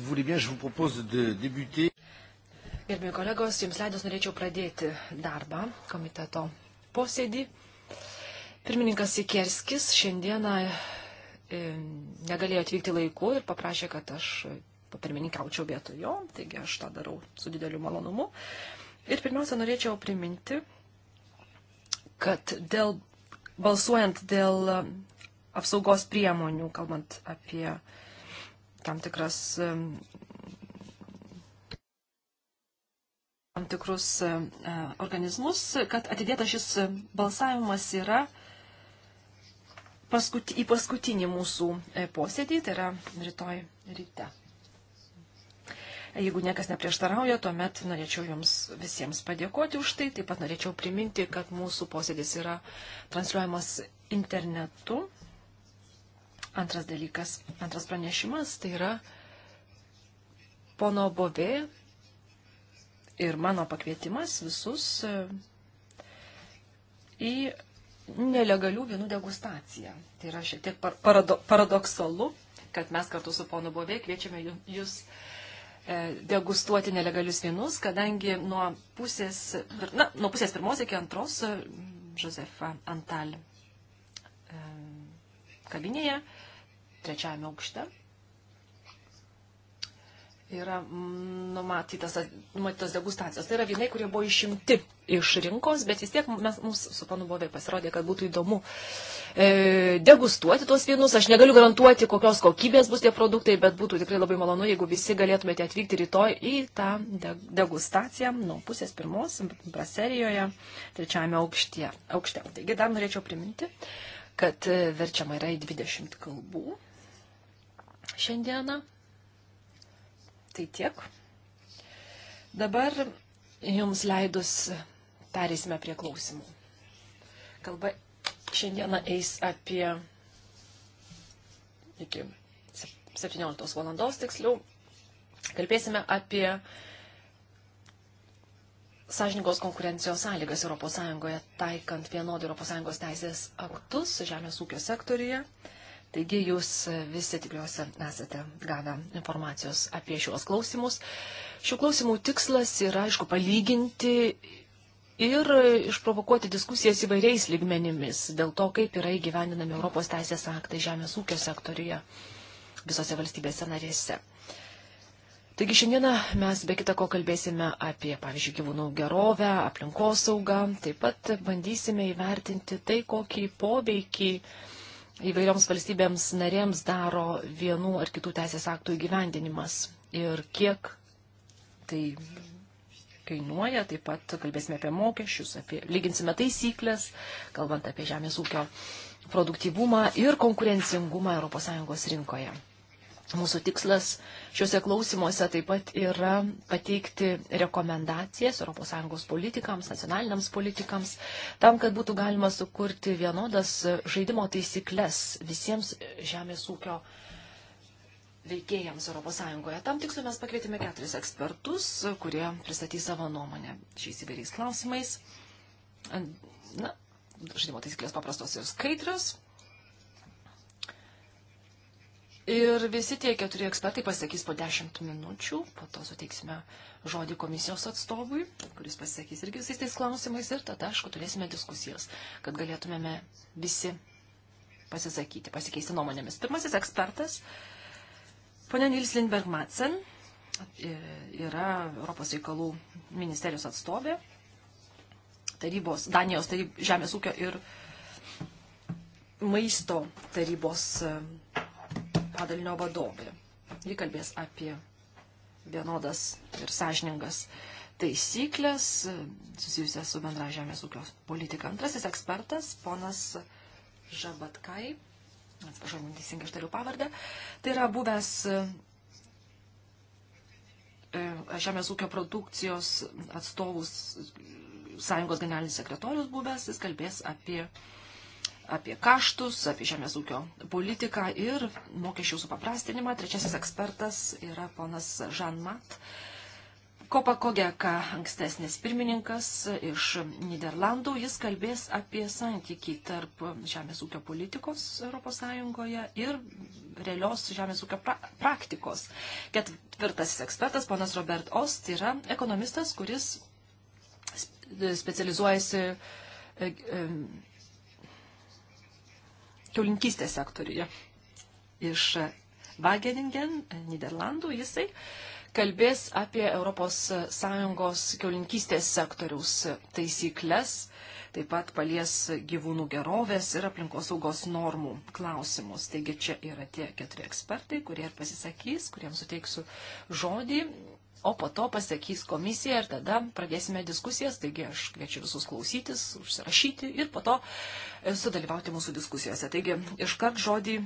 si vous voulez bien, je vous propose de débuter. Gerbimi kolegos, jums leidus norėčiau pradėti darbą komiteto posėdį. Pirmininkas Sikerskis šiandieną e, negalėjo atvykti laiku ir paprašė, kad aš papirmininkaučiau vietoj jo, taigi aš tą darau su dideliu malonumu. Ir pirmiausia, norėčiau priminti, kad dėl, balsuojant dėl apsaugos priemonių, kalbant apie uh, tam tikras tam tikrus e, organizmus, kad atidėtas šis balsavimas yra paskuti, į paskutinį mūsų e, posėdį, tai yra rytoj ryte. Jeigu niekas neprieštarauja, tuomet norėčiau Jums visiems padėkoti už tai. Taip pat norėčiau priminti, kad mūsų posėdis yra transliuojamas internetu. Antras dalykas, antras pranešimas, tai yra pono Bovė ir mano pakvietimas visus e, į nelegalių vynų degustaciją. Tai yra šiek tiek parado, paradoksalu, kad mes kartu su ponu Bovė kviečiame jūs e, degustuoti nelegalius vynus, kadangi nuo pusės, na, nuo pusės pirmos iki antros e, Josefa Antal kavinėje trečiajame aukšte yra numatytas, numatytos degustacijos. Tai yra vynai, kurie buvo išimti iš rinkos, bet vis tiek mes, mums su panu Bovė pasirodė, kad būtų įdomu e, degustuoti tuos vynus. Aš negaliu garantuoti, kokios kokybės bus tie produktai, bet būtų tikrai labai malonu, jeigu visi galėtumėte atvykti rytoj į tą degustaciją nuo pusės pirmos braserijoje, trečiajame aukšte. aukšte. Taigi dar norėčiau priminti, kad e, verčiama yra į 20 kalbų šiandieną. Tai tiek. Dabar jums leidus perėsime prie klausimų. Kalba šiandieną eis apie iki 17 valandos tiksliau. Kalbėsime apie sąžiningos konkurencijos sąlygas ES, taikant vienodį ES teisės aktus žemės ūkio sektoriuje. Taigi jūs visi tikriuosi esate gavę informacijos apie šiuos klausimus. Šių klausimų tikslas yra, aišku, palyginti ir išprovokuoti diskusijas įvairiais lygmenimis dėl to, kaip yra įgyvendinami Europos teisės aktai žemės ūkio sektoriuje visose valstybėse narėse. Taigi šiandieną mes be kita ko kalbėsime apie, pavyzdžiui, gyvūnų gerovę, aplinkosaugą, taip pat bandysime įvertinti tai, kokį poveikį uh, įvairioms valstybėms narėms daro vienų ar kitų teisės aktų įgyvendinimas ir kiek tai kainuoja, taip pat kalbėsime apie mokesčius, apie, lyginsime taisyklės, kalbant apie žemės ūkio produktyvumą ir konkurencingumą ES rinkoje. Mūsų tikslas Šiuose klausimuose taip pat yra pateikti rekomendacijas ES politikams, nacionaliniams politikams, tam, kad būtų galima sukurti vienodas žaidimo taisyklės visiems žemės ūkio veikėjams ES. Tam tikslu mes pakvietėme keturis ekspertus, kurie pristatys savo nuomonę šiais įvairiais klausimais. Na, žaidimo taisyklės paprastos ir skaidrios, Ir visi tie keturi ekspertai pasakys po dešimt minučių, po to suteiksime žodį komisijos atstovui, kuris pasakys irgi visais tais klausimais ir tada, aišku, turėsime diskusijas, kad galėtumėme visi pasisakyti, pasikeisti nuomonėmis. Pirmasis ekspertas, ponė Nils Lindberg Madsen, e, yra Europos reikalų ministerijos atstovė, tarybos, Danijos taryb, žemės ūkio ir maisto tarybos padalinio vadovė. Ji kalbės apie vienodas ir sąžiningas taisyklės susijusias su bendra žemės ūkio politika. Antrasis ekspertas, ponas Žabatkai, atsiprašau, teisingai ištariu pavardę, tai yra buvęs e, žemės ūkio produkcijos atstovus sąjungos generalinis sekretorius buvęs, jis kalbės apie apie kaštus, apie žemės ūkio politiką ir mokesčių supaprastinimą. Trečiasis ekspertas yra ponas Žan Mat. Kopa Kogeka, ankstesnis pirmininkas iš Niderlandų, jis kalbės apie santykį tarp žemės ūkio politikos ES ir realios žemės ūkio pra praktikos. Ketvirtasis ekspertas, ponas Robert Ost, yra ekonomistas, kuris specializuojasi e, e, kiaulinkystės sektoriuje. Iš Wageningen, Niderlandų, jisai kalbės apie ES kiaulinkystės sektoriaus taisyklės, taip pat palies gyvūnų gerovės ir aplinkosaugos normų klausimus. Taigi čia yra tie keturi ekspertai, kurie ir pasisakys, kuriems suteiksiu žodį o po to pasakys komisija ir tada pradėsime diskusijas, taigi aš kviečiu visus klausytis, užsirašyti ir po to e, sudalyvauti mūsų diskusijose. Taigi iškart žodį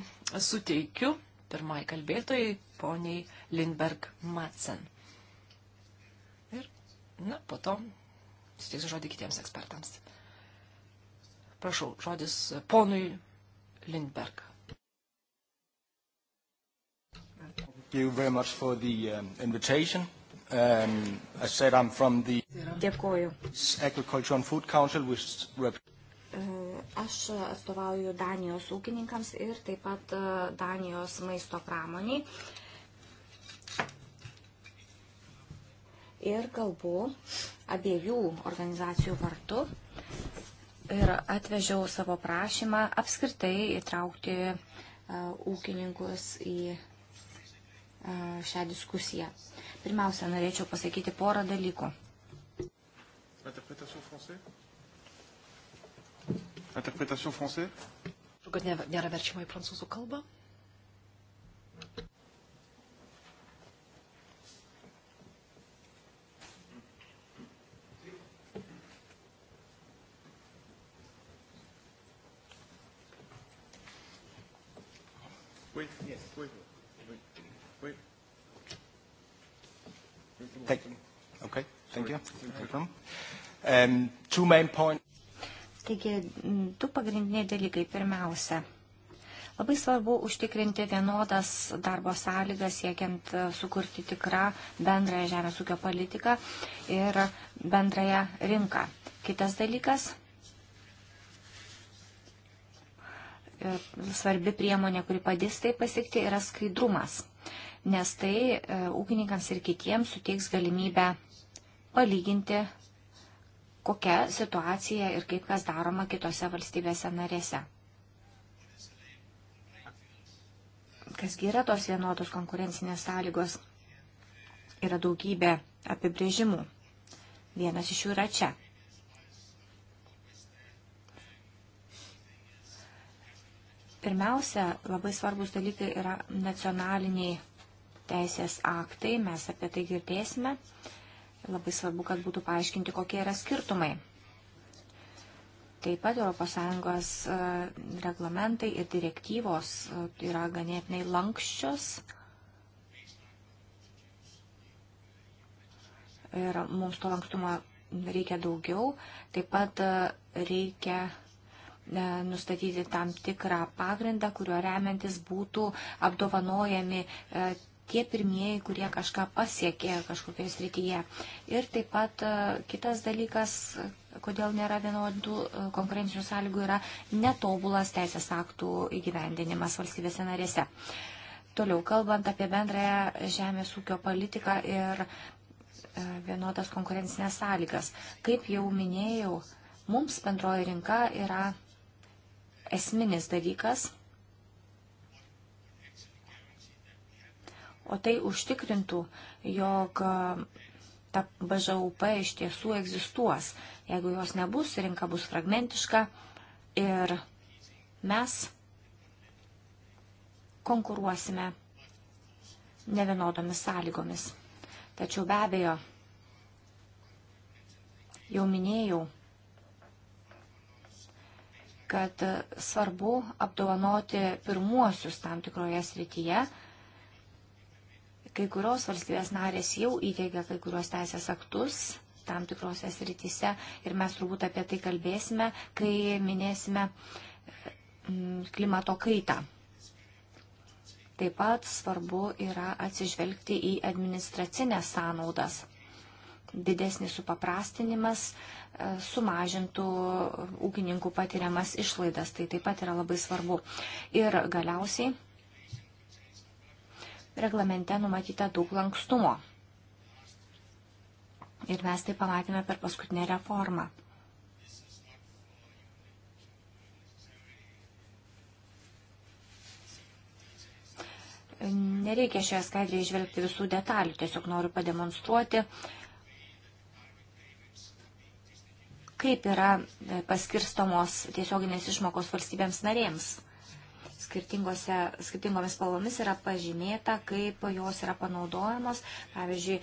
suteikiu pirmai kalbėtojai, poniai Lindberg Madsen. Ir, na, po to suteiksiu žodį kitiems ekspertams. Prašau, žodis ponui Lindberg. Thank you very much for the um, invitation. Um, I said I'm from the Dėkoju. Agriculture and Food Council, which e, Aš atstovauju Danijos ūkininkams ir taip pat e, Danijos maisto pramoniai. Ir kalbu abiejų organizacijų vartu ir atvežiau savo prašymą apskritai įtraukti e, ūkininkus į šią diskusiją. Pirmiausia, norėčiau pasakyti porą dalykų. Interpretation français? Interpretation français? Kad nėra verčimo į prancūzų kalbą. Oui, yes. oui. Thank you. Welcome. Um, two main points. Taigi, du pagrindiniai dalykai. Pirmiausia, labai svarbu užtikrinti vienodas darbo sąlygas, siekiant e, sukurti tikrą bendrąją žemės ūkio politiką ir bendrąją rinką. Kitas dalykas, e, svarbi priemonė, kuri padės tai pasiekti, yra skaidrumas, nes tai e, ūkininkams ir kitiems suteiks galimybę palyginti, kokia situacija ir kaip kas daroma kitose valstybėse narėse. Kasgi yra tos vienodos konkurencinės sąlygos? Yra daugybė apibrėžimų. Vienas iš jų yra čia. Pirmiausia, labai svarbus dalykai yra nacionaliniai teisės aktai, mes apie tai girdėsime. Uh, Labai svarbu, kad būtų paaiškinti, kokie yra skirtumai. Taip pat ES e, reglamentai ir direktyvos e, yra ganėtinai lankščios. Ir mums to lankstumo reikia daugiau. Taip pat e, reikia nustatyti tam tikrą pagrindą, kuriuo remiantis būtų apdovanojami tie pirmieji, kurie kažką pasiekė kažkokioje srityje. Ir taip pat e, kitas dalykas, kodėl nėra vienodų e, konkurencinių sąlygų, yra netobulas teisės aktų įgyvendinimas valstybėse narėse. Toliau, kalbant apie bendrąją žemės ūkio politiką ir e, vienodas konkurencinės sąlygas. Kaip jau minėjau, mums bendroji rinka yra esminis dalykas o tai užtikrintų, jog ta BŽUP iš tiesų egzistuos. Jeigu jos nebus, rinka bus fragmentiška ir mes konkuruosime nevienodomis sąlygomis. Tačiau be abejo, jau minėjau, kad svarbu apdovanoti pirmuosius tam tikroje srityje, Kai kurios valstybės narės jau įteigia kai kurios teisės aktus tam tikrose srityse ir mes turbūt apie tai kalbėsime, kai minėsime mm, klimato kaitą. Taip pat svarbu yra atsižvelgti į administracinės sąnaudas. Didesnis supaprastinimas e, sumažintų ūkininkų patiriamas išlaidas. Tai taip pat yra labai svarbu. Ir galiausiai reglamente numatyta daug lankstumo. Ir mes tai pamatėme per paskutinę reformą. Nereikia šioje skaidrėje išvelgti visų detalių, tiesiog noriu pademonstruoti, kaip yra paskirstomos tiesioginės išmokos valstybėms narėms skirtingomis spalvomis yra pažymėta, kaip jos yra panaudojamos, pavyzdžiui,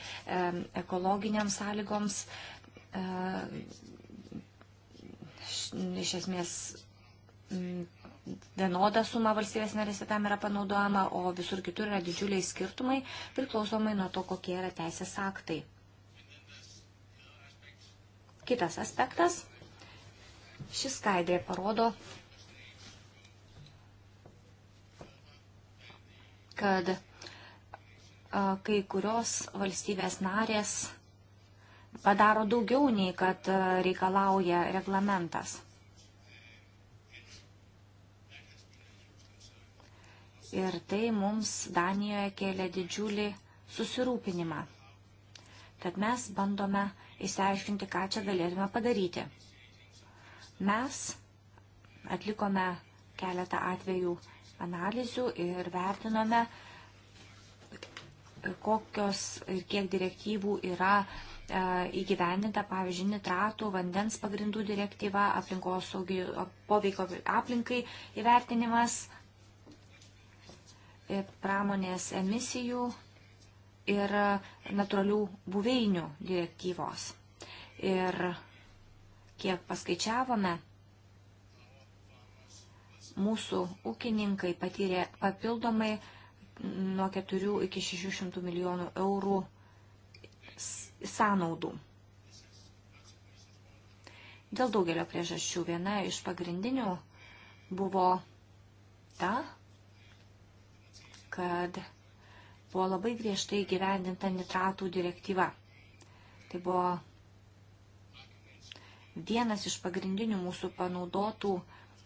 ekologiniams sąlygoms. E, iš esmės vienoda suma valstybės narėse tam yra panaudojama, o visur kitur yra didžiuliai skirtumai, priklausomai nuo to, kokie yra teisės aktai. Kitas aspektas. Ši skaidrė parodo, kad kai kurios valstybės narės padaro daugiau nei kad reikalauja reglamentas. Ir tai mums Danijoje kėlė didžiulį susirūpinimą. Tad mes bandome įsiaiškinti, ką čia galėtume padaryti. Mes atlikome keletą atvejų analizių ir vertinome, kokios ir kiek direktyvų yra e, įgyvendinta, pavyzdžiui, nitratų, vandens pagrindų direktyva, aplinkos saugi, poveikio aplinkai įvertinimas, e, pramonės emisijų ir natūralių buveinių direktyvos. Ir kiek paskaičiavome, mūsų ūkininkai patyrė papildomai nuo 4 iki 600 milijonų eurų sąnaudų. Dėl daugelio priežasčių viena iš pagrindinių buvo ta, kad buvo labai griežtai gyvendinta nitratų direktyva. Tai buvo vienas iš pagrindinių mūsų panaudotų uh,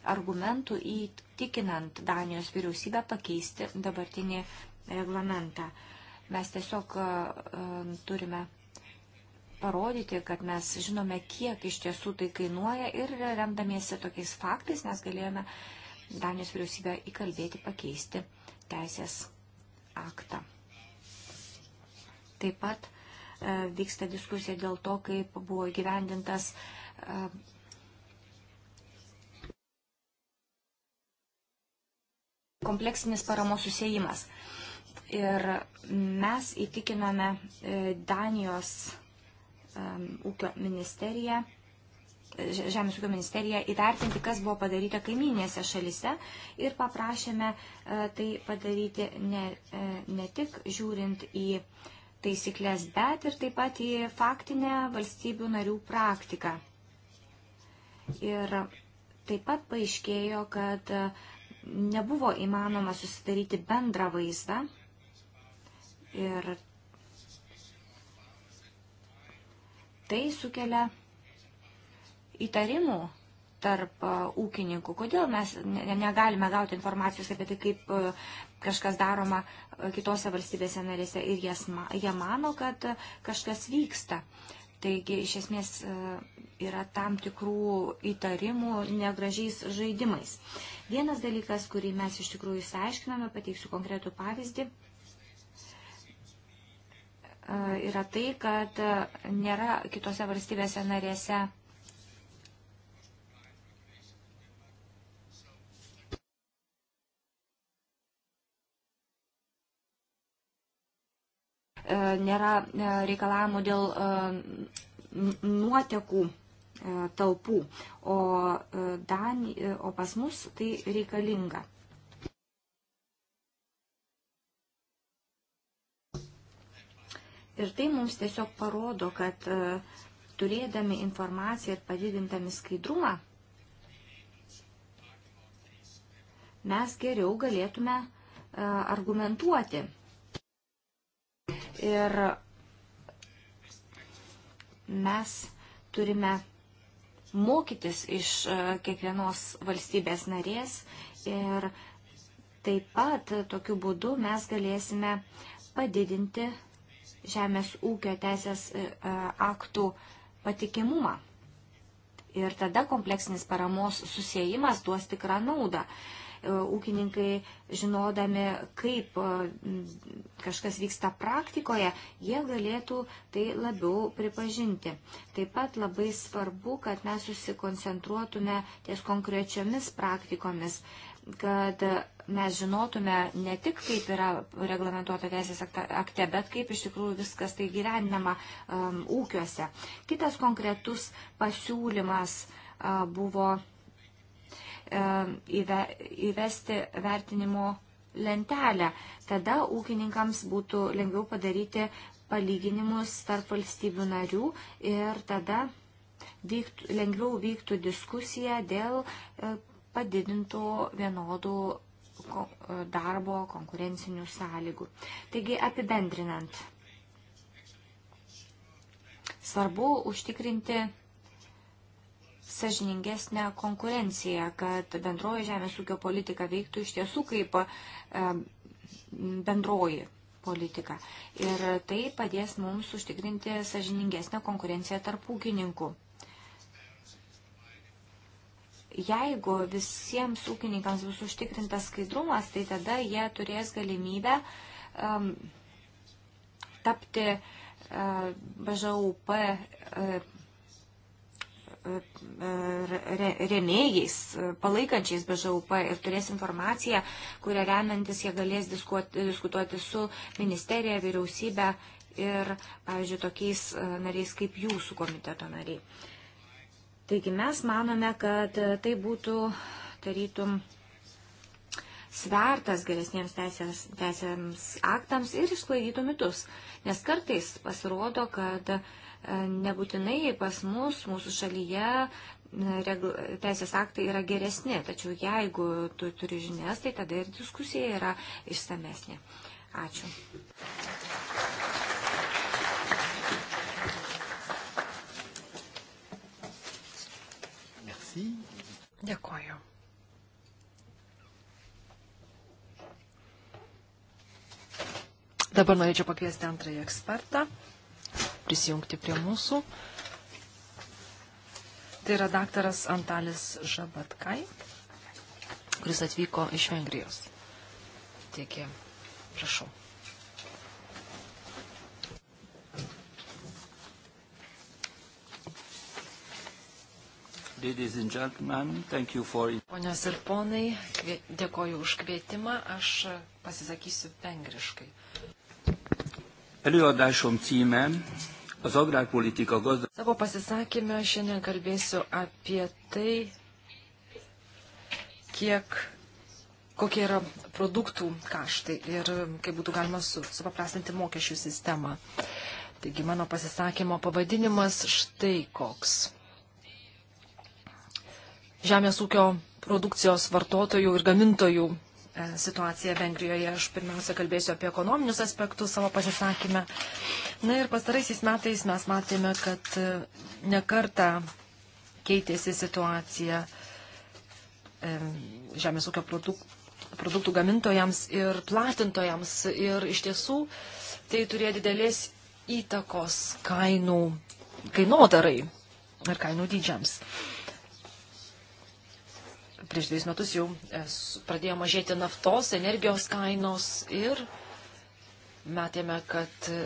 argumentų įtikinant Danijos vyriausybę pakeisti dabartinį reglamentą. Mes tiesiog e, e, turime parodyti, kad mes žinome, kiek iš tiesų tai kainuoja ir remdamiesi tokiais faktais mes galėjome Danijos vyriausybę įkalbėti pakeisti teisės aktą. Taip pat e, vyksta diskusija dėl to, kaip buvo įgyvendintas kompleksinis paramos susijimas. Ir mes įtikinome e, Danijos ūkio ministeriją, Žemės ūkio ministeriją įvertinti, kas buvo padaryta kaiminėse šalise ir paprašėme e, tai padaryti ne, e, ne tik žiūrint į taisyklės, bet ir taip pat į faktinę valstybių narių praktiką. Ir taip pat paaiškėjo, kad uh, nebuvo įmanoma susidaryti bendrą vaizdą ir tai sukelia įtarimų tarp e, ūkininkų. Kodėl mes negalime gauti informacijos apie tai, kaip e, kažkas daroma e, kitose valstybėse narėse ir jie mano, kad kažkas vyksta. Taigi, iš esmės, e, yra tam tikrų įtarimų negražiais žaidimais. Vienas dalykas, kurį mes iš tikrųjų išsiaiškiname, pateiksiu konkretų pavyzdį, e, yra tai, kad nėra kitose valstybėse narėse E, nėra e, reikalavimų dėl e, nuotekų talpų, o, Dan, o pas mus tai reikalinga. Ir tai mums tiesiog parodo, kad turėdami informaciją ir padidintami skaidrumą, mes geriau galėtume argumentuoti Ir mes turime mokytis iš e, kiekvienos valstybės narės ir taip pat tokiu būdu mes galėsime padidinti žemės ūkio teisės e, e, aktų patikimumą. Ir tada kompleksinis paramos susijimas duos tikrą naudą. E, ūkininkai, žinodami, kaip e, kažkas vyksta praktikoje, jie galėtų tai labiau pripažinti. Taip pat labai svarbu, kad mes susikoncentruotume ties konkrečiomis praktikomis, kad mes žinotume ne tik, kaip yra reglamentuota teisės akte, bet kaip iš tikrųjų viskas tai gyvenama um, e, ūkiuose. Kitas konkretus pasiūlymas uh, buvo įvesti vertinimo lentelę. Tada ūkininkams būtų lengviau padaryti palyginimus tarp valstybių narių ir tada vyktų, lengviau vyktų diskusija dėl e, padidintų vienodų e, darbo konkurencinių sąlygų. Taigi apibendrinant, svarbu užtikrinti sažiningesnę konkurenciją, kad bendroji žemės ūkio politika veiktų iš tiesų kaip bendroji politika. Ir tai padės mums užtikrinti sažiningesnę konkurenciją tarp ūkininkų. Jeigu visiems ūkininkams bus užtikrintas skaidrumas, tai tada jie turės galimybę um, tapti uh, e, BŽUP uh, e, E, remėjais, e, palaikančiais BŽUP ir turės informaciją, kurią remiantis jie galės diskuoti, diskutuoti su ministerija, vyriausybė ir, pavyzdžiui, tokiais e, nariais kaip jūsų komiteto nariai. Taigi mes manome, kad tai būtų tarytum svertas geresniems teisės, teisėms aktams ir išsklaidytų mitus. Nes kartais pasirodo, kad uh, Nebūtinai pas mus, mūsų šalyje e, regl... teisės aktai yra geresni, tačiau jeigu tu turi žinias, tai tada ir diskusija yra išsamesnė. Ačiū. Merci. Dėkoju. Dabar norėčiau pakviesti antrąjį ekspertą prisijungti prie mūsų. Tai yra daktaras Antalis Žabatkai, kuris atvyko iš Vengrijos. Tiekė, prašau. For... Ponios ir ponai, dėkoju už kvietimą, aš pasisakysiu vengriškai. Előadásom címe Savo pasisakymę šiandien kalbėsiu apie tai, kiek, kokie yra produktų kaštai ir kaip būtų galima su, supaprastinti mokesčių sistemą. Taigi mano pasisakymo pavadinimas štai koks. Žemės ūkio produkcijos vartotojų ir gamintojų E, situaciją Vengrijoje. Aš pirmiausia kalbėsiu apie ekonominius aspektus savo pasisakyme. Na ir pastaraisiais metais mes matėme, kad e, nekarta keitėsi situacija e, žemės ūkio produktų, produktų gamintojams ir platintojams. Ir iš tiesų tai turėjo didelės įtakos kainų, kainodarai ir kainų dydžiams prieš dviejus metus jau e, pradėjo mažėti naftos, energijos kainos ir matėme, kad e,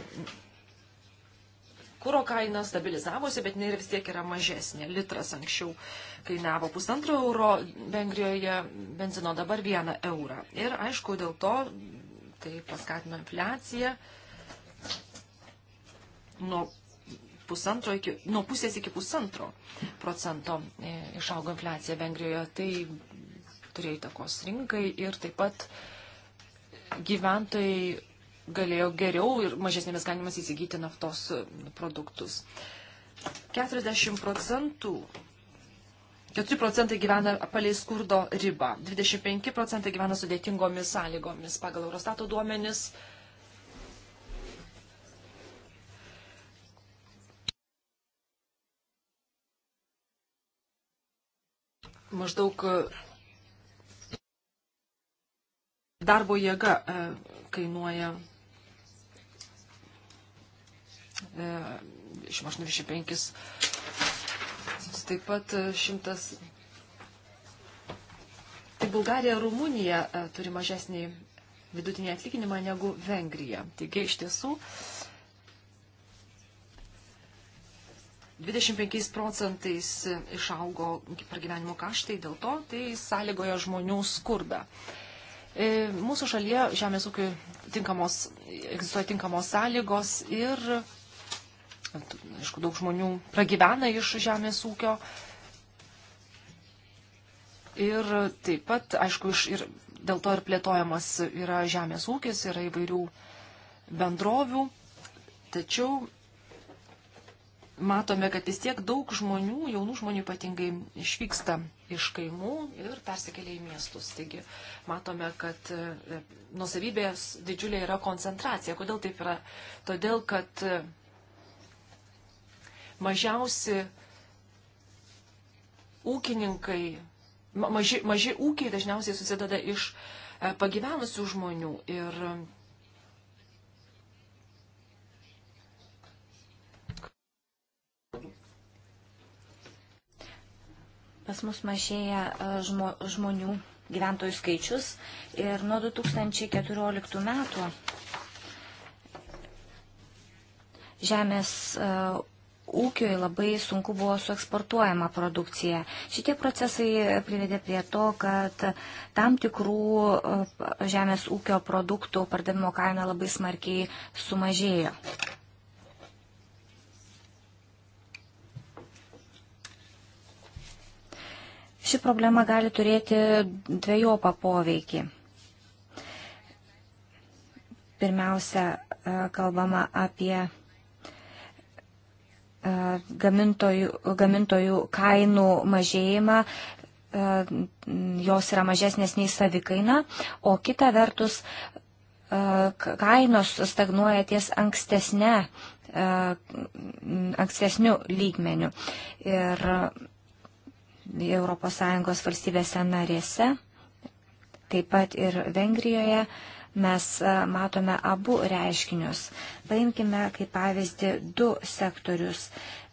kūro kaina stabilizavosi, bet jinai vis tiek yra mažesnė. Litras anksčiau kainavo pusantro euro Vengrijoje, benzino dabar vieną eurą. Ir aišku, dėl to tai paskatino infliaciją. Nuo pusantro iki, nuo pusės iki pusantro procento e, išaugo infliacija Vengrijoje. Tai turėjo įtakos rinkai ir taip pat gyventojai galėjo geriau ir mažesnėmis kainomis įsigyti naftos e, produktus. 40 procentų 4 procentai gyvena palei skurdo ribą, 25 procentai gyvena sudėtingomis sąlygomis. Pagal Eurostato duomenis maždaug e, darbo jėga e, kainuoja 85. E, taip pat 100. Tai Bulgarija, Rumunija turi mažesnį vidutinį atlyginimą negu Vengrija. Taigi iš tiesų 25 procentais išaugo pragyvenimo kaštai, dėl to tai sąlygoja žmonių skurdą. E, mūsų šalyje žemės ūkiui tinkamos, egzistuoja tinkamos sąlygos ir, aišku, daug žmonių pragyvena iš žemės ūkio. Ir taip pat, aišku, iš, ir dėl to ir plėtojamas yra žemės ūkis, yra įvairių bendrovių. Tačiau matome, kad vis tiek daug žmonių, jaunų žmonių ypatingai išvyksta iš kaimų ir persikelia į miestus. Taigi matome, kad e, nusavybės didžiulė yra koncentracija. Kodėl taip yra? Todėl, kad e, mažiausi ūkininkai, maži, maži ūkiai dažniausiai susideda iš e, pagyvenusių žmonių ir Pas mus mažėja e, žmo, žmonių gyventojų skaičius ir nuo 2014 metų žemės e, ūkiui labai sunku buvo sueksportuojama produkcija. Šitie procesai privedė prie to, kad tam tikrų e, žemės ūkio produktų pardavimo kaina labai smarkiai sumažėjo. Ši problema gali turėti dviejopą poveikį. Pirmiausia, e, kalbama apie e, gamintojų, gamintojų kainų mažėjimą, e, jos yra mažesnės nei savikaina, o kita vertus kainos stagnuoja ties ankstesne, ankstesniu lygmeniu. Ir ES valstybėse narėse, taip pat ir Vengrijoje, mes e, matome abu reiškinius. Paimkime kaip pavyzdį du sektorius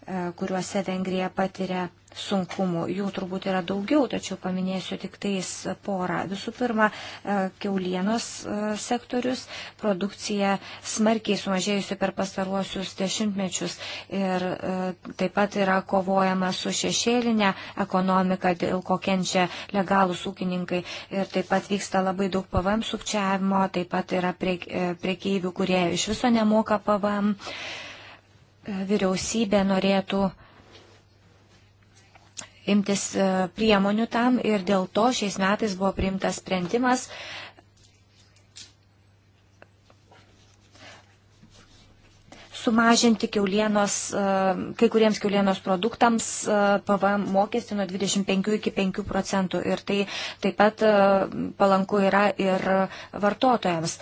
E, kuriuose Vengrija patiria sunkumų. Jų turbūt yra daugiau, tačiau paminėsiu tik tais porą. Visų pirma, e, keulienos e, sektorius, produkcija smarkiai sumažėjusi per pastaruosius dešimtmečius ir taip pat yra kovojama su šešėlinė ekonomika, dėl ko kenčia legalus ūkininkai ir taip pat vyksta labai daug PVM sukčiavimo, taip pat yra prie, priekeivių, kurie iš viso nemoka PVM. Uh, vyriausybė norėtų imtis e, priemonių tam ir dėl to šiais metais buvo priimtas sprendimas sumažinti kiaulienos, e, kai kuriems kiaulienos produktams e, PVM mokestį nuo 25 iki 5 procentų ir tai taip pat palanku yra ir vartotojams.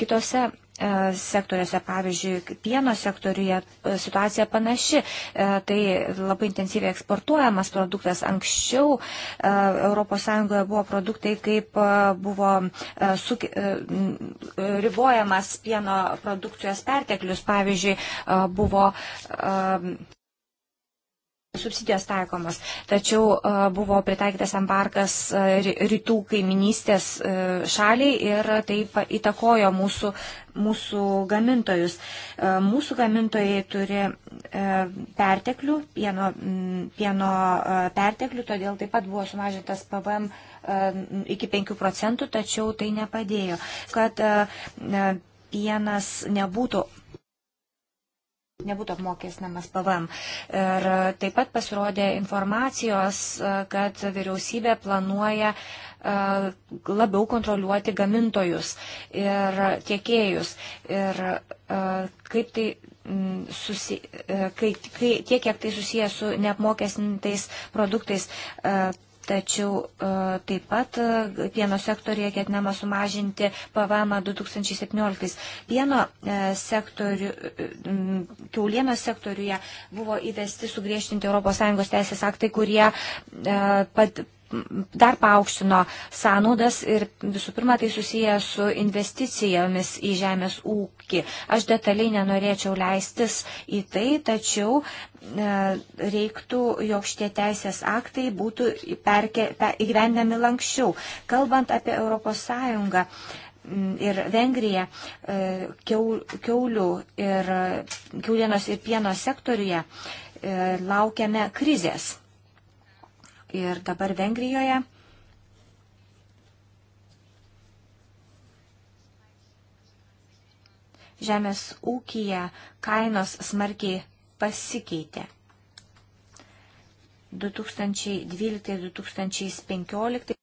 Kitose E, sektoriuose, pavyzdžiui, pieno sektoriuje e, situacija panaši. E, tai labai intensyviai eksportuojamas produktas. Anksčiau ES buvo produktai, kaip buvo su, ribojamas pieno produkcijos perteklius, pavyzdžiui, buvo subsidijos taikomos, tačiau buvo pritaikytas embarkas rytų kaiminystės šaliai ir tai įtakojo mūsų, mūsų gamintojus. Mūsų gamintojai turi perteklių, pieno, pieno perteklių, todėl taip pat buvo sumažintas PVM iki 5 procentų, tačiau tai nepadėjo. Kad pienas nebūtų nebūtų apmokestinamas PVM. Ir taip pat pasirodė informacijos, e, kad vyriausybė planuoja e, labiau kontroliuoti gamintojus ir tiekėjus. Ir e, kaip tai susi, kai, kai, tiek, kiek tai susiję su neapmokestintais produktais, tačiau e, taip pat e, pieno sektorija ketinama sumažinti PVM 2017. Pieno e, sektoriu, keulienos sektoriuje buvo įvesti sugriežtinti ES teisės aktai, kurie pat dar paaukštino sąnaudas ir visų pirma tai susiję su investicijomis į žemės ūkį. Aš detaliai nenorėčiau leistis į tai, tačiau e, reiktų, jog šitie teisės aktai būtų perke, per, įgyvendami lankščiau. Kalbant apie ES ir Vengrija e, keulių ir keulienos ir pieno sektoriuje e, laukiame krizės ir dabar Vengrijoje. Žemės ūkija kainos smarkiai pasikeitė. 2012-2015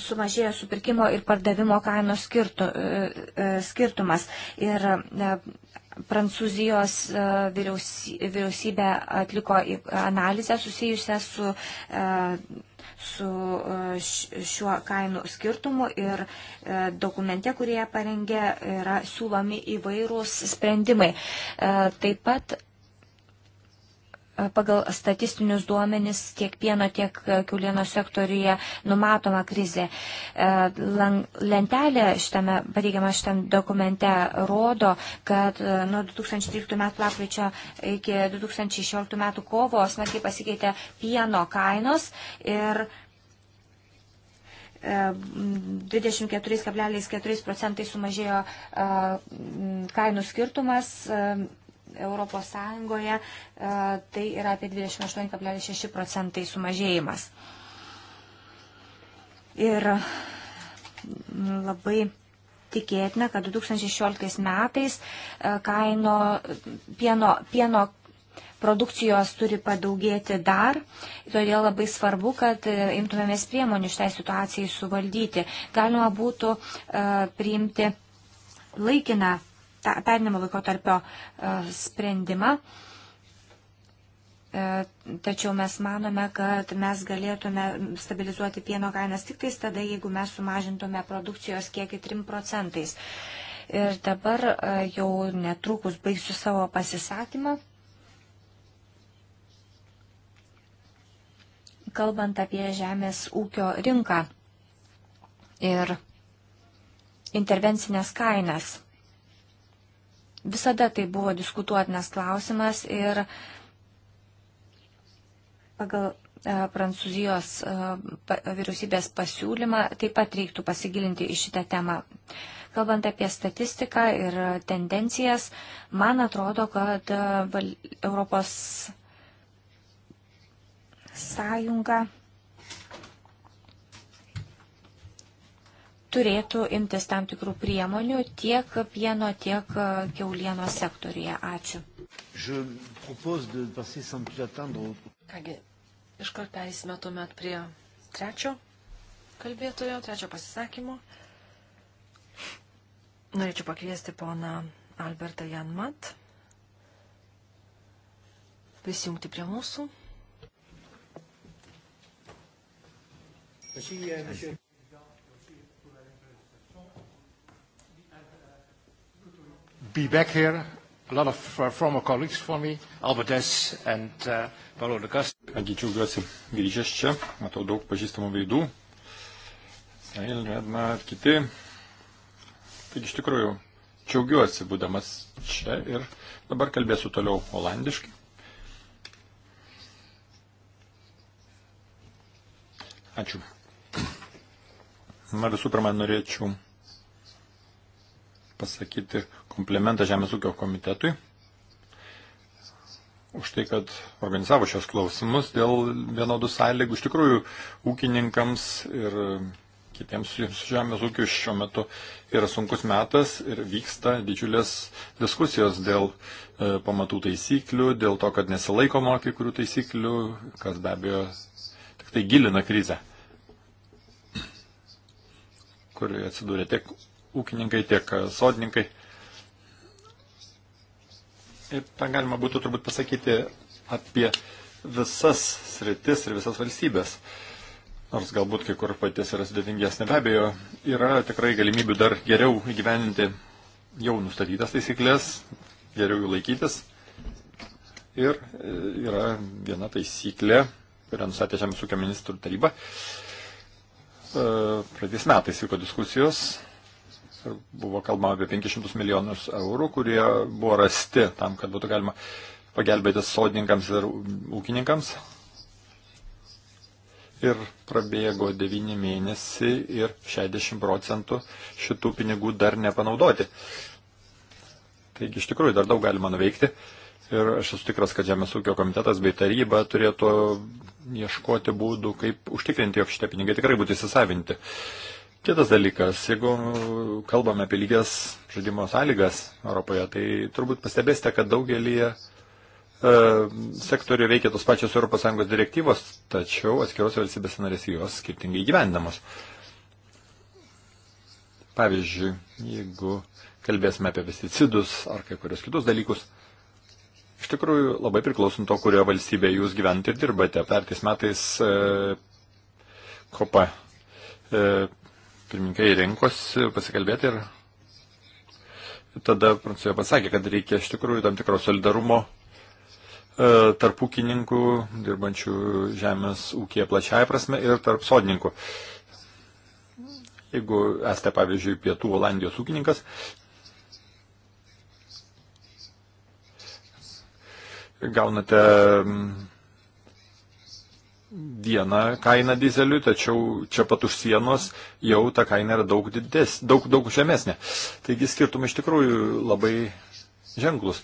sumažėjo supirkimo ir pardavimo kainos e, e, skirtumas. Ir e, Prancūzijos e, vyriausybė atliko analizę susijusią su, e, su e, šiuo kainų skirtumu ir dokumente, kurie parengė, yra siūlomi įvairūs sprendimai. Taip pat Pagal statistinius duomenis tiek pieno, tiek kiaulieno sektoriuje numatoma krizė. Lentelė šitame, pateikiama šitam dokumente, rodo, kad nuo 2013 metų lapkričio iki 2016 metų kovo smarkiai pasikeitė pieno kainos ir 24,4 procentai sumažėjo kainų skirtumas Europos Sąjungoje e, tai yra apie 28,6 procentai sumažėjimas. Ir mm, labai tikėtina, kad 2016 metais e, kaino pieno, pieno produkcijos turi padaugėti dar, todėl labai svarbu, kad e, imtumėmės priemonių šitai situacijai suvaldyti. Galima būtų priimti laikiną perinimo laikotarpio e, sprendimą. E, tačiau mes manome, kad mes galėtume stabilizuoti pieno kainas tik tais tada, jeigu mes sumažintume produkcijos kiekį 3 procentais. Ir dabar e, jau netrukus baigsiu savo pasisakymą. Kalbant apie žemės ūkio rinką ir intervencinės kainas. Visada tai buvo diskutuotinas klausimas ir pagal e, Prancūzijos e, vyriausybės pasiūlymą taip pat reiktų pasigilinti į šitą temą. Kalbant apie statistiką ir tendencijas, man atrodo, kad e, Europos sąjunga turėtų imtis tam tikrų priemonių tiek pieno, tiek e, keulienos sektoriuje. Ačiū. Kągi, iškart perėsime tuomet prie trečio kalbėtojo, trečio pasisakymo. Norėčiau pakviesti poną Albertą Janmat prisijungti prie mūsų. Merci, monsieur. be back here. A lot of uh, former colleagues for me, Albert Des and uh, Paulo de Castro. Kągi džiaugiuosi grįžęs čia, matau daug pažįstamų veidų. Sail, Redna ir kiti. Taigi iš tikrųjų, džiaugiuosi būdamas čia ir dabar kalbėsiu toliau olandiškai. Ačiū. Na visų pirma, norėčiau pasakyti komplementą Žemės ūkio komitetui už tai, kad organizavo šios klausimus dėl vienodų sąlygų. Iš tikrųjų, ūkininkams ir kitiems žemės ūkių šiuo metu yra sunkus metas ir vyksta didžiulės diskusijos dėl e, pamatų taisyklių, dėl to, kad nesilaikoma kai kurių taisyklių, kas be abejo tik tai gilina krizę, kurioje atsidūrė tiek ūkininkai, tiek e, sodininkai. Ir tą galima būtų turbūt pasakyti apie visas sritis ir visas valstybės. Nors galbūt kai kur patys yra sudėtingesnė. Be abejo, yra tikrai galimybių dar geriau įgyveninti jau nustatytas taisyklės, geriau jų laikytis. Ir e, yra viena taisyklė, kurią nustatė Žemės ūkio ministrų taryba. E, praeitais metais vyko diskusijos Ir buvo kalbama apie 500 milijonus eurų, kurie buvo rasti tam, kad būtų galima pagelbėti sodininkams ir ūkininkams. Ir prabėgo 9 mėnesiai ir 60 procentų šitų pinigų dar nepanaudoti. Taigi iš tikrųjų dar daug galima nuveikti. Ir aš esu tikras, kad Žemės ūkio komitetas bei taryba turėtų ieškoti būdų, kaip užtikrinti, jog šitie pinigai tikrai būtų įsisavinti. Uh, Kitas dalykas, jeigu kalbame apie lygias žaidimo sąlygas Europoje, tai turbūt pastebėsite, kad daugelį e, sektorių veikia tos pačios ES direktyvos, tačiau atskiros valstybės narės jos skirtingai gyvendamos. Pavyzdžiui, jeigu kalbėsime apie pesticidus ar kai kurios kitus dalykus, iš tikrųjų labai priklauso nuo to, kurioje valstybėje jūs gyvenate ir dirbate. Pertais metais e, kopa e, pirmininkai rinkosi pasikalbėti ir tada Prancūzija pasakė, kad reikia iš tikrųjų tam tikro solidarumo e, tarp ūkininkų, dirbančių žemės ūkija plačiaja prasme ir tarp sodininkų. Jeigu esate, pavyzdžiui, pietų Olandijos ūkininkas, gaunate dieną kaina dizeliui, tačiau čia pat už sienos jau ta kaina yra daug, dides, daug, daug žemesnė. Taigi skirtumai iš tikrųjų labai ženklus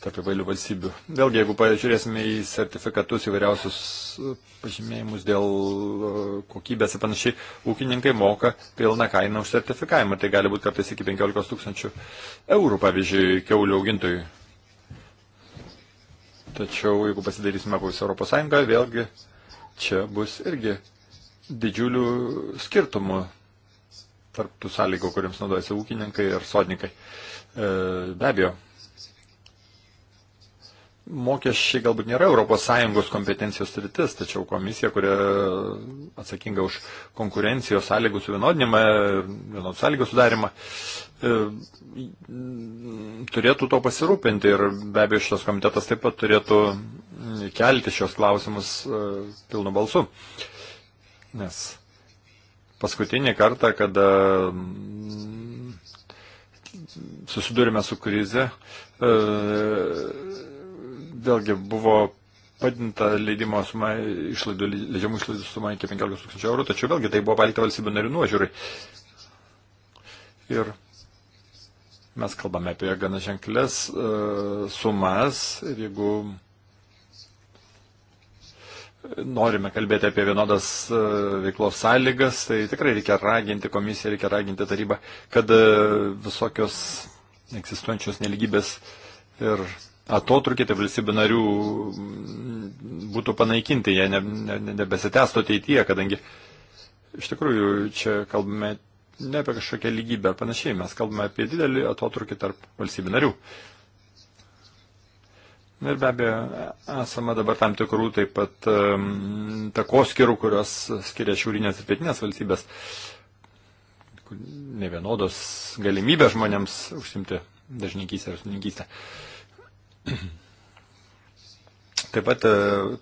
tarp įvairių valstybių. Vėlgi, jeigu pažiūrėsime į sertifikatus įvairiausius e, pažymėjimus dėl e, kokybės ir panašiai, ūkininkai moka pilną kainą už sertifikavimą. Tai gali būti kartais iki 15 tūkstančių eurų, pavyzdžiui, keulių augintojui. Tačiau, jeigu pasidarysime po visą Europos Sąjungą, vėlgi čia bus irgi didžiulių skirtumų tarp tų sąlygų, kuriams naudojasi ūkininkai ir sodininkai. E, be abejo, mokesčiai galbūt nėra ES kompetencijos sritis, tačiau komisija, kuria atsakinga už konkurencijos sąlygų suvienodinimą ir vienodų sąlygų sudarimą, e, turėtų to pasirūpinti ir be abejo šitas komitetas taip pat turėtų kelti šios klausimus e, pilnu balsu. Nes paskutinį kartą, kada mm, susidūrėme su krize, e, vėlgi buvo padinta leidimo suma, išlaidų, leidžiamų išlaidų suma iki 15 tūkstančių eurų, tačiau vėlgi tai buvo palikta valstybių narių nuožiūrai. Ir mes kalbame apie gana ženklės uh, e, sumas ir jeigu norime kalbėti apie vienodas e, veiklos sąlygas, tai tikrai reikia raginti komisiją, reikia raginti tarybą, kad e, visokios egzistuojančios neligybės ir atotrukiai tai valstybių narių būtų panaikinti, jie ne, ne, nebesitęstų ateityje, kadangi iš tikrųjų čia kalbame ne apie kažkokią lygybę, panašiai mes kalbame apie didelį atotrukį tarp valstybių narių. Uh, Ir be abejo, esame dabar tam tikrų taip pat um, takoskirų, kurios skiria šiaurinės ir pietinės valstybės. Ne vienodos galimybės žmonėms užsimti dažnykystę ar sunykystę. Taip pat uh,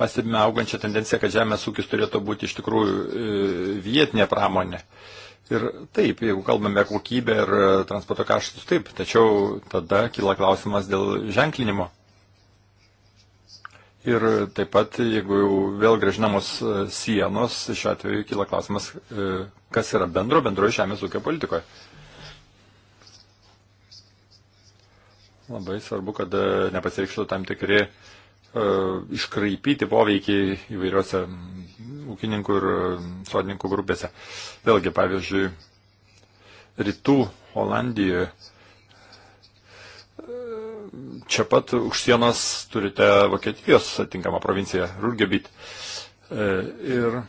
pastebime augančią tendenciją, kad žemės ūkis turėtų būti iš tikrųjų e, vietinė pramonė. Uh, Ir taip, jeigu kalbame kokybę ir e, transporto kaštus, taip, tačiau tada kyla klausimas dėl ženklinimo. Ir taip pat, jeigu jau vėl gražinamos e, sienos, šiuo atveju kyla klausimas, e, kas yra bendro bendroje žemės ūkio politikoje. Labai svarbu, kad nepasireikštų tam tikri uh, iškraipyti poveikiai įvairiuose ūkininkų ir e, sodininkų grupėse. Vėlgi, pavyzdžiui, rytų Olandijoje e, čia pat už sienos turite Vokietijos atinkamą provinciją Rurgebit. E, ir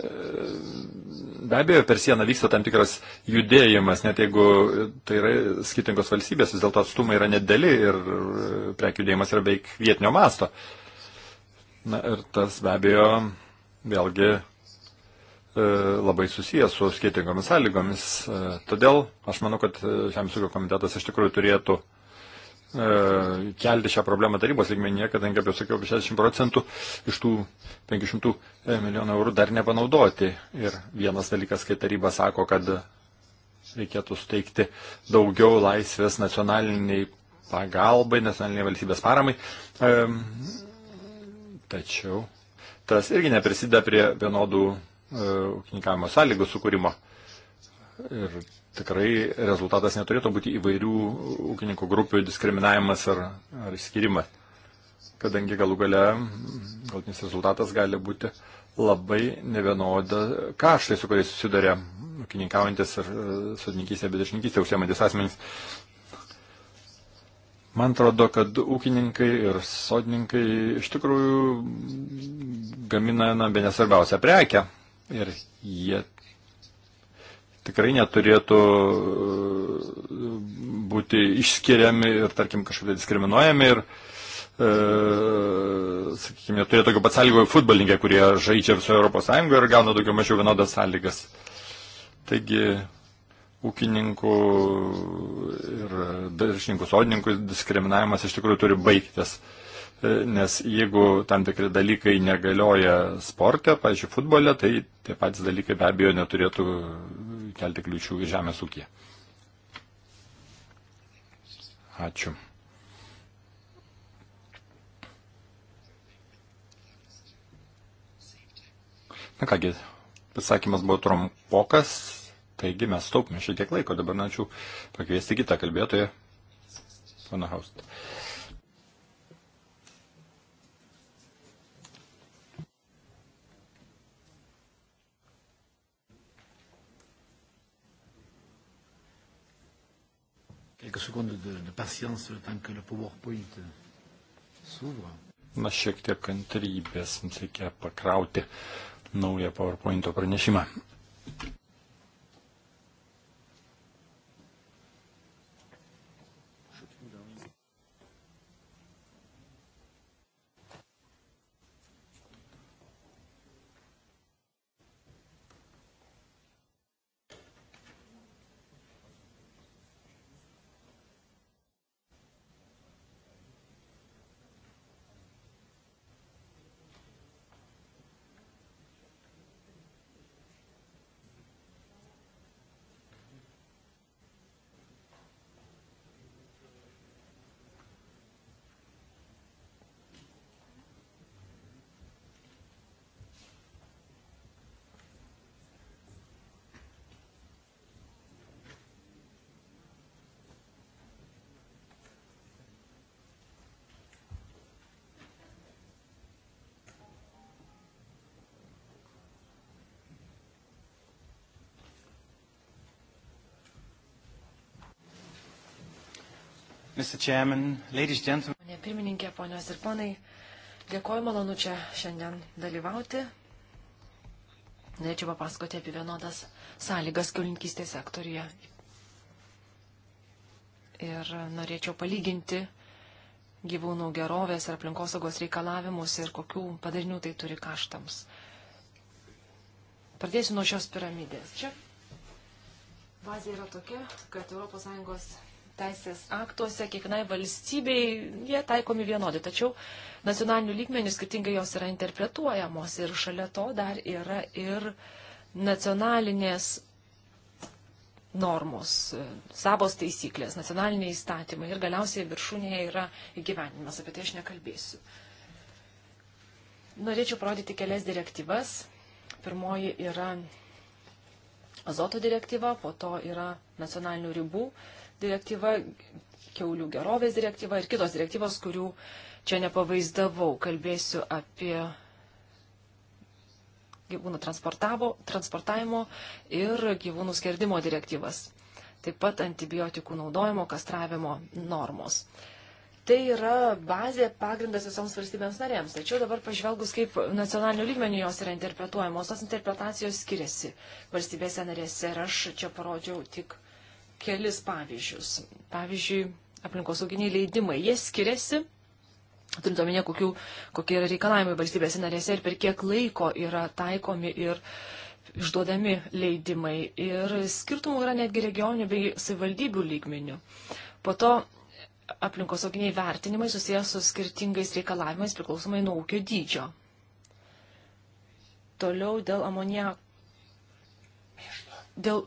be abejo, per sieną vyksta tam tikras judėjimas, net jeigu tai yra skirtingos valstybės, vis dėlto atstumai yra nedėli ir prekių judėjimas yra beveik vietinio masto. Na ir tas be abejo vėlgi e, labai susijęs su skirtingomis sąlygomis. E, todėl aš manau, kad e, Žemės ūkio komitetas iš tikrųjų turėtų kelti šią problemą tarybos lygmenyje, kadangi, kaip jau sakiau, 60 procentų iš tų 500 milijonų eurų dar nepanaudoti. Ir vienas dalykas, kai taryba sako, kad reikėtų suteikti daugiau laisvės nacionaliniai pagalbai, nacionaliniai valstybės paramai. Tačiau tas irgi neprisideda prie vienodų e, ūkininkavimo e, sąlygų sukūrimo. Ir tikrai rezultatas neturėtų būti įvairių ūkininkų grupių diskriminavimas ar, ar išskirimas, kadangi galų gale galtinis rezultatas gali būti labai nevienoda kaštai, su kuriais susiduria ūkininkaujantis ir e, sodininkystė, bet išninkystė užsiemantis asmenys. Man atrodo, kad ūkininkai ir sodininkai iš tikrųjų gamina, na, be nesvarbiausią prekę. Ir jie tikrai neturėtų e, būti išskiriami ir, tarkim, kažkaip diskriminuojami. Ir, e, sakykime, turėjo tokių pat sąlygų futbolininkai, kurie žaidžia visoje Europos Sąjungoje ir gauna daugiau mažiau vienodas sąlygas. Taigi, ūkininkų ir daržininkų sodininkų diskriminavimas iš tikrųjų turi baigtis. E, nes jeigu tam tikri dalykai negalioja sporte, pažiūrėjau, futbole, tai tie patys dalykai be abejo neturėtų kelti kliučių į žemės ūkį. Ačiū. Na kągi, pasakymas buvo trumpokas, Taigi mes taupime šiek tiek laiko, dabar norėčiau pakviesti kitą kalbėtoją, pana Haust. Quelques secondes de, de patience le temps que le PowerPoint s'ouvre. Na, šiek tiek kantrybės, mums reikia pakrauti naują PowerPoint pranešimą. Pane pirmininkė, ponios ir ponai, dėkoju malonu čia šiandien dalyvauti. Norėčiau papasakoti apie vienodas sąlygas kiaulinkystės sektorija. Ir norėčiau palyginti gyvūnų gerovės ir aplinkosaugos reikalavimus ir kokių padarinių tai turi kaštams. Pradėsiu nuo šios piramidės. Čia bazė yra tokia, kad ES teisės aktuose kiekvienai valstybei jie taikomi vienodai, tačiau nacionalinių lygmenių skirtingai jos yra interpretuojamos ir šalia to dar yra ir nacionalinės normos, savos taisyklės, nacionaliniai įstatymai ir galiausiai viršūnėje yra įgyvenimas, apie tai aš nekalbėsiu. Norėčiau parodyti kelias direktyvas. Pirmoji yra azoto direktyva, po to yra nacionalinių ribų direktyva, keulių gerovės direktyva ir kitos direktyvos, kurių čia nepavaizdavau. Kalbėsiu apie gyvūnų transportavimo ir gyvūnų skerdimo direktyvas. Taip pat antibiotikų naudojimo, kastravimo normos. Tai yra bazė, pagrindas visoms valstybėms narėms. Tačiau dabar pažvelgus, kaip nacionaliniu lygmeniu jos yra interpretuojamos, tos interpretacijos skiriasi valstybėse narėse. Ir aš čia parodžiau tik uh, kelis pavyzdžius. Pavyzdžiui, aplinkosauginiai leidimai. Jie skiriasi, turint omenyje, kokie yra reikalavimai valstybėse narėse ir per kiek laiko yra taikomi ir išduodami leidimai. Ir skirtumų yra netgi regioninių bei savivaldybių lygmenių. Po to aplinkosauginiai vertinimai susijęs su skirtingais reikalavimais priklausomai nuo ūkio dydžio. Toliau dėl amoniako. Dėl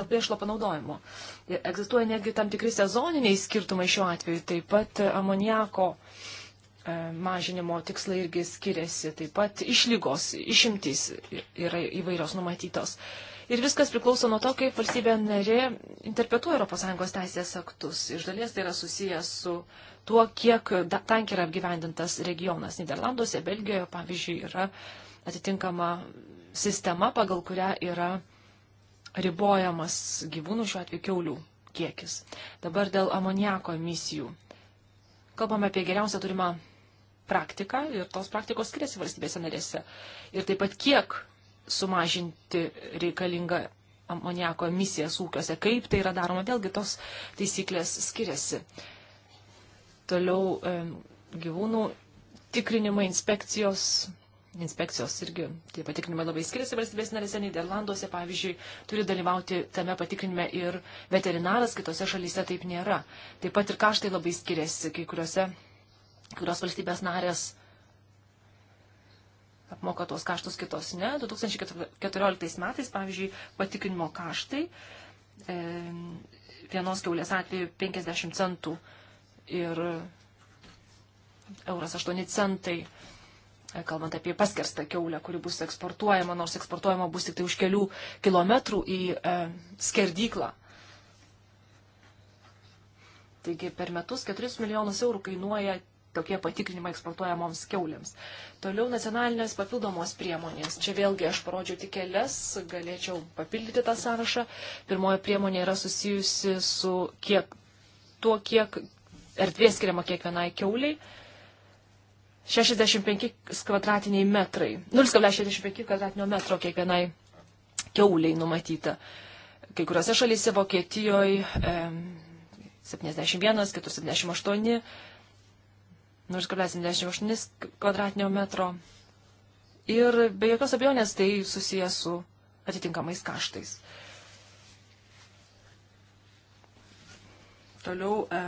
dėl priešlo panaudojimo. Egzistuoja netgi tam tikri sezoniniai skirtumai šiuo atveju. Taip pat e, amoniako e, mažinimo tikslai irgi skiriasi. Taip pat išlygos, išimtys yra įvairios numatytos. Ir viskas priklauso nuo to, kaip valstybė narė interpretuoja ES teisės aktus. Iš dalies tai yra susijęs su tuo, kiek tankiai yra apgyvendintas regionas. Niderlanduose, Belgijoje, pavyzdžiui, yra atitinkama sistema, pagal kurią yra ribojamas gyvūnų, šiuo atveju keulių kiekis. Dabar dėl amoniako emisijų. Kalbame apie geriausią turimą praktiką ir tos praktikos skiriasi valstybėse narėse. Ir taip pat kiek sumažinti reikalingą amoniako emisijas ūkiuose, kaip tai yra daroma, vėlgi tos taisyklės skiriasi. Toliau gyvūnų tikrinimai, inspekcijos, inspekcijos irgi tie patikrinimai labai skiriasi valstybės narėse, Niderlanduose, pavyzdžiui, turi dalyvauti tame patikrinime ir veterinaras, kitose šalyse taip nėra. Taip pat ir kaštai labai skiriasi, kai kuriuose, kurios valstybės narės apmoka tuos kaštus, kitos ne. 2014 metais, pavyzdžiui, patikrinimo kaštai e, vienos keulės atveju 50 centų ir euras 8 centai kalbant apie paskirstą keulę, kuri bus eksportuojama, nors eksportuojama bus tik tai už kelių kilometrų į e, skerdyklą. Taigi per metus 4 milijonus eurų kainuoja tokie patikrinimai eksportuojamoms keuliams. Toliau nacionalinės papildomos priemonės. Čia vėlgi aš parodžiau tik kelias, galėčiau papildyti tą sąrašą. Pirmoji priemonė yra susijusi su kiek, tuo, kiek erdvės skiriama kiekvienai keuliai. 65 kvadratiniai metrai, 0,65 kvadratinio metro kiekvienai keuliai numatyta. Kai kuriuose šalyse, Vokietijoje 71, kitur 78, 0,78 kvadratinio metro. Ir be jokios abejonės tai susijęs su atitinkamais kaštais. Toliau e,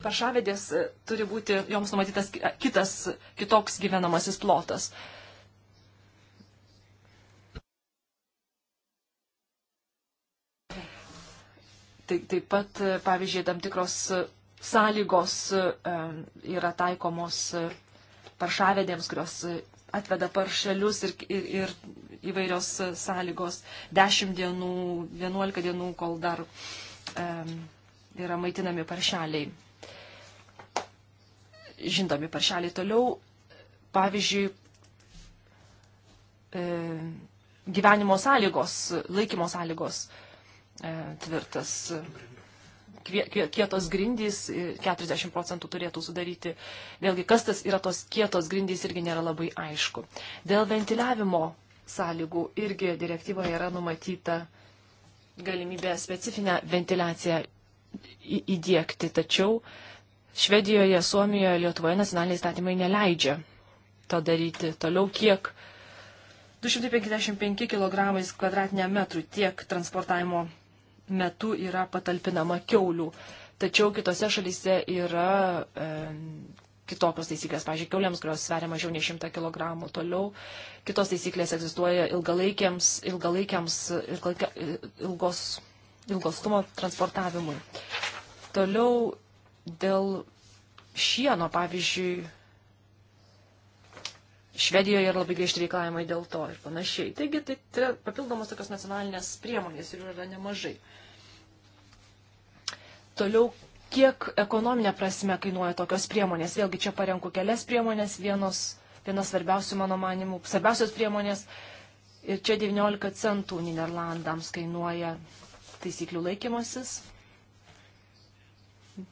Paršavedės e, turi būti joms numatytas kitas, kitoks gyvenamasis plotas. Taip, taip pat, e, pavyzdžiui, tam tikros e, sąlygos yra taikomos paršavedėms, kurios atveda paršelius ir, ir, ir įvairios sąlygos 10 dienų, 11 dienų, kol dar um, yra maitinami paršeliai žindami paršelį toliau, pavyzdžiui, e, gyvenimo sąlygos, laikymo sąlygos e, tvirtas, kvie, kietos grindys 40 e, procentų turėtų sudaryti. Vėlgi, kas tas yra tos kietos grindys irgi nėra labai aišku. Dėl ventiliavimo sąlygų irgi direktyvoje yra numatyta galimybė specifinę ventiliaciją įdėkti, tačiau e, Švedijoje, Suomijoje, Lietuvoje nacionaliniai įstatymai neleidžia to daryti. Toliau kiek 255 kg kvadratiniam metrui tiek transportavimo metu yra patalpinama keulių. Tačiau kitose šalyse yra e, kitokios taisyklės, pažiūrėjau, keuliams, kurios sveria mažiau nei 100 kg. Toliau kitos taisyklės egzistuoja ilgalaikiams, ilgalaikiams ilga, ilgos, ilgostumo transportavimui. Toliau dėl šieno, pavyzdžiui, Švedijoje yra labai griežti reikalavimai dėl to ir panašiai. Taigi tai, tai papildomos tokios nacionalinės priemonės ir yra nemažai. Toliau, kiek ekonominė prasme kainuoja tokios priemonės? Vėlgi čia parenku kelias priemonės, vienos, vienas svarbiausių mano manimų, svarbiausios priemonės. Ir čia 19 centų Niderlandams kainuoja taisyklių laikymasis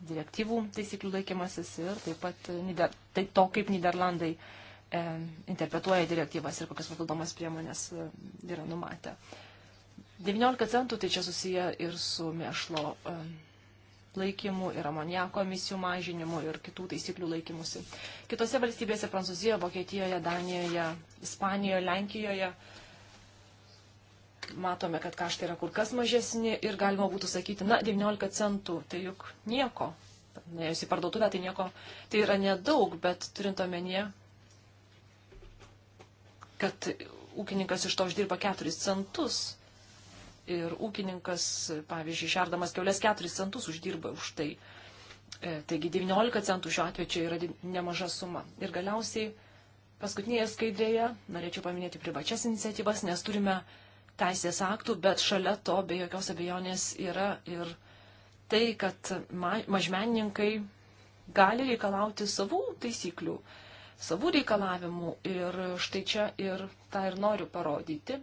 direktyvų taisyklių laikymasis ir taip pat nider, tai to, kaip Niderlandai e, interpretuoja direktyvas ir kokias papildomas priemonės e, yra numatę. 19 centų tai čia susiję ir su mėšlo e, laikymu, ir amoniako emisijų mažinimu, ir kitų taisyklių laikymusi. Kitose valstybėse - Prancūzijoje, Vokietijoje, Danijoje, Ispanijoje, Lenkijoje matome, kad kaštai yra kur kas mažesni ir galima būtų sakyti, na, 19 centų, tai juk nieko. Nuėjus į parduotuvę, tai nieko, tai yra nedaug, bet turint omenyje, kad ūkininkas iš to uždirba 4 centus. Ir ūkininkas, pavyzdžiui, šerdamas keulės 4 centus uždirba už tai. E, taigi 19 centų šiuo atveju čia yra nemaža suma. Ir galiausiai paskutinėje skaidrėje norėčiau paminėti privačias iniciatyvas, nes turime teisės aktų, bet šalia to be jokios abejonės yra ir tai, kad mažmenininkai gali reikalauti savų taisyklių, savų reikalavimų ir štai čia ir tą ir noriu parodyti.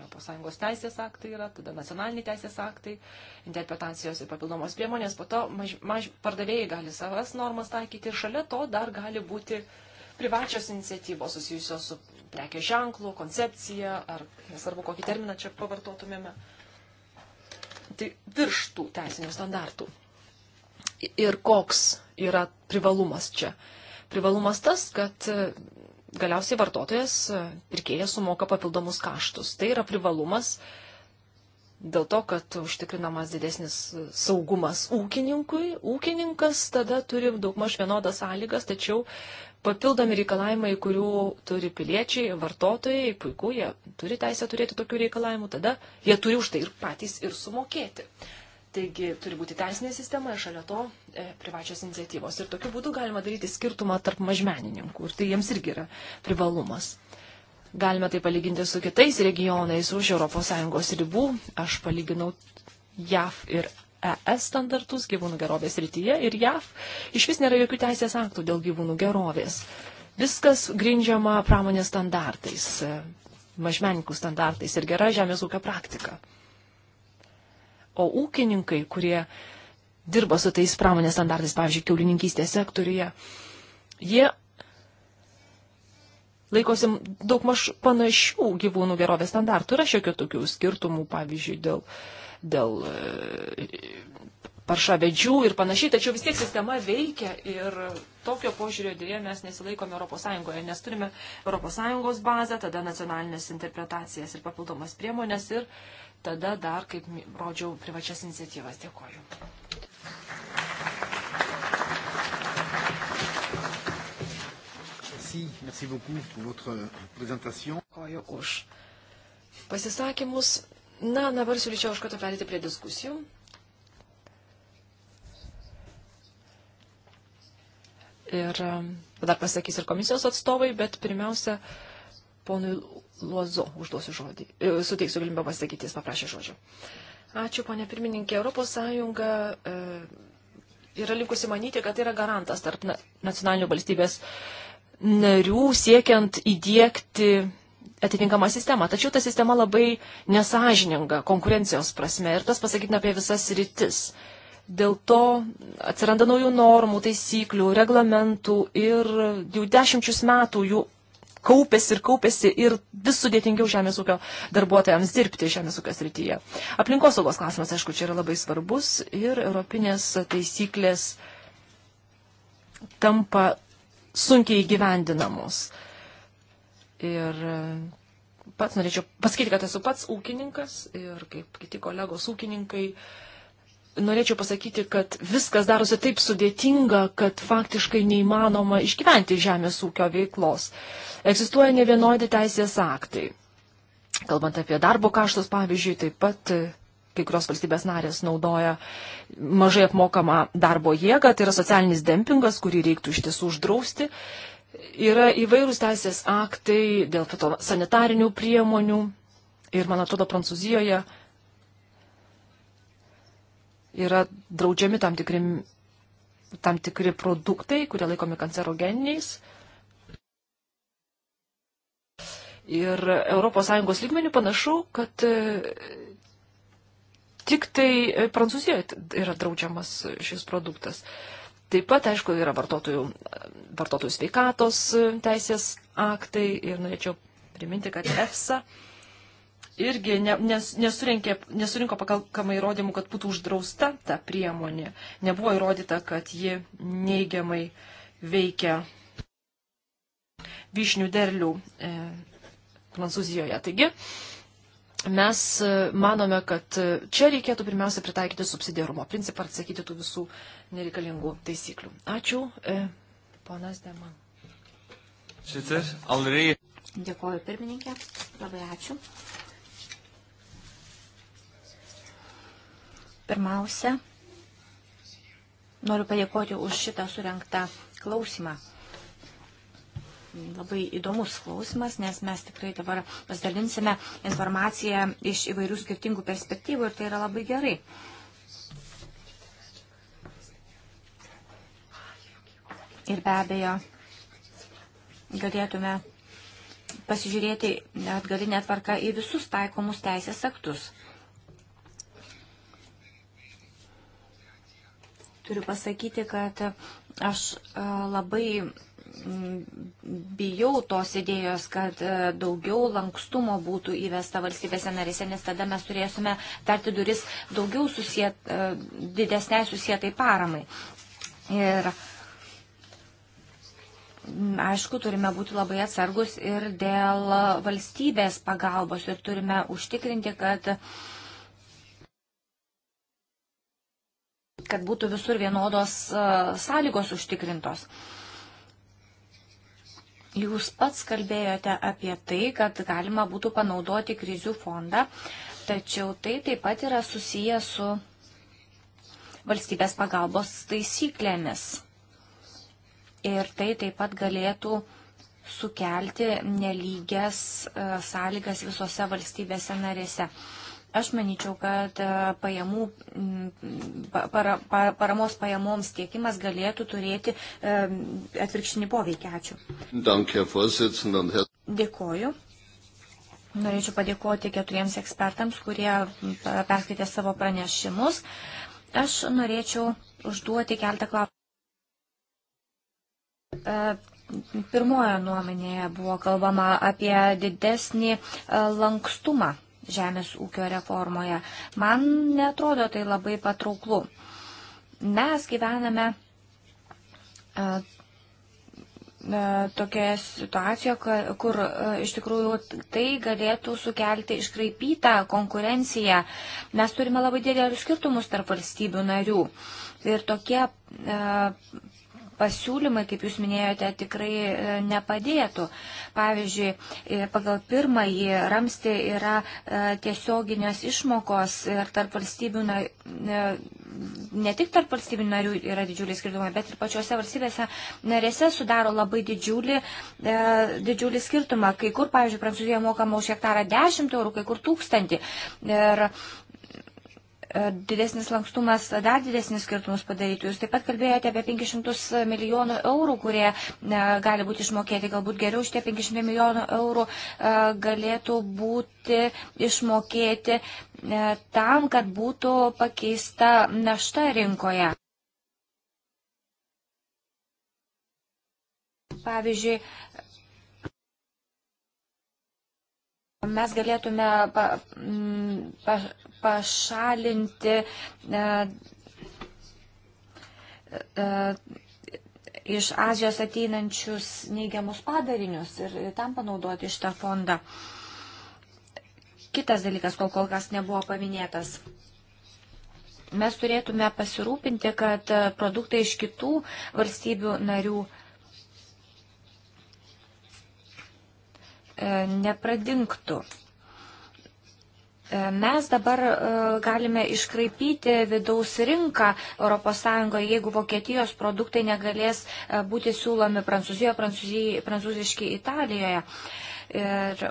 ES teisės aktai yra, tada nacionaliniai teisės aktai, interpretacijos ir papildomos priemonės, po to maž, maž, pardavėjai gali savas normas taikyti ir šalia to dar gali būti privačios iniciatyvos susijusios su prekės ženklų, koncepciją, ar nesvarbu, kokį terminą čia pavartotumėme. Tai virš tų teisinių standartų. Ir koks yra privalumas čia? Privalumas tas, kad e, galiausiai vartotojas, e, pirkėjas sumoka papildomus kaštus. Tai yra privalumas dėl to, kad užtikrinamas didesnis e, saugumas ūkininkui. Ūkininkas tada turi daugmaž vienodas sąlygas, tačiau papildomi reikalavimai, kurių turi piliečiai, vartotojai, puiku, jie turi teisę turėti tokių reikalavimų, tada jie turi už tai ir patys ir sumokėti. Taigi turi būti teisinė sistema ir šalia to e, privačios iniciatyvos. Ir tokiu būdu galima daryti skirtumą tarp mažmenininkų. Ir tai jiems irgi yra privalumas. Galime tai palyginti su kitais regionais už ES ribų. Aš palyginau JAV ir ES standartus gyvūnų gerovės rytyje ir JAV iš vis nėra jokių teisės aktų dėl gyvūnų gerovės. Viskas grindžiama pramonės standartais, mažmeninkų standartais ir gera žemės ūkio praktika. O ūkininkai, kurie dirba su tais pramonės standartais, pavyzdžiui, kiaulininkystės sektoriuje, jie laikosi daug maž panašių gyvūnų gerovės standartų. Yra šiek tiek tokių skirtumų, pavyzdžiui, dėl uh, dėl e, paršavedžių ir panašiai, tačiau vis tiek sistema veikia ir tokio požiūrio dėje mes nesilaikome ES, nes turime ES bazę, tada nacionalinės interpretacijas ir papildomas priemonės ir tada dar, kaip rodžiau, privačias iniciatyvas. Dėkoju. Merci, merci beaucoup pour votre présentation. Dėkoju už pasisakymus. Na, dabar siūlyčiau iš karto perėti prie diskusijų. Ir um, dar pasakys ir komisijos atstovai, bet pirmiausia, ponui Luozo užduosiu žodį. E, suteiksiu galimybę pasakyti, jis paprašė žodžio. Ačiū, ponė pirmininkė. Europos Sąjunga e, yra likusi manyti, kad tai yra garantas tarp nacionalinių valstybės narių siekiant įdėkti atitinkamą sistemą. Tačiau ta sistema labai nesažininga konkurencijos prasme ir tas pasakytina apie visas rytis. Dėl to atsiranda naujų normų, taisyklių, reglamentų ir jau dešimčius metų jų kaupėsi ir kaupėsi ir vis sudėtingiau žemės ūkio darbuotojams dirbti žemės ūkio srityje. Aplinkosaugos klausimas, aišku, čia yra labai svarbus ir europinės taisyklės tampa sunkiai įgyvendinamos. Uh, Ir e, pats norėčiau pasakyti, kad esu pats ūkininkas ir kaip kiti kolegos ūkininkai. Norėčiau pasakyti, kad viskas darosi taip sudėtinga, kad faktiškai neįmanoma išgyventi žemės ūkio veiklos. Egzistuoja ne vienodi teisės aktai. Kalbant apie darbo kaštus, pavyzdžiui, taip pat e, kai kurios valstybės narės naudoja mažai apmokamą darbo jėgą, tai yra socialinis dempingas, kurį reiktų iš tiesų uždrausti yra įvairūs teisės aktai dėl sanitarinių priemonių ir, man atrodo, Prancūzijoje yra draudžiami tam tikri, tam tikri produktai, kurie laikomi kancerogeniniais. Ir ES lygmenių panašu, kad e, tik tai Prancūzijoje yra draudžiamas šis produktas. Taip pat, aišku, yra vartotojų, vartotojų sveikatos teisės aktai ir norėčiau priminti, kad EFSA irgi ne, nes, nesurinko pakankamai įrodymų, kad būtų uždrausta ta priemonė. Nebuvo įrodyta, kad ji neigiamai veikia vyšnių derlių e, Prancūzijoje. Taigi, mes e, manome, kad e, čia reikėtų pirmiausia pritaikyti subsidiarumo principą ir atsakyti tų visų nereikalingų taisyklių. Ačiū, e, ponas Deman. Šitas, Alry. Dėkuoju pirmininkė, labai ačiū. Pirmiausia, noriu padėkoti už šitą surenktą klausimą labai įdomus klausimas, nes mes tikrai dabar pasidalinsime informaciją iš įvairių skirtingų perspektyvų ir tai yra labai gerai. Ir be abejo, galėtume pasižiūrėti atgalinę tvarką į visus taikomus teisės aktus. Turiu pasakyti, kad aš e, labai Mm, bijau tos idėjos, kad e, daugiau lankstumo būtų įvesta valstybėse narėse, nes tada mes turėsime tarti duris daugiau susiet, e, didesniai susietai paramai. Ir mm, Aišku, turime būti labai atsargus ir dėl valstybės pagalbos ir turime užtikrinti, kad uh, kad būtų visur vienodos e, sąlygos užtikrintos. Jūs pats kalbėjote apie tai, kad galima būtų panaudoti krizių fondą, tačiau tai taip pat yra susiję su valstybės pagalbos taisyklėmis. Ir tai taip pat galėtų sukelti nelygias e, sąlygas visose valstybėse narėse. Aš manyčiau, kad e, pajamų, para, para, paramos pajamoms tiekimas galėtų turėti e, atvirkštinį poveikį. Ačiū. Dėkoju. Norėčiau padėkoti keturiems ekspertams, kurie perskaitė savo pranešimus. Aš norėčiau užduoti keltą klausimą. E, Pirmojo nuomenėje buvo kalbama apie didesnį lankstumą žemės ūkio reformoje. Man netrodo tai labai patrauklu. Mes gyvename e, e, tokioje situacijoje, kur e, iš tikrųjų tai galėtų sukelti iškraipytą konkurenciją. Mes turime labai didelius skirtumus tarp valstybių narių. Ir tokie pasiūlymai, kaip jūs minėjote, tikrai e, nepadėtų. Pavyzdžiui, e, pagal pirmąjį ramstį yra e, tiesioginės išmokos ir tarp valstybių, ne tik tarp valstybių narių yra didžiuliai skirtumai, bet ir pačiose valstybėse narėse sudaro labai didžiulį, didžiulį skirtumą. Kai kur, pavyzdžiui, Prancūzija mokama už hektarą 10 eurų, kai kur 1000. Ir E, didesnis lankstumas dar didesnis skirtumus padarytų. Jūs taip pat kalbėjote apie 500 milijonų eurų, kurie e, gali būti išmokėti. Galbūt geriau šitie 500 milijonų eurų e, galėtų būti išmokėti tam, kad būtų pakeista našta rinkoje. Pavyzdžiui, mes galėtume pa, pa, pašalinti e, e, iš Azijos ateinančius neigiamus padarinius ir tam panaudoti šitą fondą. Kitas dalykas, kol kol kas nebuvo paminėtas. Mes turėtume pasirūpinti, kad produktai iš kitų valstybių narių e, nepradinktų. Mes dabar e, galime iškraipyti vidaus rinką ES, jeigu Vokietijos produktai negalės e, būti siūlomi Prancūzijoje, prancūzijai, prancūziški Italijoje. Ir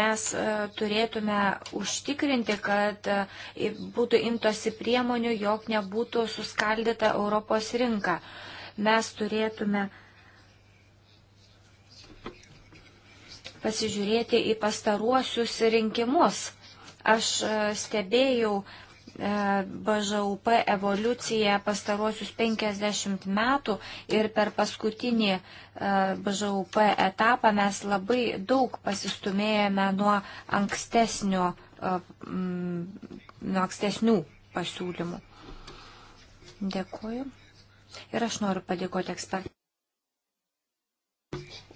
mes e, turėtume užtikrinti, kad būtų imtosi priemonių, jog nebūtų suskaldyta Europos rinka. Mes turėtume pasižiūrėti į pastaruosius rinkimus. Aš e, stebėjau e, BŽUP evoliuciją pastaruosius 50 metų ir per paskutinį e, BŽUP etapą mes labai daug pasistumėjome nuo, ankstesnio, mm, nuo ankstesnių pasiūlymų. Dėkuoju. Ir aš noriu padėkoti ekspertams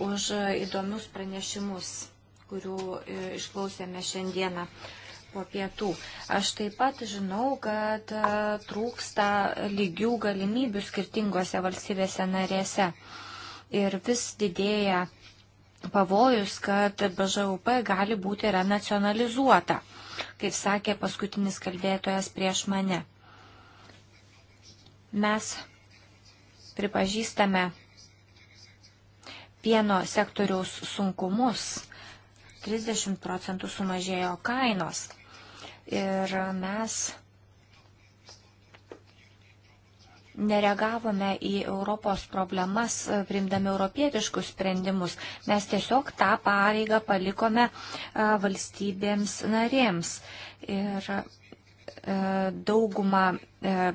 už įdomius pranešimus, kurių e, išklausėme šiandieną po pietų. Aš taip pat žinau, kad e, trūksta lygių galimybių skirtingose valstybėse narėse. Ir vis didėja pavojus, kad BŽUP gali būti renacionalizuota, kaip sakė paskutinis kalbėtojas prieš mane. Mes pripažįstame pieno sektoriaus sunkumus. 30 procentų sumažėjo kainos. Ir mes nereagavome į Europos problemas, primdami europietiškus sprendimus. Mes tiesiog tą pareigą palikome valstybėms narėms. Ir E, daugumą, e,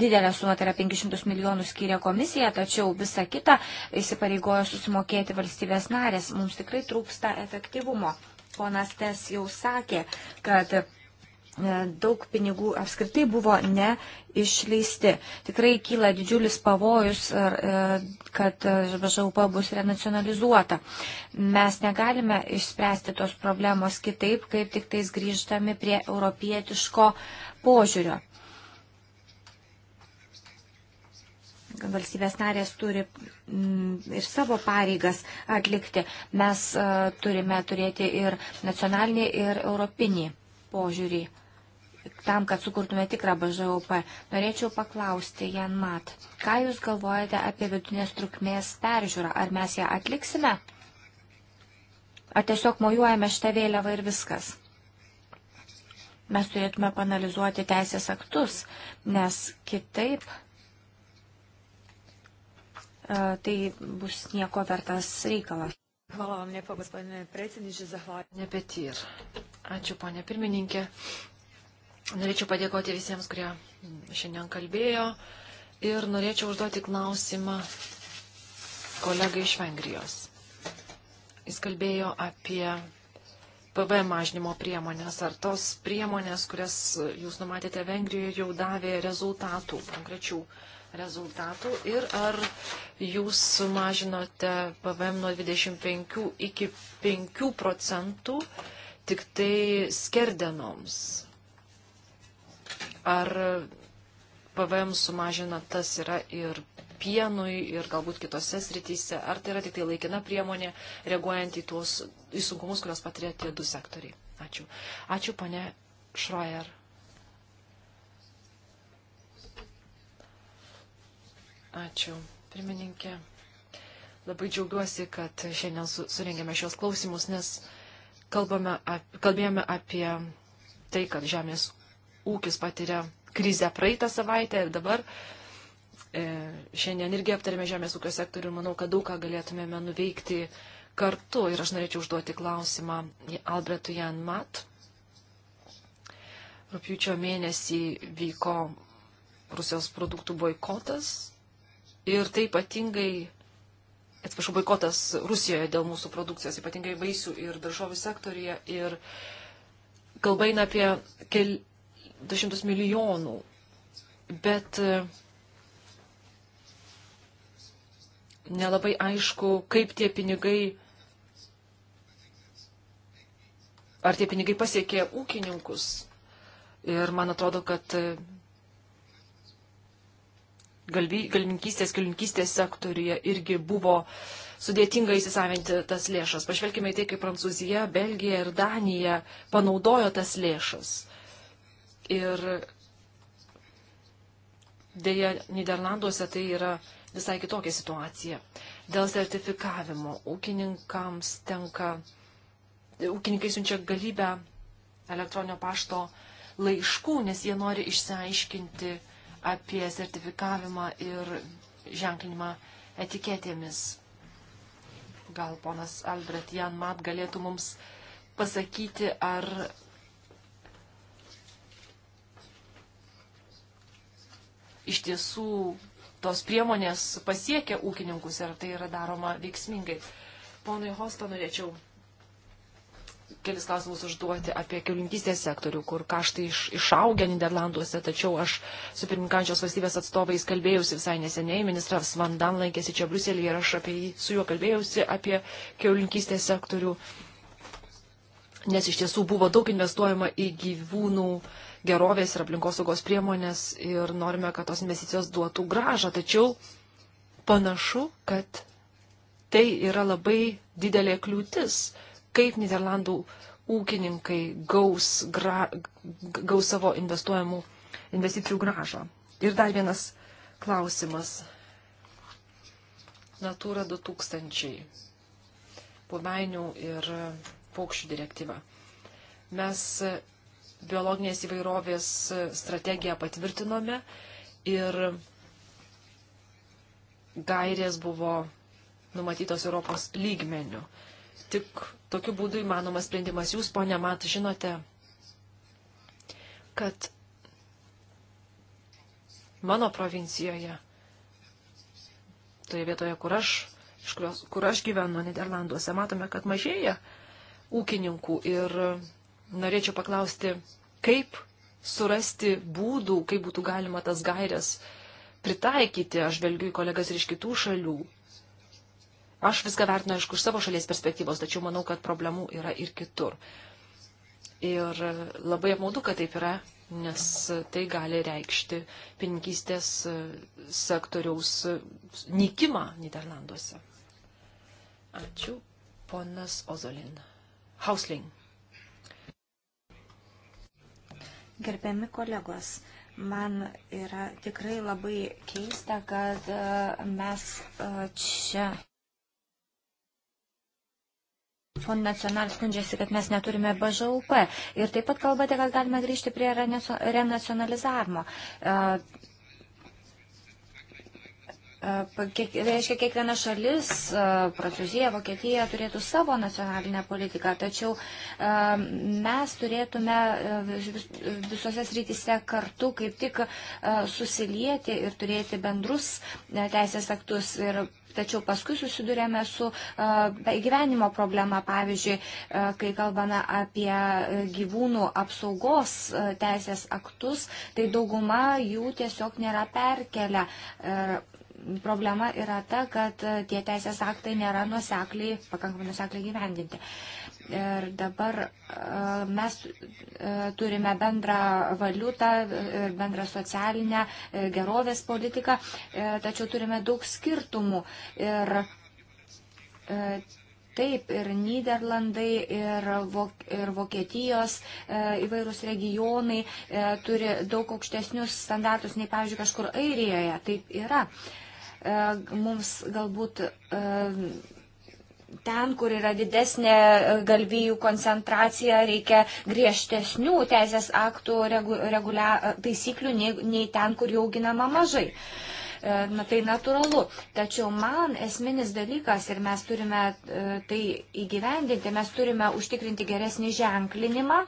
didelę sumą, tai yra 500 milijonų skyrė komisija, tačiau visa kita įsipareigojo susimokėti valstybės narės. Mums tikrai trūksta efektyvumo. Ponas Tes jau sakė, kad E, daug pinigų apskritai buvo neišleisti. Tikrai kyla didžiulis pavojus, e, kad e, ŽVŽUP bus renacionalizuota. Mes negalime išspręsti tos problemos kitaip, kaip tik tais grįžtami prie europietiško požiūrio. Valstybės narės turi mm, ir savo pareigas atlikti. Mes turime turėti ir nacionalinį, ir europinį požiūrį tam, kad sukurtume tikrą BŽUP. Norėčiau paklausti, Jan Mat, ką Jūs galvojate apie vidutinės trukmės peržiūrą? Ar mes ją atliksime? Ar tiesiog mojuojame šitą vėliavą ir viskas? Mes turėtume panalizuoti teisės aktus, nes kitaip e, tai bus nieko vertas reikalas. Hvala vam lijepo, gospodine predsjedniče. Zahvaljujem. Nepetir. Ačiū, ponė pirmininkė. Norėčiau padėkoti visiems, kurie šiandien kalbėjo ir norėčiau užduoti klausimą kolegai iš Vengrijos. Jis kalbėjo apie PVM mažinimo priemonės. Ar tos priemonės, kurias jūs numatėte Vengrijoje, jau davė rezultatų, konkrečių rezultatų? Ir ar jūs mažinote PVM nuo 25 iki 5 procentų tik tai skerdenoms? Ar PVM sumažina tas yra ir pienui, ir galbūt kitose srityse? Ar tai yra tik tai laikina priemonė, reaguojant į tuos į sunkumus, kurios patiria tie du sektoriai? Ačiū. Ačiū, pane Šrojer. Ačiū, pirmininkė. Labai džiaugiuosi, kad šiandien surengėme šios klausimus, nes kalbame, kalbėjome apie tai, kad žemės ūkis patiria krizę praeitą savaitę ir dabar. E, šiandien irgi aptarėme žemės ūkio sektorių ir manau, kad daug ką galėtumėme nuveikti kartu. Ir aš norėčiau užduoti klausimą Albretui Jan Mat. Rūpiučio mėnesį vyko Rusijos produktų boikotas ir tai ypatingai, atsiprašau, boikotas Rusijoje dėl mūsų produkcijos, ypatingai vaisių ir daržovių sektorija. Ir kalba eina apie kel, 200 milijonų. Bet e, nelabai aišku, kaip tie pinigai, ar tie pinigai pasiekė ūkininkus. Ir man atrodo, kad e, galvinkystės, kilinkystės sektorija irgi buvo sudėtinga įsisavinti tas lėšas. Pažvelkime į tai, kaip Prancūzija, Belgija ir Danija panaudojo tas lėšas. Ir dėja, Niderlanduose tai yra visai kitokia situacija. Dėl sertifikavimo ūkininkams tenka, ūkininkai siunčia galybę elektroninio pašto laiškų, nes jie nori išsiaiškinti apie sertifikavimą ir ženklinimą etiketėmis. Gal ponas Albrecht Jan Mat galėtų mums pasakyti, ar iš tiesų tos priemonės pasiekia ūkininkus ir tai yra daroma veiksmingai. Ponui Hosta norėčiau kelis klausimus užduoti apie kiaulinkystės sektorių, kur kaštai iš, išaugę Niderlanduose, tačiau aš su pirmininkančios valstybės atstovais kalbėjausi visai neseniai, ministras Vandan lankėsi čia Bruselėje ir aš apie jį, su juo kalbėjausi apie kiaulinkystės sektorių, nes iš tiesų buvo daug investuojama į gyvūnų uh, gerovės ir aplinkosaugos priemonės ir norime, kad tos investicijos duotų gražą. Tačiau panašu, kad tai yra labai didelė kliūtis, kaip Niderlandų ūkininkai gaus, gra, gaus savo investuojamų investicijų gražą. Ir dar vienas klausimas. Natūra 2000. Pumainių ir paukščių direktyva. Mes biologinės įvairovės strategiją patvirtinome ir gairės buvo numatytos Europos lygmenių. Tik tokiu būdu įmanomas sprendimas. Jūs, ponia Mat, žinote, kad mano provincijoje, toje vietoje, kur aš, kurios, kur aš gyvenu, Niderlanduose, matome, kad mažėja ūkininkų ir norėčiau paklausti, kaip surasti būdų, kaip būtų galima tas gairias pritaikyti, aš velgiu į kolegas ir iš kitų šalių. Aš viską vertinu, aišku, iš savo šalies perspektyvos, tačiau manau, kad problemų yra ir kitur. Ir labai apmaudu, kad taip yra, nes tai gali reikšti pininkystės sektoriaus nykimą Niderlanduose. Ačiū, ponas Ozolin. Hausling. Gerbiami kolegos, man yra tikrai labai keista, kad e, mes e, čia. Fond Nacional skundžiasi, kad mes neturime BŽUP. Ir taip pat kalbate, kad galime grįžti prie renacionalizavimo. E, Kiek, reiškia, kiekviena šalis, Prancūzija, Vokietija turėtų savo nacionalinę politiką, tačiau mes turėtume visose srityse kartu kaip tik susilieti ir turėti bendrus teisės aktus. Ir, tačiau paskui susidurėme su gyvenimo problema, pavyzdžiui, kai kalbame apie gyvūnų apsaugos teisės aktus, tai dauguma jų tiesiog nėra perkelia. Ir, problema yra ta, kad e, tie teisės aktai nėra nusekliai, pakankamai nusekliai gyvendinti. Ir dabar e, mes e, turime bendrą valiutą ir bendrą socialinę gerovės politiką, tačiau turime daug skirtumų. Ir taip ir Niderlandai, ir, Vok ir Vokietijos e, įvairūs regionai e, turi daug aukštesnius standartus nei, pavyzdžiui, kažkur Airijoje. Taip yra. E, E, mums galbūt e, ten, kur yra didesnė galvijų koncentracija, reikia griežtesnių teisės aktų regulia, taisyklių nei, nei ten, kur jau auginama mažai. E, na tai natūralu. Tačiau man esminis dalykas ir mes turime tai įgyvendinti, mes turime užtikrinti geresnį ženklinimą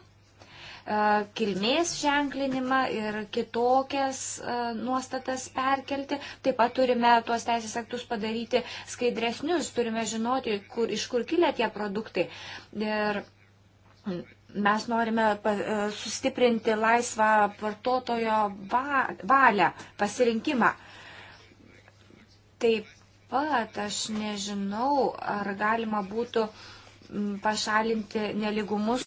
E, kilmės ženklinimą ir kitokias e, nuostatas perkelti. Taip pat turime tuos teisės aktus padaryti skaidresnius, turime žinoti, kur, iš kur kilia tie produktai. Ir mes norime e, sustiprinti laisvą vartotojo valią, pasirinkimą. Taip pat aš nežinau, ar galima būtų pašalinti neligumus.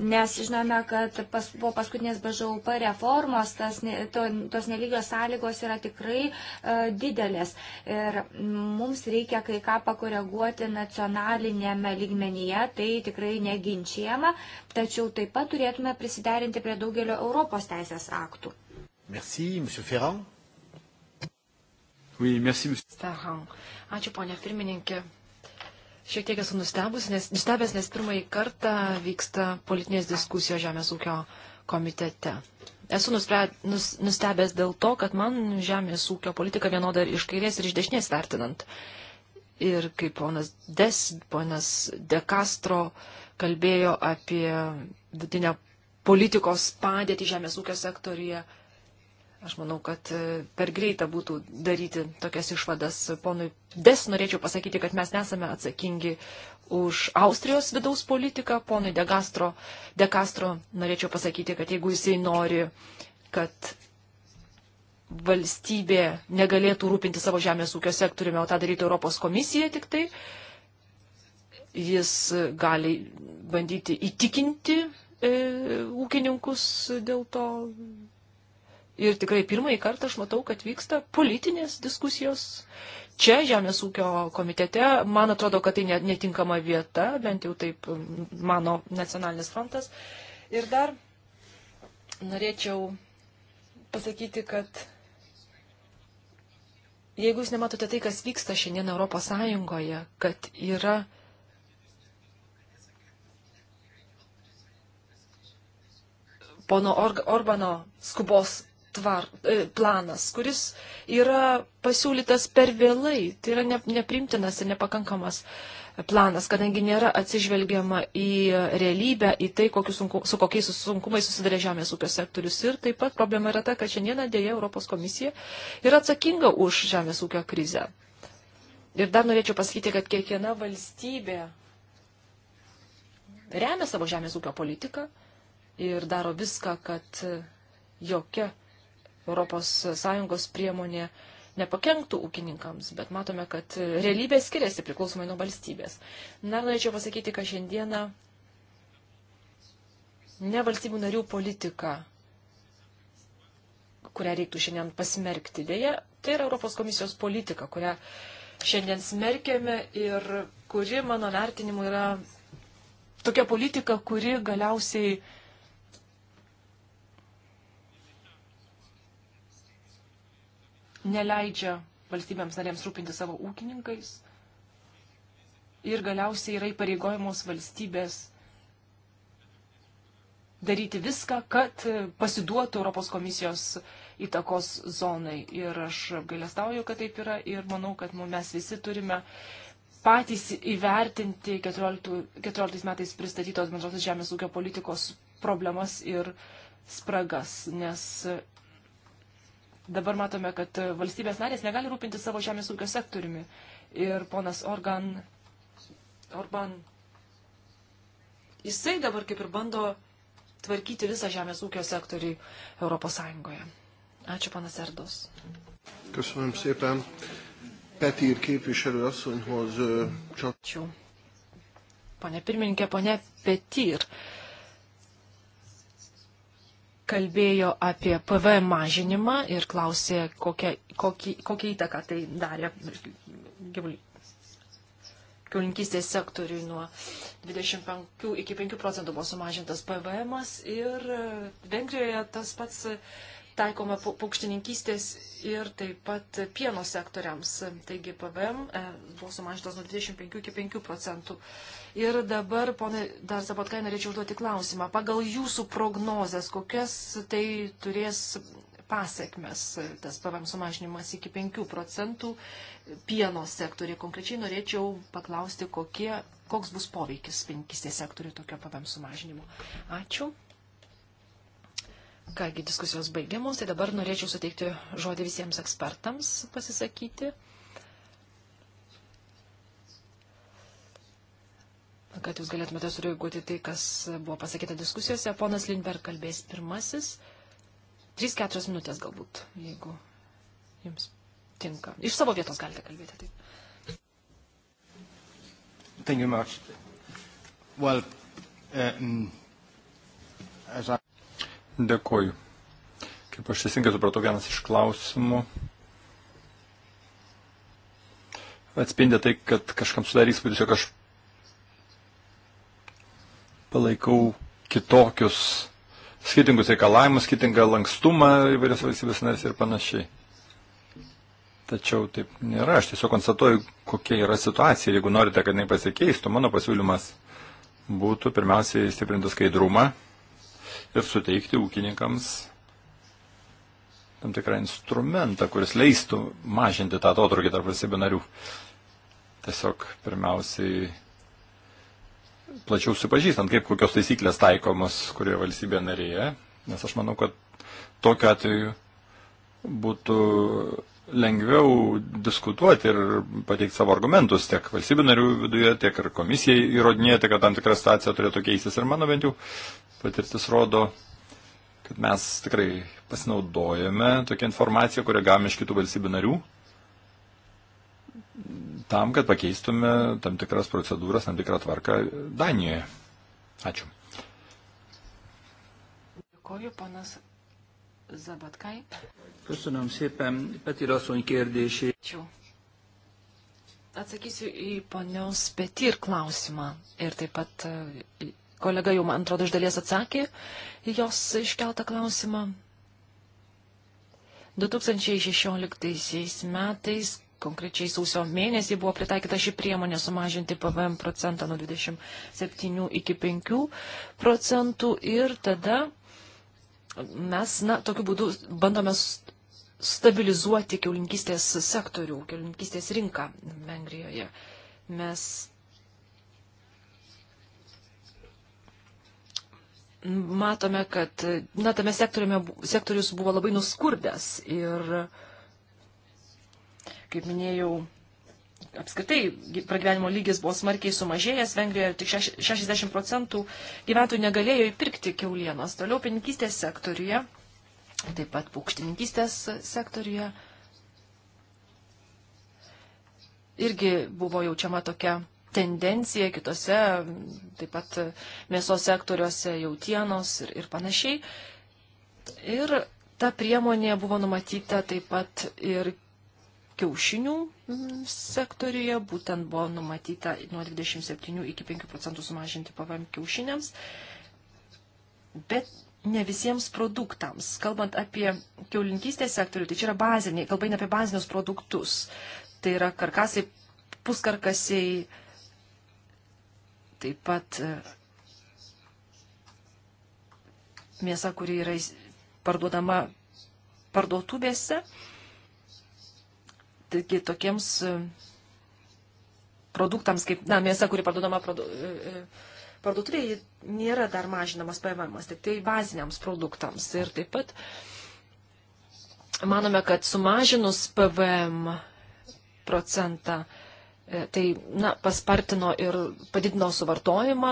Nes žinome, kad pas, po paskutinės BŽUP reformos tas, to, tos nelygios sąlygos yra tikrai e, didelės. Ir mums reikia kai ką pakoreguoti nacionalinėme lygmenyje, tai tikrai neginčiama, tačiau taip pat turėtume prisiderinti prie daugelio Europos teisės aktų. Merci, Monsieur Ferrand. Oui, merci, Monsieur Ferrand. Ačiū, ponia pirmininkė. Šiek tiek esu nustebęs, nes, nustebęs, nes pirmąjį kartą vyksta politinės diskusijos Žemės ūkio komitete. Esu nuspre, nus, nustebęs dėl to, kad man Žemės ūkio politika vienoda ir iš kairės ir iš dešinės vertinant. Ir kaip ponas Des, ponas De Castro kalbėjo apie vidinę politikos padėtį Žemės ūkio sektorija Aš manau, kad e, per greita būtų daryti tokias išvadas. Ponui Des norėčiau pasakyti, kad mes nesame atsakingi už Austrijos vidaus politiką. Ponui De, Gastro, De Castro norėčiau pasakyti, kad jeigu jisai nori, kad valstybė negalėtų rūpinti savo žemės ūkio sektoriumi, o tą daryti Europos komisija tik tai, jis gali bandyti įtikinti e, ūkininkus dėl to Ir tikrai pirmąjį kartą aš matau, kad vyksta politinės diskusijos. Čia Žemės ūkio komitete, man atrodo, kad tai netinkama vieta, bent jau taip mano nacionalinis frontas. Ir dar norėčiau pasakyti, kad jeigu jūs nematote tai, kas vyksta šiandien Europos Sąjungoje, kad yra pono Or Orbano skubos tvar, e, planas, kuris yra pasiūlytas per vėlai, tai yra ne, neprimtinas ir nepakankamas planas, kadangi nėra atsižvelgiama į realybę, į tai, sunku, su kokiais sunkumais susidarė žemės ūkio sektorius. Ir taip pat problema yra ta, kad šiandieną dėja Europos komisija yra atsakinga už žemės ūkio krizę. Ir dar norėčiau pasakyti, kad kiekviena valstybė remia savo žemės ūkio politiką ir daro viską, kad jokia ES priemonė nepakenktų ūkininkams, bet matome, kad realybė skiriasi priklausomai nuo valstybės. Dar norėčiau pasakyti, kad šiandieną ne valstybių narių politika, kurią reiktų šiandien pasmerkti, dėja, tai yra Europos komisijos politika, kurią šiandien smerkėme ir kuri, mano vertinimu, yra tokia politika, kuri galiausiai neleidžia valstybėms narėms rūpinti savo ūkininkais ir galiausiai yra įpareigojamos valstybės daryti viską, kad pasiduotų Europos komisijos įtakos zonai. Ir aš gailestauju, kad taip yra ir manau, kad mes visi turime patys įvertinti 14, 14 metais pristatytos bendrosios žemės ūkio politikos problemas ir spragas, nes Dabar matome, kad valstybės narės negali rūpinti savo žemės ūkio sektoriumi. Ir ponas Organ, Orban, jisai dabar kaip ir bando tvarkyti visą žemės ūkio sektorių Europos Sąjungoje. Ačiū, panas Erdos. Köszönöm szépen. Petír képviselő asszonyhoz csak... Ačiū. Pane pirmininkė, pane Petyr. Uh, kalbėjo apie PVM mažinimą ir klausė, kokią, kokį, kokią įtaką tai darė gyvulinkystės sektoriui nuo 25 iki 5 procentų buvo sumažintas PVM ir Vengrijoje tas pats taikoma paukštininkystės ir taip pat pieno sektoriams. Taigi PVM e, buvo sumažintas nuo 25 iki 5 procentų. Ir dabar, ponai, dar Zabotkai, norėčiau užduoti klausimą. Pagal jūsų prognozes, kokias tai turės pasiekmes, tas PVM sumažinimas iki 5 procentų pieno sektoriai. Konkrečiai norėčiau paklausti, kokie, koks bus poveikis pinkistės sektoriui tokio PVM sumažinimo. Ačiū. Kągi diskusijos baigiamos, tai dabar norėčiau suteikti žodį visiems ekspertams pasisakyti. Kad jūs galėtumėte sureaguoti tai, kas buvo pasakyta diskusijose. Ponas Lindberg kalbės pirmasis. 3-4 minutės galbūt, jeigu jums tinka. Iš savo vietos galite kalbėti. Taip. Thank you much. Well, um, as I... Dėkuoju. Kaip aš teisingai supratau, vienas iš klausimų atspindė tai, kad kažkam sudarė įspūdis, jog aš palaikau kitokius skirtingus reikalavimus, skirtingą lankstumą įvairios valstybės narės ir panašiai. Tačiau taip nėra. Aš tiesiog konstatuoju, kokia yra situacija. Jeigu norite, kad jinai pasikeistų, mano pasiūlymas būtų pirmiausiai stiprinti skaidrumą ir suteikti ūkininkams tam tikrą instrumentą, kuris leistų mažinti tą atotrukį tarp valstybių narių. Tiesiog pirmiausiai plačiau supažįstant, kaip kokios taisyklės taikomos kurioje valstybėje narėje, nes aš manau, kad tokiu atveju būtų lengviau diskutuoti ir pateikti savo argumentus tiek valstybių narių viduje, tiek ir komisijai įrodinėti, kad tam tikra stacija turėtų keistis. Ir mano bent jau patirtis rodo, kad mes tikrai pasinaudojame tokią informaciją, kurią gavome iš kitų valstybių narių, tam, kad pakeistume tam tikras procedūras, tam tikrą tvarką Danijoje. Ačiū. Dėkoju, panas Zabatkai. Köszönöm szépen Petir asszony kérdését. Ačiū. Atsakysiu į ponios Petir klausimą ir taip pat Kolega jau, man atrodo, iš dalies atsakė į jos iškeltą klausimą. 2016 metais, konkrečiai sausio mėnesį, buvo pritaikyta ši priemonė sumažinti PVM procentą nuo 27 iki 5 procentų ir tada mes, na, tokiu būdu bandome stabilizuoti keulinkistės sektorių, keulinkistės rinką Vengrijoje. Mes matome, kad na, tame sektorius buvo labai nuskurdęs ir, kaip minėjau, apskritai pragyvenimo lygis buvo smarkiai sumažėjęs, Vengrijoje tik 60 procentų gyventojų negalėjo įpirkti keulienos. Toliau pieninkystės sektoriuje, taip pat paukštininkystės sektoriuje irgi buvo jaučiama tokia tendencija kitose, taip pat mėsos sektoriuose, jautienos ir, ir panašiai. Ir ta priemonė buvo numatyta taip pat ir kiaušinių sektoriuje, būtent buvo numatyta nuo 27 iki 5 procentų sumažinti PVM kiaušiniams, bet ne visiems produktams. Kalbant apie kiaulinkystės sektorių, tai čia yra baziniai, kalba eina apie bazinius produktus. Tai yra karkasai, puskarkasiai, Taip pat e, mėsa, kuri yra parduodama parduotuvėse. Taigi tokiems e, produktams, kaip na, mėsa, kuri parduodama pardu, e, parduotuvėje, nėra dar mažinamas PVM, tik tai baziniams produktams. Ir taip pat manome, kad sumažinus PVM procentą E, tai, na, paspartino ir padidino suvartojimą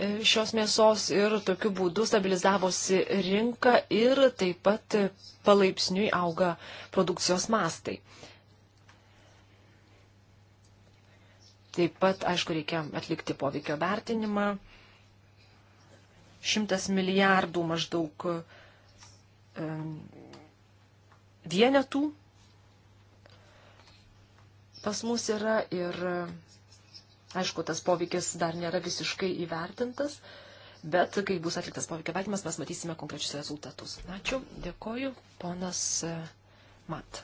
e, šios mėsos ir tokiu būdu stabilizavosi rinka ir taip pat palaipsniui auga produkcijos mastai. Taip pat, aišku, reikia atlikti poveikio vertinimą. Šimtas milijardų maždaug e, vienetų pas mus yra ir, aišku, tas poveikis dar nėra visiškai įvertintas, bet kai bus atliktas poveikio vertinimas, mes matysime konkrečius rezultatus. Ačiū, dėkoju, ponas e, Mat.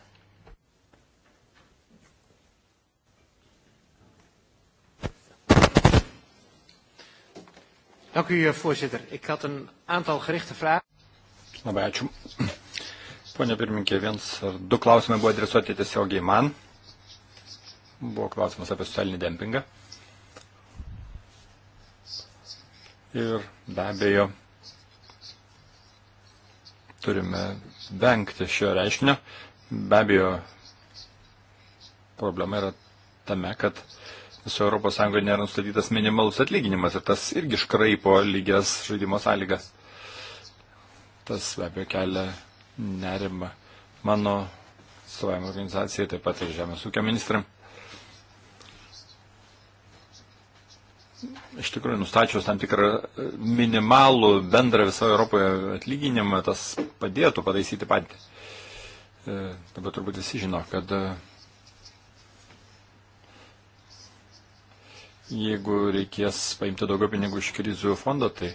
Dank u, eh, voorzitter. Ik had een aantal gerichte vragen. Labai ačiū. Pone pirminkė, viens ar du klausimai buvo adresuoti tiesiogiai man. Buvo klausimas apie socialinį dempingą. Ir be abejo, turime vengti šio reiškinio. Be abejo, problema yra tame, kad viso Europos Sąjungoje nėra nustatytas minimalus atlyginimas ir tas irgi iškraipo lygias žaidimo sąlygas. Tas be abejo kelia nerimą mano savaimo organizacijai, taip pat ir Žemės ūkio ministram. iš tikrųjų nustačius tam tikrą e, minimalų bendrą visoje Europoje atlyginimą, tas padėtų pataisyti patį. E, dabar turbūt visi žino, kad e, jeigu reikės paimti daugiau pinigų iš krizių fondo, tai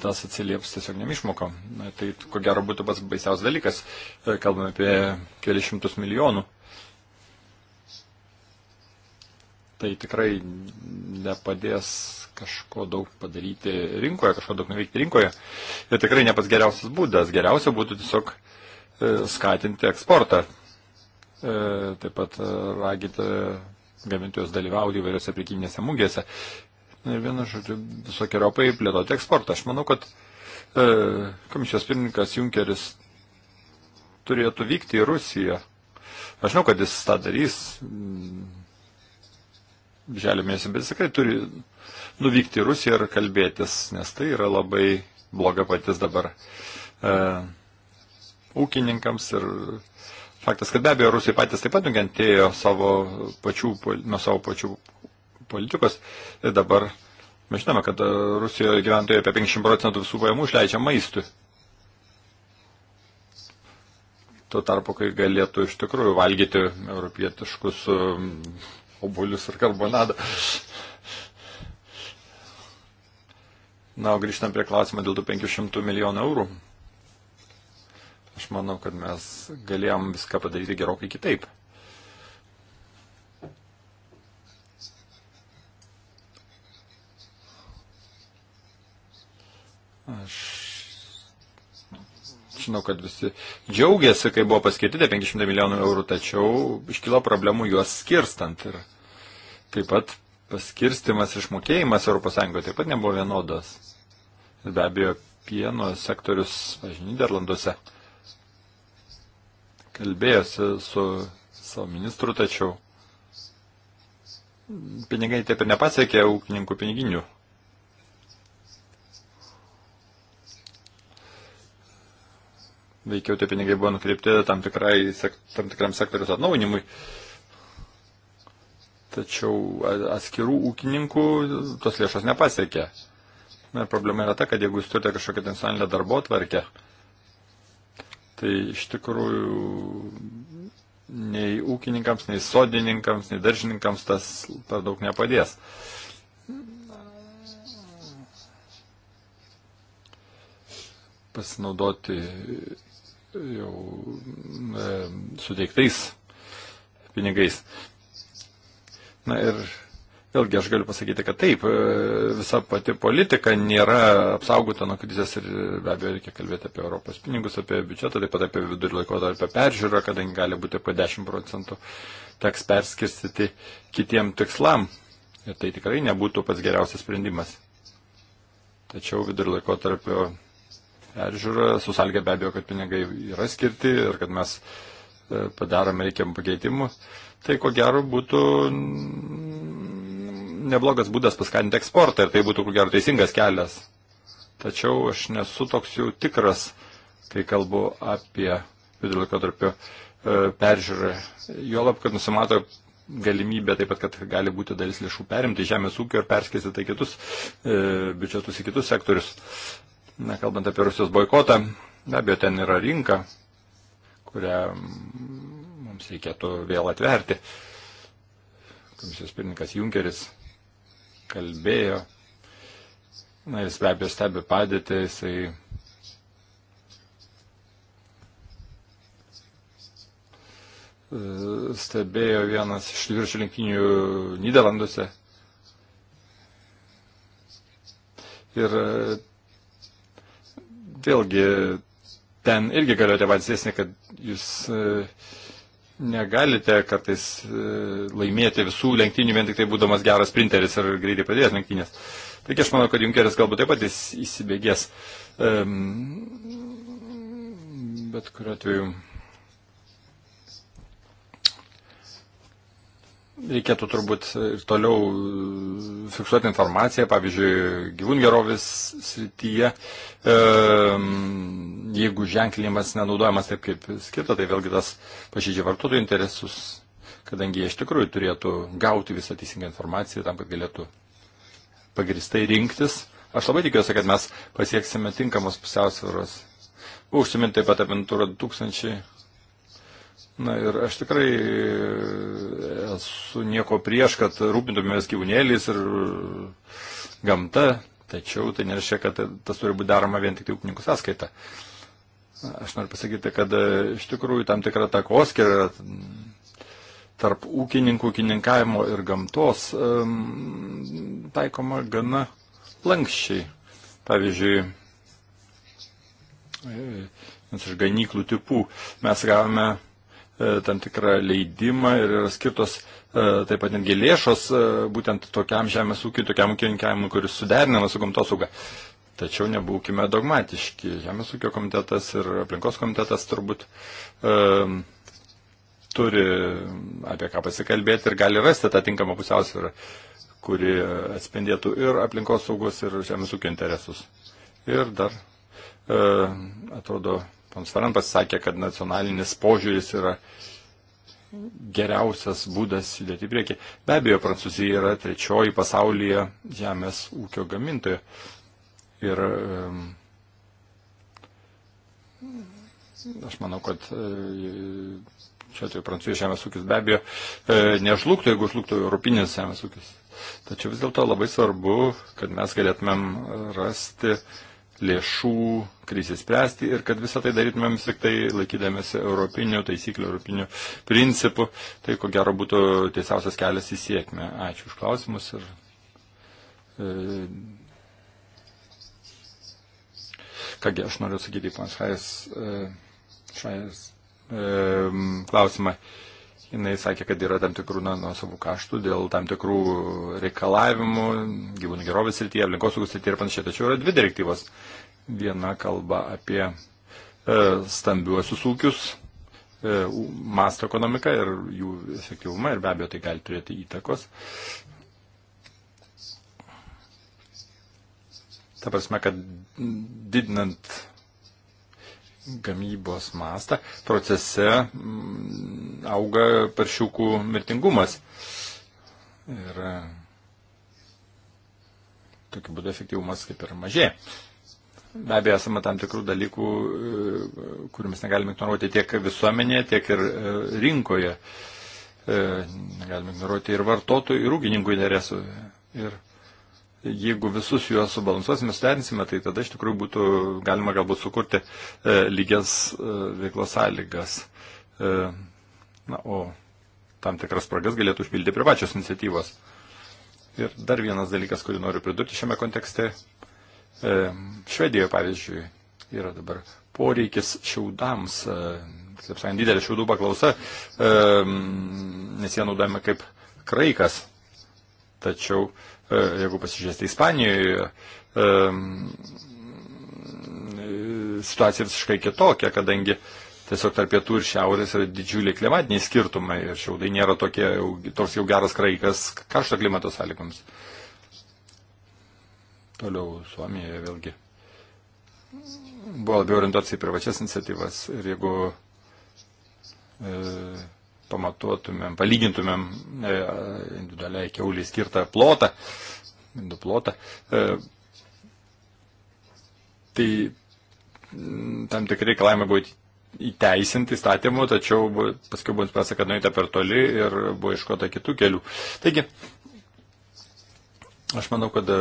tas atsilieps tiesiog nemišmoko. Tai ko gero būtų pats baisiausias dalykas, kalbame apie kelišimtus milijonų tai tikrai nepadės kažko daug padaryti rinkoje, kažko daug nuveikti rinkoje. Ir tikrai ne pats geriausias būdas. Geriausia būtų tiesiog e, skatinti eksportą. E, taip pat e, raginti gamintojus dalyvauti įvairiose prekyminėse mūgėse. Ir vienu žodžiu, visokiojopai plėtoti eksportą. Aš manau, kad komisijos pirmininkas Junkeris turėtų vykti į Rusiją. Aš žinau, kad jis tą darys, birželio mėnesį, bet jis tikrai turi nuvykti į Rusiją ir kalbėtis, nes tai yra labai bloga patys dabar e, ūkininkams ir faktas, kad be abejo rusai patys taip pat nukentėjo savo pačių, nuo savo pačių politikos ir dabar mes žinome, kad e, Rusijoje gyventojai apie 50 procentų visų pajamų išleidžia maistui. Tuo tarpu, kai galėtų iš tikrųjų valgyti europietiškus obuolius ir karbonadą. Na, o grįžtant prie klausimą dėl tų 500 milijonų eurų. Aš manau, kad mes galėjom viską padaryti gerokai kitaip. Aš žinau, kad visi džiaugiasi, kai buvo paskirti tie 500 milijonų eurų, tačiau iškilo problemų juos skirstant. Ir taip pat paskirstimas išmokėjimas ES taip pat nebuvo vienodas. Ir be abejo, pieno sektorius, važiuoju, Niderlanduose kalbėjosi su savo ministru, tačiau pinigai taip ir nepasiekė ūkininkų piniginių. veikiau tie pinigai buvo nukreipti tam, tikrai, tam tikram sektorius atnaujinimui. Tačiau atskirų ūkininkų tos lėšos nepasiekė. Na, problema yra ta, kad jeigu jūs turite kažkokią nacionalinę darbo tvarkę, tai iš tikrųjų nei ūkininkams, nei sodininkams, nei daržininkams tas per daug nepadės. Pasinaudoti jau e, suteiktais pinigais. Na ir vėlgi aš galiu pasakyti, kad taip, e, visa pati politika nėra apsaugota nuo krizės ir be abejo reikia kalbėti apie Europos pinigus, apie biudžetą, taip pat apie vidurį laikotarpio peržiūrą, kadangi gali būti apie 10 procentų teks perskirstyti kitiem tikslam. Ir tai tikrai nebūtų pats geriausias sprendimas. Tačiau vidurį laikotarpio peržiūrą, susalgė be abejo, kad pinigai yra skirti ir kad mes e, padarome reikiamų pakeitimų. Tai ko gero būtų neblogas būdas paskatinti eksportą ir tai būtų ko gero teisingas kelias. Tačiau aš nesu toks jau tikras, kai kalbu apie vidurio laikotarpio e, peržiūrą. Juolab, kad nusimato galimybė taip pat, kad gali būti dalis lėšų perimti žemės ūkio ir perskirti tai kitus e, biudžetus į kitus sektorius. Na, kalbant apie Rusijos boikotą, be abejo, ten yra rinka, kurią mums reikėtų vėl atverti. Komisijos pirmininkas Junkeris kalbėjo. Na, jis be abejo stebi padėtį, jisai stebėjo vienas iš dviračių lenktynių Niderlanduose. Ir vėlgi ten irgi galioja tie patys dėsniai, kad jūs e, negalite kartais e, laimėti visų lenktynių, vien tik tai būdamas geras sprinteris ar greitai pradėjęs lenktynės. Taigi aš manau, kad Junkeris galbūt taip pat įsibėgės. Bet kuriuo atveju reikėtų turbūt ir toliau e, fiksuoti informaciją, pavyzdžiui, gyvūn gerovės srityje, e, jeigu ženklinimas nenaudojamas taip, kaip skirta, tai vėlgi tas pažydžia vartotojų interesus, kadangi jie iš tikrųjų turėtų gauti visą teisingą informaciją tam, kad galėtų pagristai rinktis. Aš labai tikiuosi, kad mes pasieksime tinkamos pusiausvėros. Buvo užsiminti taip pat apie Natūra 2000 Na ir aš tikrai e, esu nieko prieš, kad rūpintumės gyvūnėliais ir gamta, tačiau tai nereiškia, kad tas turi būti daroma vien tik tai ūkininkų sąskaita. Aš noriu pasakyti, kad e, iš tikrųjų tam tikra takoskirė tarp ūkininkų, ūkininkavimo ir gamtos um, taikoma gana lankščiai. Pavyzdžiui, e, vienas iš ganyklų tipų mes gavome E, tam tikrą leidimą ir yra skirtos e, taip pat netgi lėšos e, būtent tokiam žemės ūkiui, tokiam ūkininkavimui, kuris suderinamas su gamtosauga. Tačiau nebūkime dogmatiški. Žemės ūkio komitetas ir aplinkos komitetas turbūt um, turi apie ką pasikalbėti ir gali rasti tą tinkamą pusiausvyrą, kuri atspindėtų ir aplinkos saugos, ir žemės ūkio interesus. Ir dar, uh, atrodo, Ponas Farampas sakė, kad nacionalinis požiūris yra geriausias būdas judėti į priekį. Be abejo, Prancūzija yra trečioji pasaulyje žemės ūkio gamintoja. Ir um, aš manau, kad um, čia tai Prancūzijos žemės ūkis be abejo um, nežlugtų, jeigu žlugtų europinis žemės ūkis. Tačiau vis dėlto labai svarbu, kad mes galėtumėm rasti uh, lėšų krizės spręsti ir kad visą tai darytumėm tik tai laikydamėsi europinių taisyklių, europinių principų, tai ko gero būtų tiesiausias kelias į sėkmę. Ačiū už klausimus ir. E, Kągi, aš noriu atsakyti į panas e, Šajas e, klausimą. E, Jis sakė, kad yra tam tikrų na, nuo savų kaštų dėl tam tikrų reikalavimų, gyvūnų gerovės srityje, aplinkosaugos srityje ir panašiai. Tačiau yra dvi direktyvos. Viena kalba apie e, stambiuosius ūkius, e, masto ekonomiką ir jų efektyvumą ir be abejo tai gali turėti įtakos. Ta prasme, kad didinant gamybos mastą, procese mm, auga paršiukų mirtingumas. Ir e, tokiu būdu efektyvumas kaip ir mažėja. Be abejo, esame tam tikrų dalykų, e, kurių mes negalime ignoruoti tiek visuomenėje, tiek ir e, rinkoje. Negalime ignoruoti ir vartotojų, ir ūkininkų interesų. Ir jeigu visus juos subalansuosime, suderinsime, tai tada iš tikrųjų būtų galima galbūt sukurti e, lygias e, veiklos sąlygas. E, na, o tam tikras spragas galėtų užpildyti privačios iniciatyvos. Ir dar vienas dalykas, kurį noriu pridurti šiame kontekste. Švedijoje, pavyzdžiui, yra dabar poreikis šiaudams, taip sakant, didelė šiaudų paklausa, nes jie naudojami kaip kraikas. Tačiau E, jeigu pasižiūrėsite Ispanijoje, e, situacija visiškai kitokia, kadangi tiesiog tarp pietų ir šiaurės yra didžiuliai klimatiniai skirtumai ir šiaudai nėra tokie, jau, toks jau geras kraikas karšto klimato sąlygoms. Toliau Suomijoje vėlgi buvo labiau orientuotas į privačias iniciatyvas ir jeigu e, pamatuotumėm, palygintumėm e, individualiai keuliai skirtą plotą, indų plotą, e, tai tam tikrai reikalavimai buvo įteisinti įstatymu, tačiau paskui buvo nuspręsta, kad nueita per toli ir buvo iškota kitų kelių. Taigi, aš manau, kad e,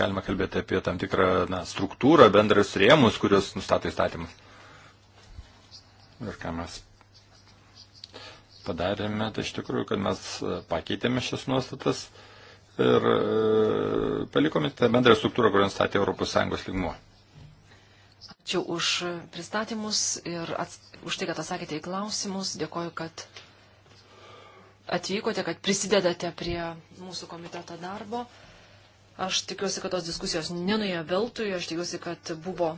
galima kalbėti apie tam tikrą na, struktūrą, bendras rėmus, kurios nustato įstatymas. Ir ką mes padarėme, tai iš tikrųjų, kad mes e, pakeitėme šias nuostatas ir e, palikome tą bendrą struktūrą, kurią nustatė ES lygmuo. Ačiū už pristatymus ir ats... už tai, kad atsakėte į klausimus. Dėkoju, kad atvykote, kad prisidedate prie mūsų komiteto darbo. Aš tikiuosi, kad tos diskusijos nenuėjo veltui, aš tikiuosi, kad buvo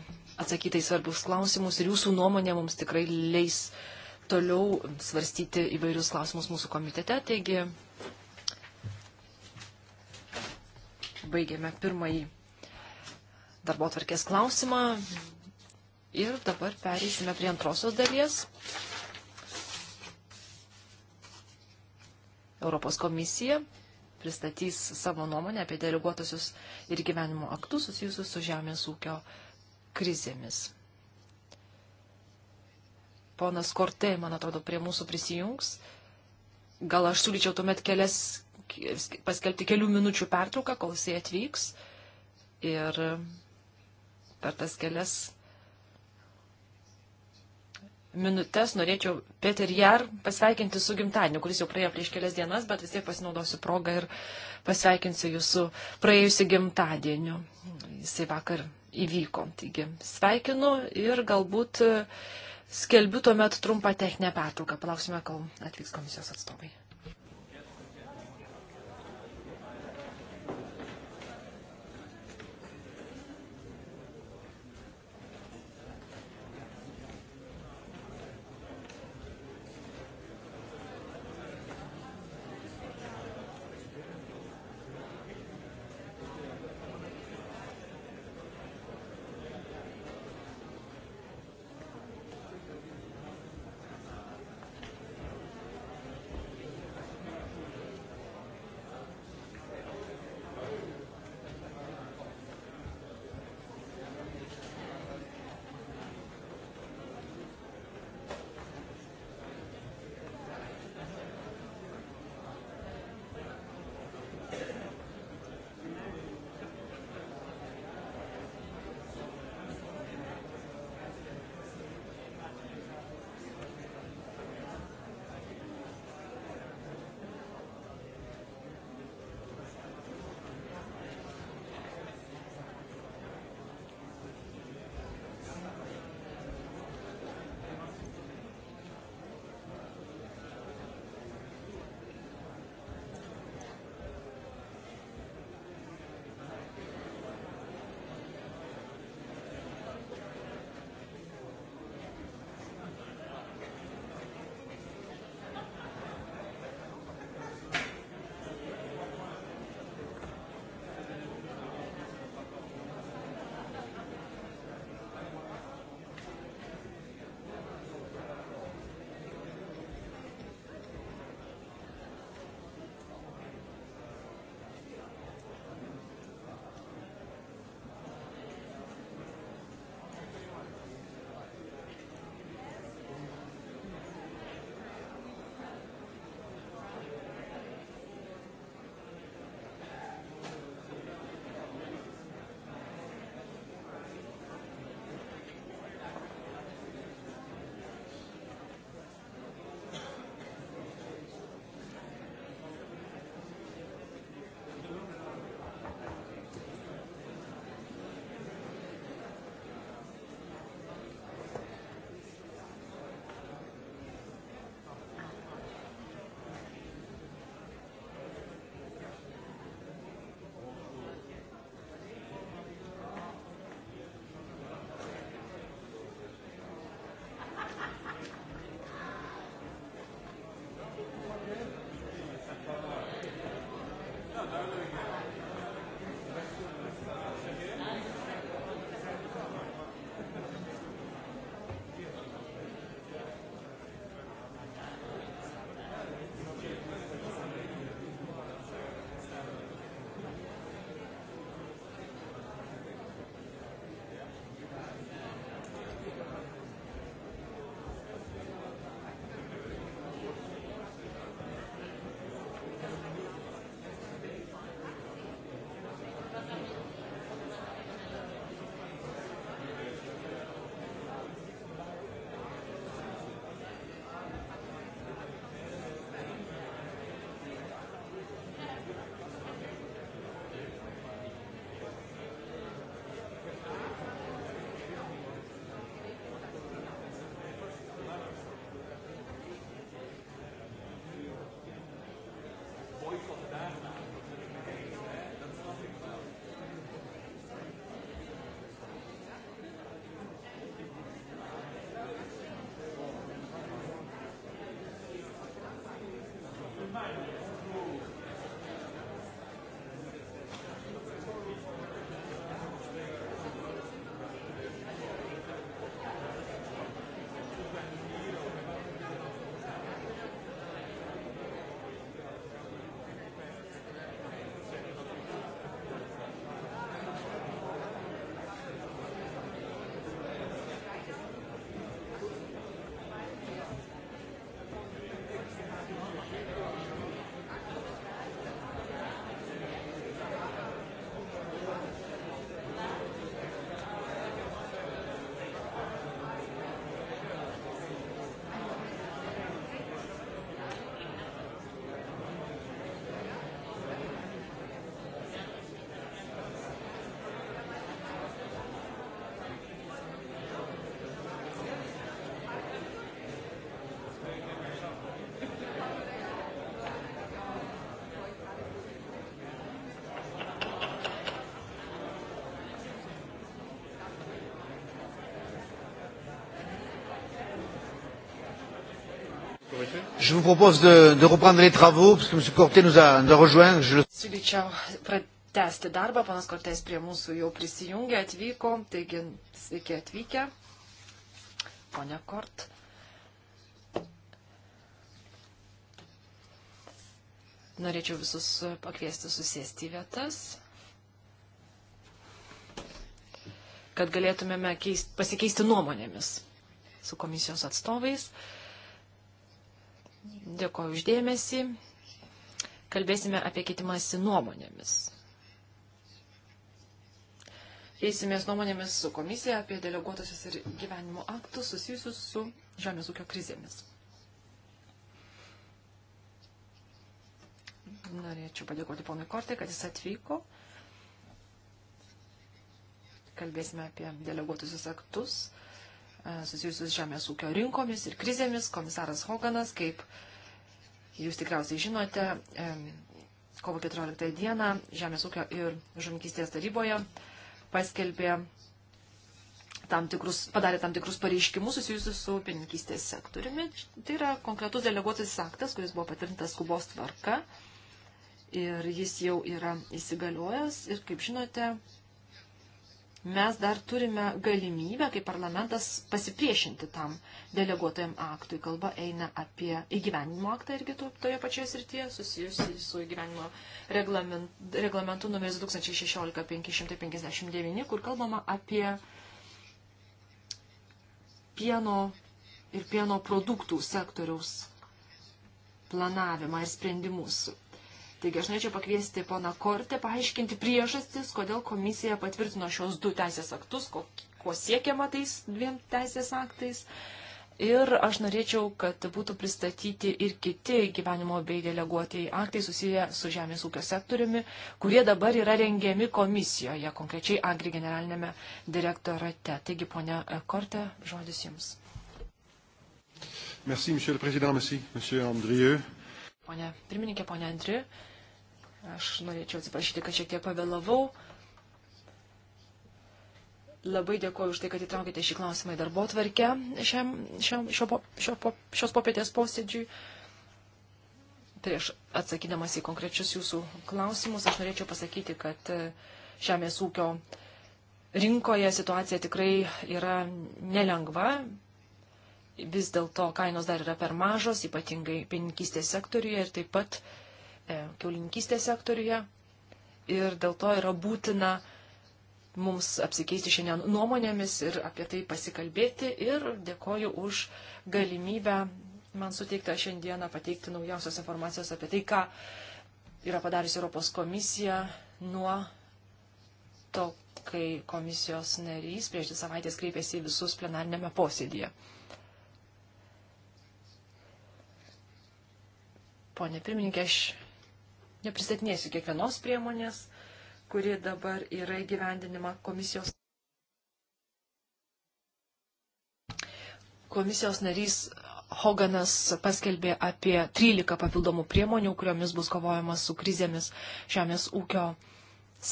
atsakytai svarbus klausimus ir jūsų nuomonė mums tikrai leis uh, toliau svarstyti įvairius klausimus mūsų komitete. Taigi, baigėme pirmąjį darbo atvarkės klausimą ir dabar pereisime prie antrosios dalies. Europos komisija pristatys savo nuomonę apie deleguotusius ir gyvenimo aktus susijusius su žemės ūkio krizėmis. Ponas Kortė, man atrodo, prie mūsų prisijungs. Gal aš siūlyčiau tuomet kelias, paskelbti kelių minučių pertrauką, kol jisai atvyks. Ir per tas kelias minutės norėčiau Peter Jar pasveikinti su gimtadieniu, kuris jau praėjo prieš kelias dienas, bet vis tiek pasinaudosiu progą ir pasveikinsiu jūsų praėjusiu gimtadieniu. Jisai vakar įvyko. Taigi sveikinu ir galbūt Skelbiu tuomet trumpą techninę pertrauką. Palauksime, kol atvyks komisijos atstovai. Je vous propose de, de reprendre les travaux, parce que M. Corté nous a, nous a rejoint. Je... Siūlyčiau pratesti darbą, panas Kortės prie mūsų jau prisijungė, atvyko, taigi sveiki atvykę. Pone Kort. Norėčiau visus pakviesti susėsti į vietas, kad galėtumėme keist, pasikeisti nuomonėmis su komisijos atstovais. Uh, Dėkoju uždėmesi. Kalbėsime apie keitimąsi nuomonėmis. Keisimės nuomonėmis su komisija apie deleguotusius ir gyvenimo aktus susijusius su žemės ūkio krizėmis. Norėčiau padėkoti ponui Kortai, kad jis atvyko. Kalbėsime apie deleguotusius aktus E, susijusius žemės ūkio rinkomis ir krizėmis. Komisaras Hoganas, kaip jūs tikriausiai žinote, e, kovo 14 dieną Žemės ūkio ir žemkystės taryboje paskelbė tam tikrus, padarė tam tikrus pareiškimus susijusius su pininkystės sektoriumi. Tai yra konkretus deleguotis aktas, kuris buvo patvirtintas skubos tvarka ir jis jau yra įsigaliojęs ir, kaip žinote, mes dar turime galimybę, kaip parlamentas, pasipriešinti tam deleguotojam aktui. Kalba eina apie įgyvenimo aktą irgi to, toje pačioje srityje, susijusi su įgyvenimo reglament, reglamentu numeris 2016-559, kur kalbama apie pieno ir pieno produktų sektoriaus planavimą ir sprendimus. Taigi aš norėčiau pakviesti poną Kortę paaiškinti priežastis, kodėl komisija patvirtino šios du teisės aktus, ko, ko siekiama tais dviem teisės aktais. Ir aš norėčiau, kad būtų pristatyti ir kiti gyvenimo bei deleguotieji aktai susiję su žemės ūkio sektoriumi, kurie dabar yra rengiami komisijoje, konkrečiai Agri generalinėme direktorate. Taigi, ponia Korte, žodis jums. Merci, monsieur le président, merci, monsieur Andrieu. Pone pirmininkė, pone Andriu, Aš norėčiau atsiprašyti, kad šiek tiek pavėlavau. Labai dėkuoju už tai, kad įtraukėte šį klausimą į darbo tvarkę šiam, šiam, šio, šio, šio, šios popietės posėdžiui. Prieš atsakydamas į konkrečius jūsų klausimus, aš norėčiau pasakyti, kad e, žemės ūkio rinkoje situacija tikrai yra nelengva. Vis dėlto kainos dar yra per mažos, ypatingai pieninkystės sektoriuje ir taip pat uh, E, keulininkystės sektoriuje ir dėl to yra būtina mums apsikeisti šiandien nuomonėmis ir apie tai pasikalbėti ir dėkoju už galimybę man suteikta šiandieną pateikti naujausios informacijos apie tai, ką yra padariusi Europos komisija nuo to, kai komisijos narys prieš dvi savaitės kreipėsi į visus plenarinėme posėdėje. Pone pirmininkė, aš nepristatinėsiu kiekvienos priemonės, kuri dabar yra įgyvendinima komisijos. Komisijos narys Hoganas paskelbė apie 13 papildomų priemonių, kuriomis bus kovojama su krizėmis žemės ūkio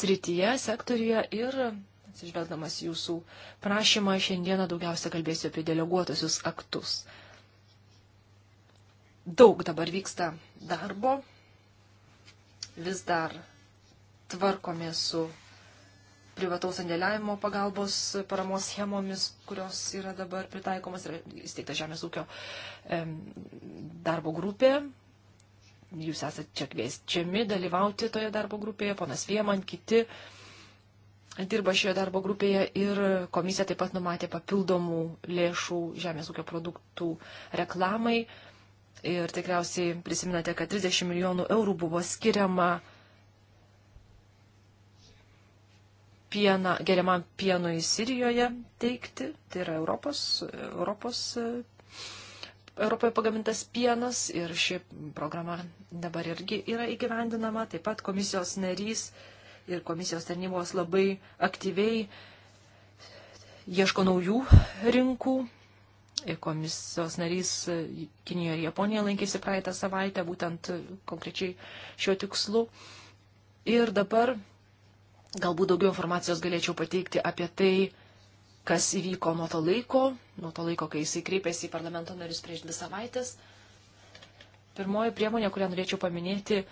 srityje, sektoriuje ir atsižvelgdamas jūsų prašymą, šiandieną daugiausia kalbėsiu apie deleguotusius aktus. Daug dabar vyksta darbo vis dar tvarkomė su privataus sandėliavimo pagalbos paramos schemomis, kurios yra dabar pritaikomas, yra įsteigta Žemės ūkio darbo grupė. Jūs esate čia kviečiami dalyvauti toje darbo grupėje, ponas Vieman, kiti dirba šioje darbo grupėje ir komisija taip pat numatė papildomų lėšų žemės ūkio produktų reklamai. Ir tikriausiai prisiminate, kad 30 milijonų eurų buvo skiriama pieną, geriamam pienui Sirijoje teikti, tai yra Europos, Europos, Europoje pagamintas pienas ir ši programa dabar irgi yra įgyvendinama. Taip pat komisijos narys ir komisijos tarnybos labai aktyviai ieško naujų rinkų Komisijos narys e, Kinijoje ir Japonijoje lankėsi praeitą savaitę, būtent e, konkrečiai šiuo tikslu. Ir dabar galbūt daugiau informacijos galėčiau pateikti apie tai, kas įvyko nuo to laiko, nuo to laiko, kai jisai kreipėsi į parlamento narius prieš dvi savaitės. Pirmoji priemonė, kurią norėčiau paminėti,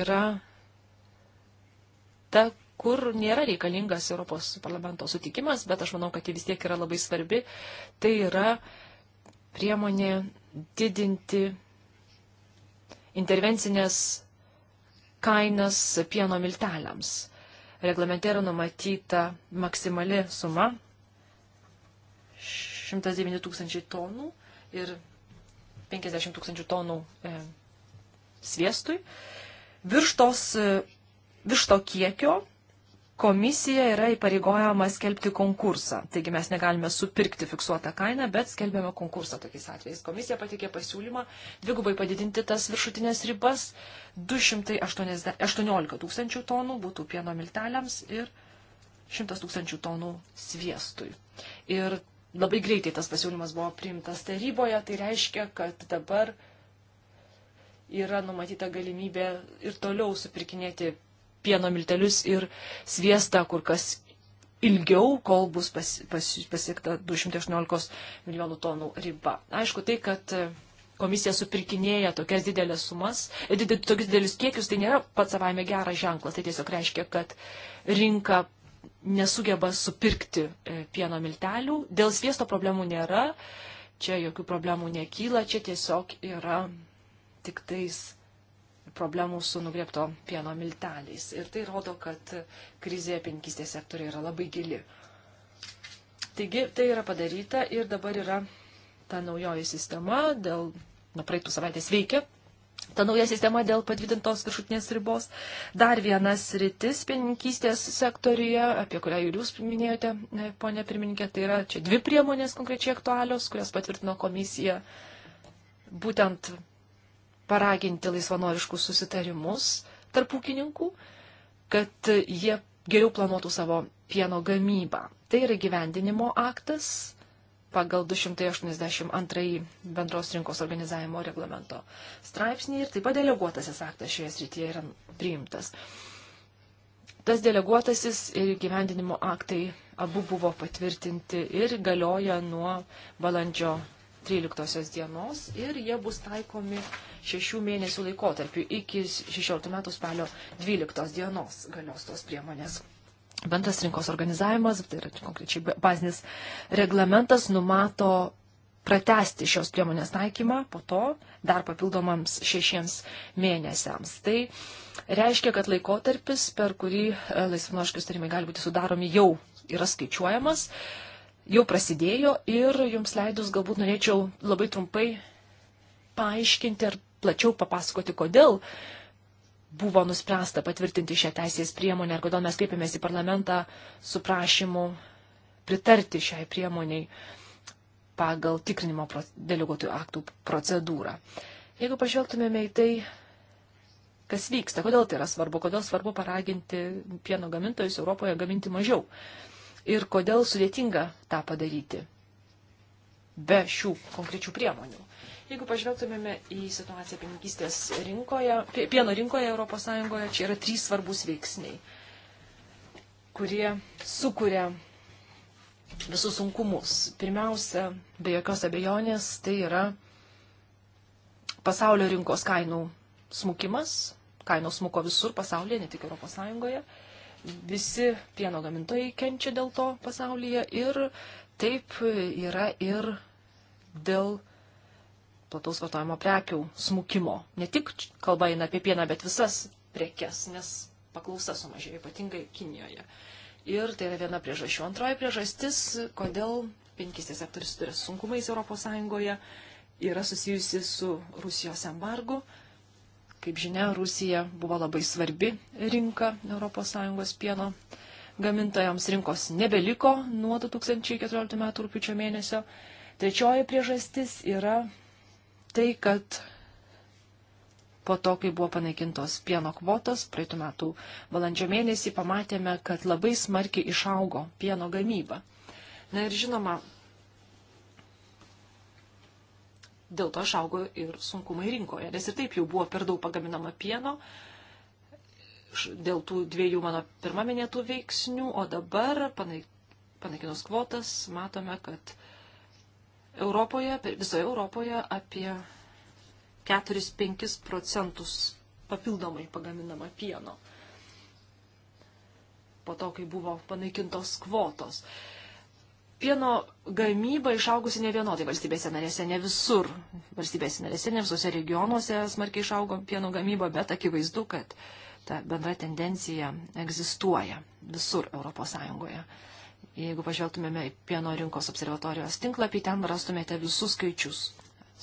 yra ta, kur nėra reikalingas Europos parlamento sutikimas, bet aš manau, kad ji vis tiek yra labai svarbi, tai yra priemonė didinti intervencinės kainas pieno milteliams. Reglamente yra numatyta maksimali suma 109 tūkstančiai tonų ir 50 tūkstančių tonų e, sviestui. Virš, tos, e, virš to kiekio komisija yra įpareigojama skelbti konkursą. Taigi mes negalime supirkti fiksuotą kainą, bet skelbėme konkursą tokiais atvejais. Komisija patikė pasiūlymą dvigubai padidinti tas viršutinės ribas 218 tūkstančių tonų būtų pieno milteliams ir 100 tūkstančių tonų sviestui. Ir labai greitai tas pasiūlymas buvo priimtas taryboje, tai reiškia, kad dabar yra numatyta galimybė ir toliau supirkinėti pieno miltelius ir sviestą kur kas ilgiau, kol bus pas, pas, pasiekta 218 milijonų tonų riba. Aišku, tai, kad e, komisija supirkinėja tokias didelės sumas, e, did, tokius didelius kiekius, tai nėra pats savaime geras ženklas. Tai tiesiog reiškia, kad rinka nesugeba supirkti e, pieno miltelių. Dėl sviesto problemų nėra, čia jokių problemų nekyla, čia tiesiog yra tik tais problemų su nugriepto pieno milteliais. Ir tai rodo, kad krizė pieninkystės sektoriai yra labai gili. Taigi tai yra padaryta ir dabar yra ta naujoji sistema dėl, nuo praeitų savaitės veikia, ta nauja sistema dėl padvidintos viršutinės ribos. Dar vienas rytis pieninkystės sektoriuje, apie kurią ir jūs minėjote, e, ponė pirmininkė, tai yra čia dvi priemonės konkrečiai aktualios, kurias patvirtino komisija būtent paraginti laisvanoriškus susitarimus tarp ūkininkų, kad jie geriau planuotų savo pieno gamybą. Tai yra gyvendinimo aktas pagal 282 bendros rinkos organizavimo reglamento straipsnį ir taip pat deleguotasis aktas šioje srityje yra priimtas. Tas deleguotasis ir gyvendinimo aktai abu buvo patvirtinti ir galioja nuo balandžio 13 dienos ir jie bus taikomi 6 mėnesių laikotarpiu iki 16 metų spalio 12 dienos galios tos priemonės. Bendras rinkos organizavimas, tai yra konkrečiai bazinis reglamentas, numato pratesti šios priemonės taikymą po to dar papildomams šešiems mėnesiams. Tai reiškia, kad laikotarpis, per kurį e, laisvinoškius tarimai gali būti sudaromi, jau yra skaičiuojamas. Uh, jau prasidėjo ir jums leidus galbūt norėčiau labai trumpai paaiškinti ar plačiau papasakoti, kodėl buvo nuspręsta patvirtinti šią teisės priemonę ir kodėl mes kreipėmės į parlamentą su prašymu pritarti šiai priemoniai pagal tikrinimo deleguotų aktų procedūrą. Jeigu pažvelgtumėme į tai, kas vyksta, kodėl tai yra svarbu, kodėl svarbu paraginti pieno gamintojus Europoje gaminti mažiau. Uh, ir kodėl sudėtinga tą padaryti be šių konkrečių priemonių. Jeigu pažvelgtumėme į situaciją pienininkystės rinkoje, pieno rinkoje ES, čia yra trys svarbus veiksniai, kurie sukuria visus sunkumus. Pirmiausia, be jokios abejonės, tai yra pasaulio rinkos kainų smukimas. Kainos smuko visur pasaulyje, ne tik ES visi pieno gamintojai kenčia dėl to pasaulyje ir taip yra ir dėl plataus vartojimo prekių smukimo. Ne tik kalba eina apie pieną, bet visas prekes, nes paklausa sumažėjo ypatingai Kinijoje. Ir tai yra viena priežasčių. Antroji priežastis, kodėl pinkistės sektorius turi sunkumais ES, yra susijusi su Rusijos embargu. Uh, Kaip žinia, Rusija buvo labai svarbi rinka ES pieno gamintojams. Rinkos nebeliko nuo 2014 m. rūpiučio mėnesio. Trečioji priežastis yra tai, kad po to, kai buvo panaikintos pieno kvotos, praeitų metų balandžio mėnesį pamatėme, kad labai smarkiai išaugo pieno gamyba. Na ir žinoma, dėl to išaugo ir sunkumai rinkoje, nes ir taip jau buvo per daug pagaminama pieno dėl tų dviejų mano pirmą minėtų veiksnių, o dabar panaikinus kvotas matome, kad Europoje, visoje Europoje apie 4-5 procentus papildomai pagaminama pieno po to, kai buvo panaikintos kvotos pieno gamyba išaugusi ne vienodai valstybėse narėse, ne visur valstybėse narėse, ne visose regionuose smarkiai išaugo pieno gamyba, bet akivaizdu, kad ta bendra tendencija egzistuoja visur ES. Jeigu pažvelgtumėme į pieno rinkos observatorijos tinklapį, ten rastumėte visus skaičius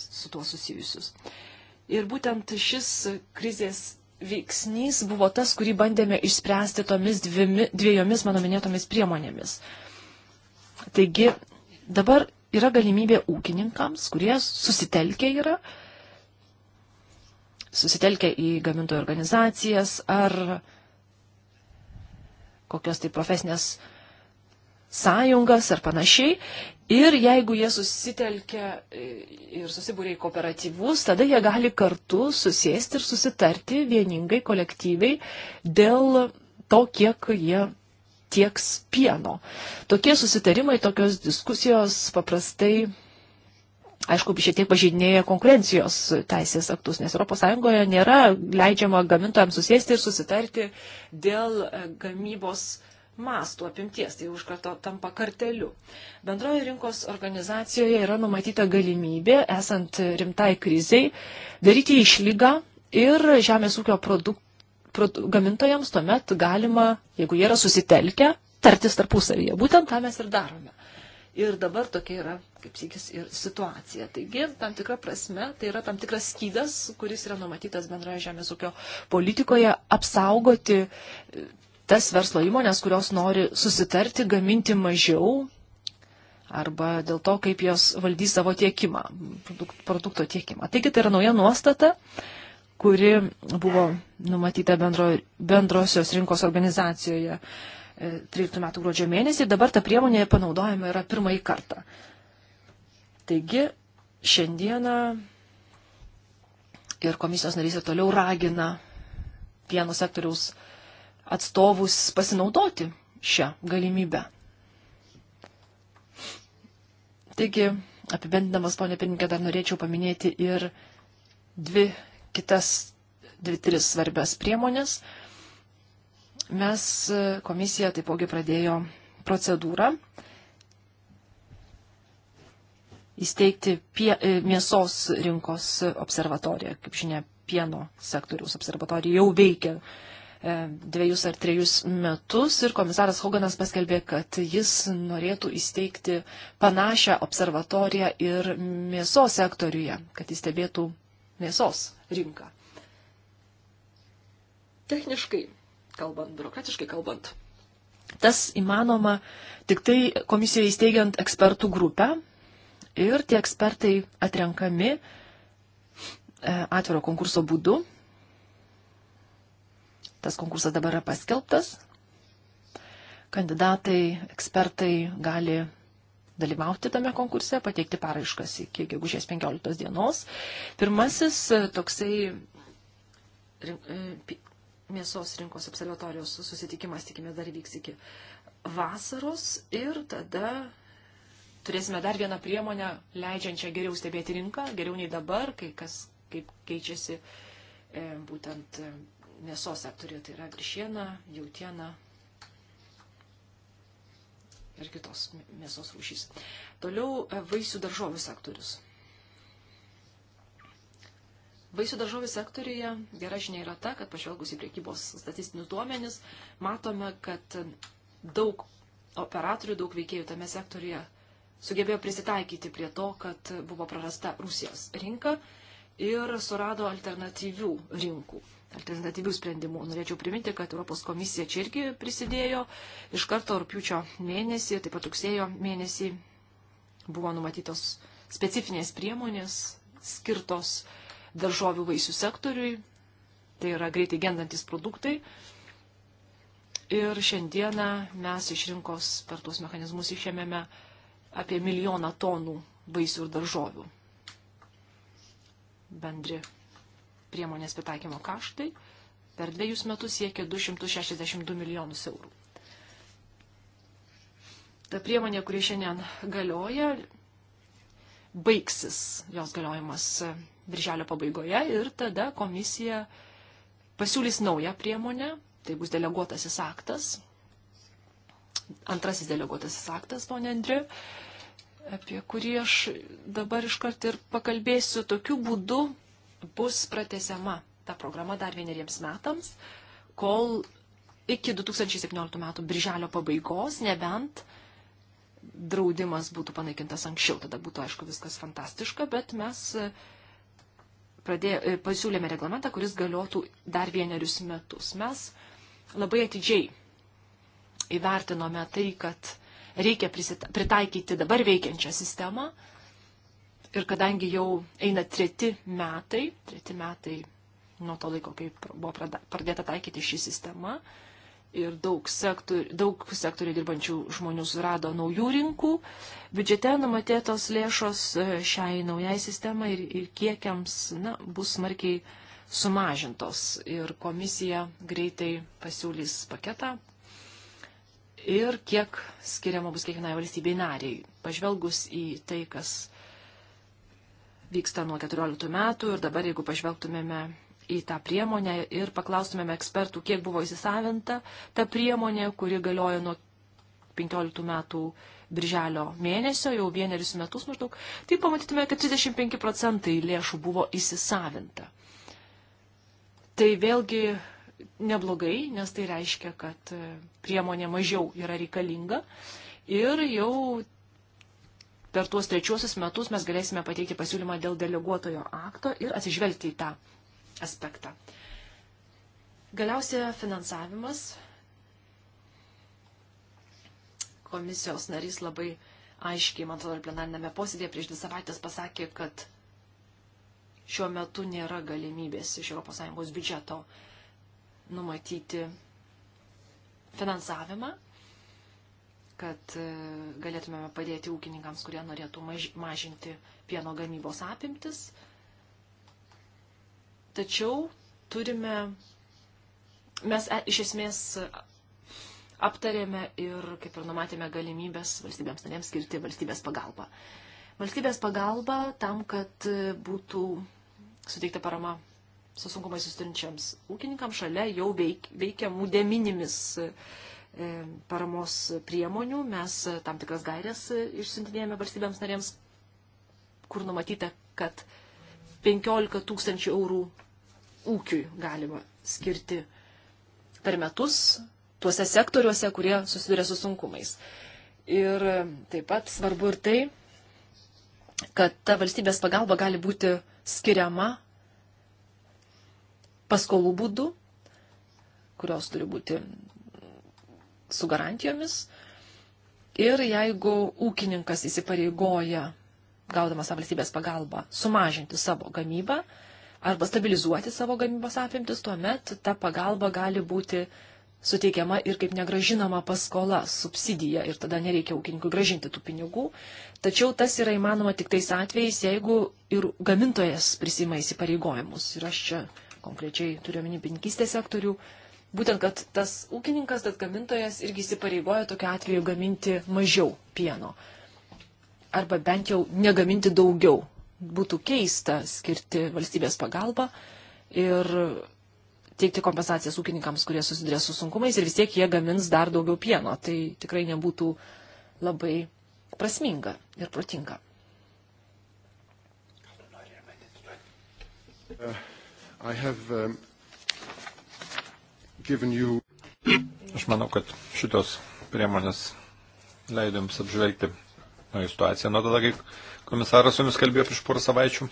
su tuo susijusius. Ir būtent šis krizės veiksnys buvo tas, kurį bandėme išspręsti tomis dvimi, dviejomis mano minėtomis priemonėmis. Uh, Taigi dabar yra galimybė ūkininkams, kurie susitelkia yra, susitelkia į gamintojų organizacijas ar kokios tai profesinės sąjungas ar panašiai. Ir jeigu jie susitelkia e, ir susibūrė į kooperatyvus, tada jie gali kartu susėsti ir susitarti vieningai kolektyviai dėl to, kiek jie tieks pieno. Tokie susitarimai, tokios diskusijos paprastai, aišku, šiek tiek pažydinėja konkurencijos teisės aktus, nes ES nėra leidžiama gamintojams susėsti ir susitarti dėl e, gamybos mastų apimties, tai už karto tampa karteliu. Bendrojo rinkos organizacijoje yra numatyta galimybė, esant rimtai kriziai, daryti išlygą ir žemės ūkio produk gamintojams tuomet galima, jeigu jie yra susitelkę, tartis tarpusavyje. Būtent tą mes ir darome. Ir dabar tokia yra, kaip sėkis, ir situacija. Taigi, tam tikra prasme, tai yra tam tikras skydas, kuris yra numatytas bendroje žemės ūkio politikoje apsaugoti e, tas verslo įmonės, kurios nori susitarti, gaminti mažiau arba dėl to, kaip jos valdys savo tiekimą, produkto tiekimą. Taigi, tai yra nauja nuostata. Uh, kuri buvo numatyta bendro, bendrosios rinkos organizacijoje 13 e, metų gruodžio mėnesį ir dabar ta priemonė panaudojama yra pirmąjį kartą. Taigi šiandieną ir komisijos narys ir toliau ragina pieno sektoriaus atstovus pasinaudoti šią galimybę. Taigi, apibendinamas, ponė pirmininkė, dar norėčiau paminėti ir dvi kitas dvi, tris svarbias priemonės. Mes e, komisija taipogi pradėjo procedūrą įsteigti pie, e, mėsos rinkos observatoriją. Kaip žinia, pieno sektoriaus observatorija jau veikia e, dviejus ar trejus metus ir komisaras Hoganas paskelbė, kad jis norėtų įsteigti panašią observatoriją ir mėsos sektoriuje, kad jis stebėtų mėsos rinką. Techniškai kalbant, biurokratiškai kalbant, tas įmanoma tik tai komisijoje įsteigiant ekspertų grupę ir tie ekspertai atrenkami e, atviro konkurso būdu. Tas konkursas dabar yra paskelbtas. Kandidatai, ekspertai gali dalyvauti tame konkurse, pateikti paraiškas iki gegužės 15 dienos. Pirmasis e, toksai rink, e, mėsos rinkos observatorijos susitikimas, tikimės, dar vyks iki vasaros ir tada turėsime dar vieną priemonę, leidžiančią geriau stebėti rinką, geriau nei dabar, kai kas kaip keičiasi e, būtent e, mėsos sektoriuje, tai yra grišiena, jautiena, ir kitos mėsos rūšys. Toliau e, vaisių daržovių sektorius. Vaisių daržovių sektoriuje gera žinia yra ta, kad pažvelgus į priekybos statistinius duomenis, matome, kad daug operatorių, daug veikėjų tame sektoriuje sugebėjo prisitaikyti prie to, kad buvo prarasta Rusijos rinka ir surado alternatyvių rinkų alternatyvių sprendimų. Norėčiau priminti, kad Europos komisija čia irgi prisidėjo. Iš karto rūpiučio mėnesį, taip pat rugsėjo mėnesį buvo numatytos specifinės priemonės skirtos daržovių vaisių sektoriui. Tai yra greitai gendantis produktai. Ir šiandieną mes iš rinkos per tuos mechanizmus išėmėme apie milijoną tonų vaisių ir daržovių. Bendri priemonės pritaikymo kaštai per dviejus metus siekia 262 milijonus eurų. Ta priemonė, kuri šiandien galioja, baigsis jos galiojimas birželio pabaigoje ir tada komisija pasiūlys naują priemonę, tai bus deleguotasis aktas, antrasis deleguotasis aktas, ponė Andri, apie kurį aš dabar iškart ir pakalbėsiu tokiu būdu, bus pratesiama ta programa dar vieneriems metams, kol iki 2017 metų birželio pabaigos, nebent draudimas būtų panaikintas anksčiau, tada būtų aišku viskas fantastiška, bet mes e, pradėjo, e, pasiūlėme reglamentą, kuris galiotų dar vienerius metus. Mes labai atidžiai įvertinome tai, kad reikia pritaikyti dabar veikiančią sistemą, Ir kadangi jau eina treti metai, treti metai nuo to laiko, kai buvo pradėta taikyti šį sistemą, ir daug, sektor, daug sektorių dirbančių žmonių surado naujų rinkų, biudžete numatėtos lėšos e, šiai naujai sistemai ir, ir kiekiams na, bus smarkiai sumažintos. Ir komisija greitai pasiūlys paketą. Ir kiek skiriama bus kiekvienai valstybei nariai. Pažvelgus į tai, kas vyksta nuo 14 metų ir dabar, jeigu pažvelgtumėme į tą priemonę ir paklaustumėme ekspertų, kiek buvo įsisavinta ta priemonė, kuri galioja nuo 15 metų birželio mėnesio, jau vienerius metus maždaug, tai pamatytume, kad 35 procentai lėšų buvo įsisavinta. Tai vėlgi neblogai, nes tai reiškia, kad priemonė mažiau yra reikalinga ir jau per tuos trečiuosius metus mes galėsime pateikti pasiūlymą dėl deleguotojo akto ir atsižvelgti į tą aspektą. Galiausia finansavimas. Komisijos narys labai aiškiai, man atrodo, plenarinėme posėdėje prieš dvi savaitės pasakė, kad šiuo metu nėra galimybės iš ES biudžeto numatyti finansavimą kad e, galėtumėme padėti ūkininkams, kurie norėtų mažinti pieno gamybos apimtis. Tačiau turime, mes e, iš esmės aptarėme ir, kaip ir numatėme, galimybės valstybėms narėms skirti valstybės pagalbą. Valstybės pagalba tam, kad e, būtų suteikta parama su sunkumai susitinčiams ūkininkams šalia jau veik, veikiamų deminimis uh, E, paramos priemonių. Mes tam tikras gairias išsintinėjame valstybėms narėms, kur numatyta, kad 15 tūkstančių eurų ūkiui galima skirti per metus tuose sektoriuose, kurie susiduria su sunkumais. Ir taip pat svarbu ir tai, kad ta valstybės pagalba gali būti skiriama paskolų būdu, kurios turi būti su garantijomis. Ir jeigu ūkininkas įsipareigoja, gaudamas valstybės pagalbą, sumažinti savo gamybą arba stabilizuoti savo gamybos apimtis, tuomet ta pagalba gali būti suteikiama ir kaip negražinama paskola, subsidija ir tada nereikia ūkininkui gražinti tų pinigų. Tačiau tas yra įmanoma tik tais atvejais, jeigu ir gamintojas prisima įsipareigojimus. Ir aš čia konkrečiai turiu omeny pinkystės sektorių, būtent, kad tas ūkininkas, tas gamintojas irgi įsipareigoja tokiu atveju gaminti mažiau pieno. Arba bent jau negaminti daugiau. Būtų keista skirti valstybės pagalbą ir teikti kompensacijas ūkininkams, kurie susiduria su sunkumais ir vis tiek jie gamins dar daugiau pieno. Tai tikrai nebūtų labai prasminga ir protinga. Uh, I have um, you... Aš manau, kad šitos priemonės leido jums apžvelgti naują situaciją nuo tada, kaip komisaras su jumis kalbėjo prieš porą savaičių.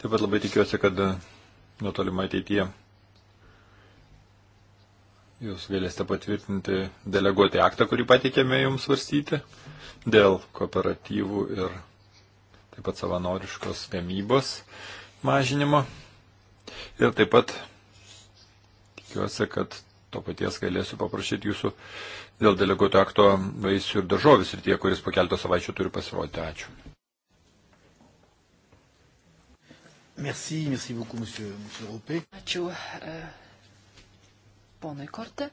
Taip pat labai tikiuosi, kad nuo tolimai ateityje jūs galėsite patvirtinti deleguoti aktą, kurį pateikėme jums svarstyti dėl kooperatyvų ir taip pat savanoriškos gamybos mažinimo. Ir taip pat tikiuosi, kad to paties galėsiu paprašyti jūsų dėl deleguoto akto vaisių ir daržovis ir tie, kuris po keletą savaičių turi pasirodyti. Ačiū. Merci, merci beaucoup, monsieur, monsieur Ropė. Ačiū e, ponui Korte.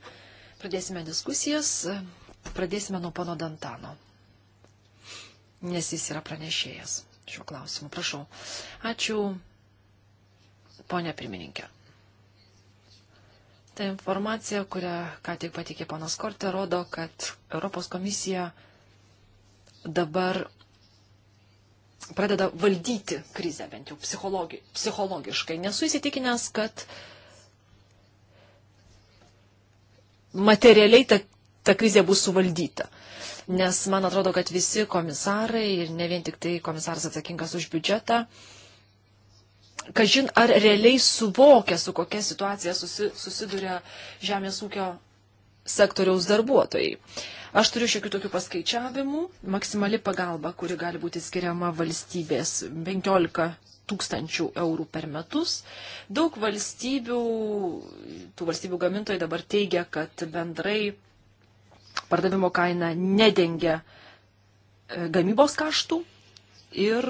Pradėsime diskusijas. Pradėsime nuo pono Dantano, nes jis yra pranešėjas šiuo klausimu. Prašau. Ačiū, ponia pirmininkė. Ta informacija, kurią ką tik patikė panas Kortė, rodo, kad Europos komisija dabar pradeda valdyti krizę, bent jau psichologi psichologiškai. Nesu įsitikinęs, kad materialiai ta, ta krizė bus suvaldyta. Nes man atrodo, kad visi komisarai ir ne vien tik tai komisaras atsakingas už biudžetą, uh, kažin ar realiai suvokia, su kokia situacija susi, susiduria žemės ūkio sektoriaus darbuotojai. Aš turiu šiokių tokių paskaičiavimų. Maksimali pagalba, kuri gali būti skiriama valstybės 15 tūkstančių eurų per metus. Daug valstybių, tų valstybių gamintojai dabar teigia, kad bendrai pardavimo kaina nedengia e, gamybos kaštų ir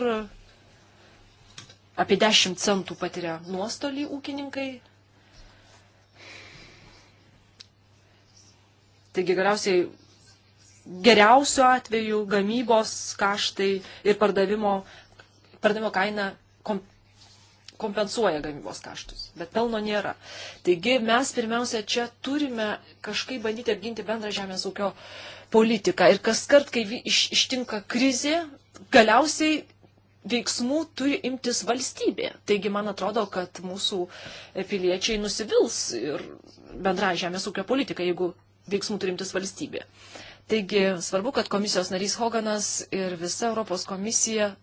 apie 10 centų patiria nuostolį ūkininkai. Taigi galiausiai geriausiu atveju gamybos kaštai ir pardavimo, pardavimo kaina kom, kompensuoja gamybos kaštus, bet pelno nėra. Taigi mes pirmiausia čia turime kažkaip bandyti apginti bendrą žemės ūkio politiką. Ir kas kart, kai iš, ištinka krizė, galiausiai veiksmų turi imtis valstybė. Taigi, man atrodo, kad mūsų piliečiai nusivils ir bendra žemės ūkio politika, jeigu veiksmų turi imtis valstybė. Taigi, svarbu, kad komisijos narys Hoganas ir visa Europos komisija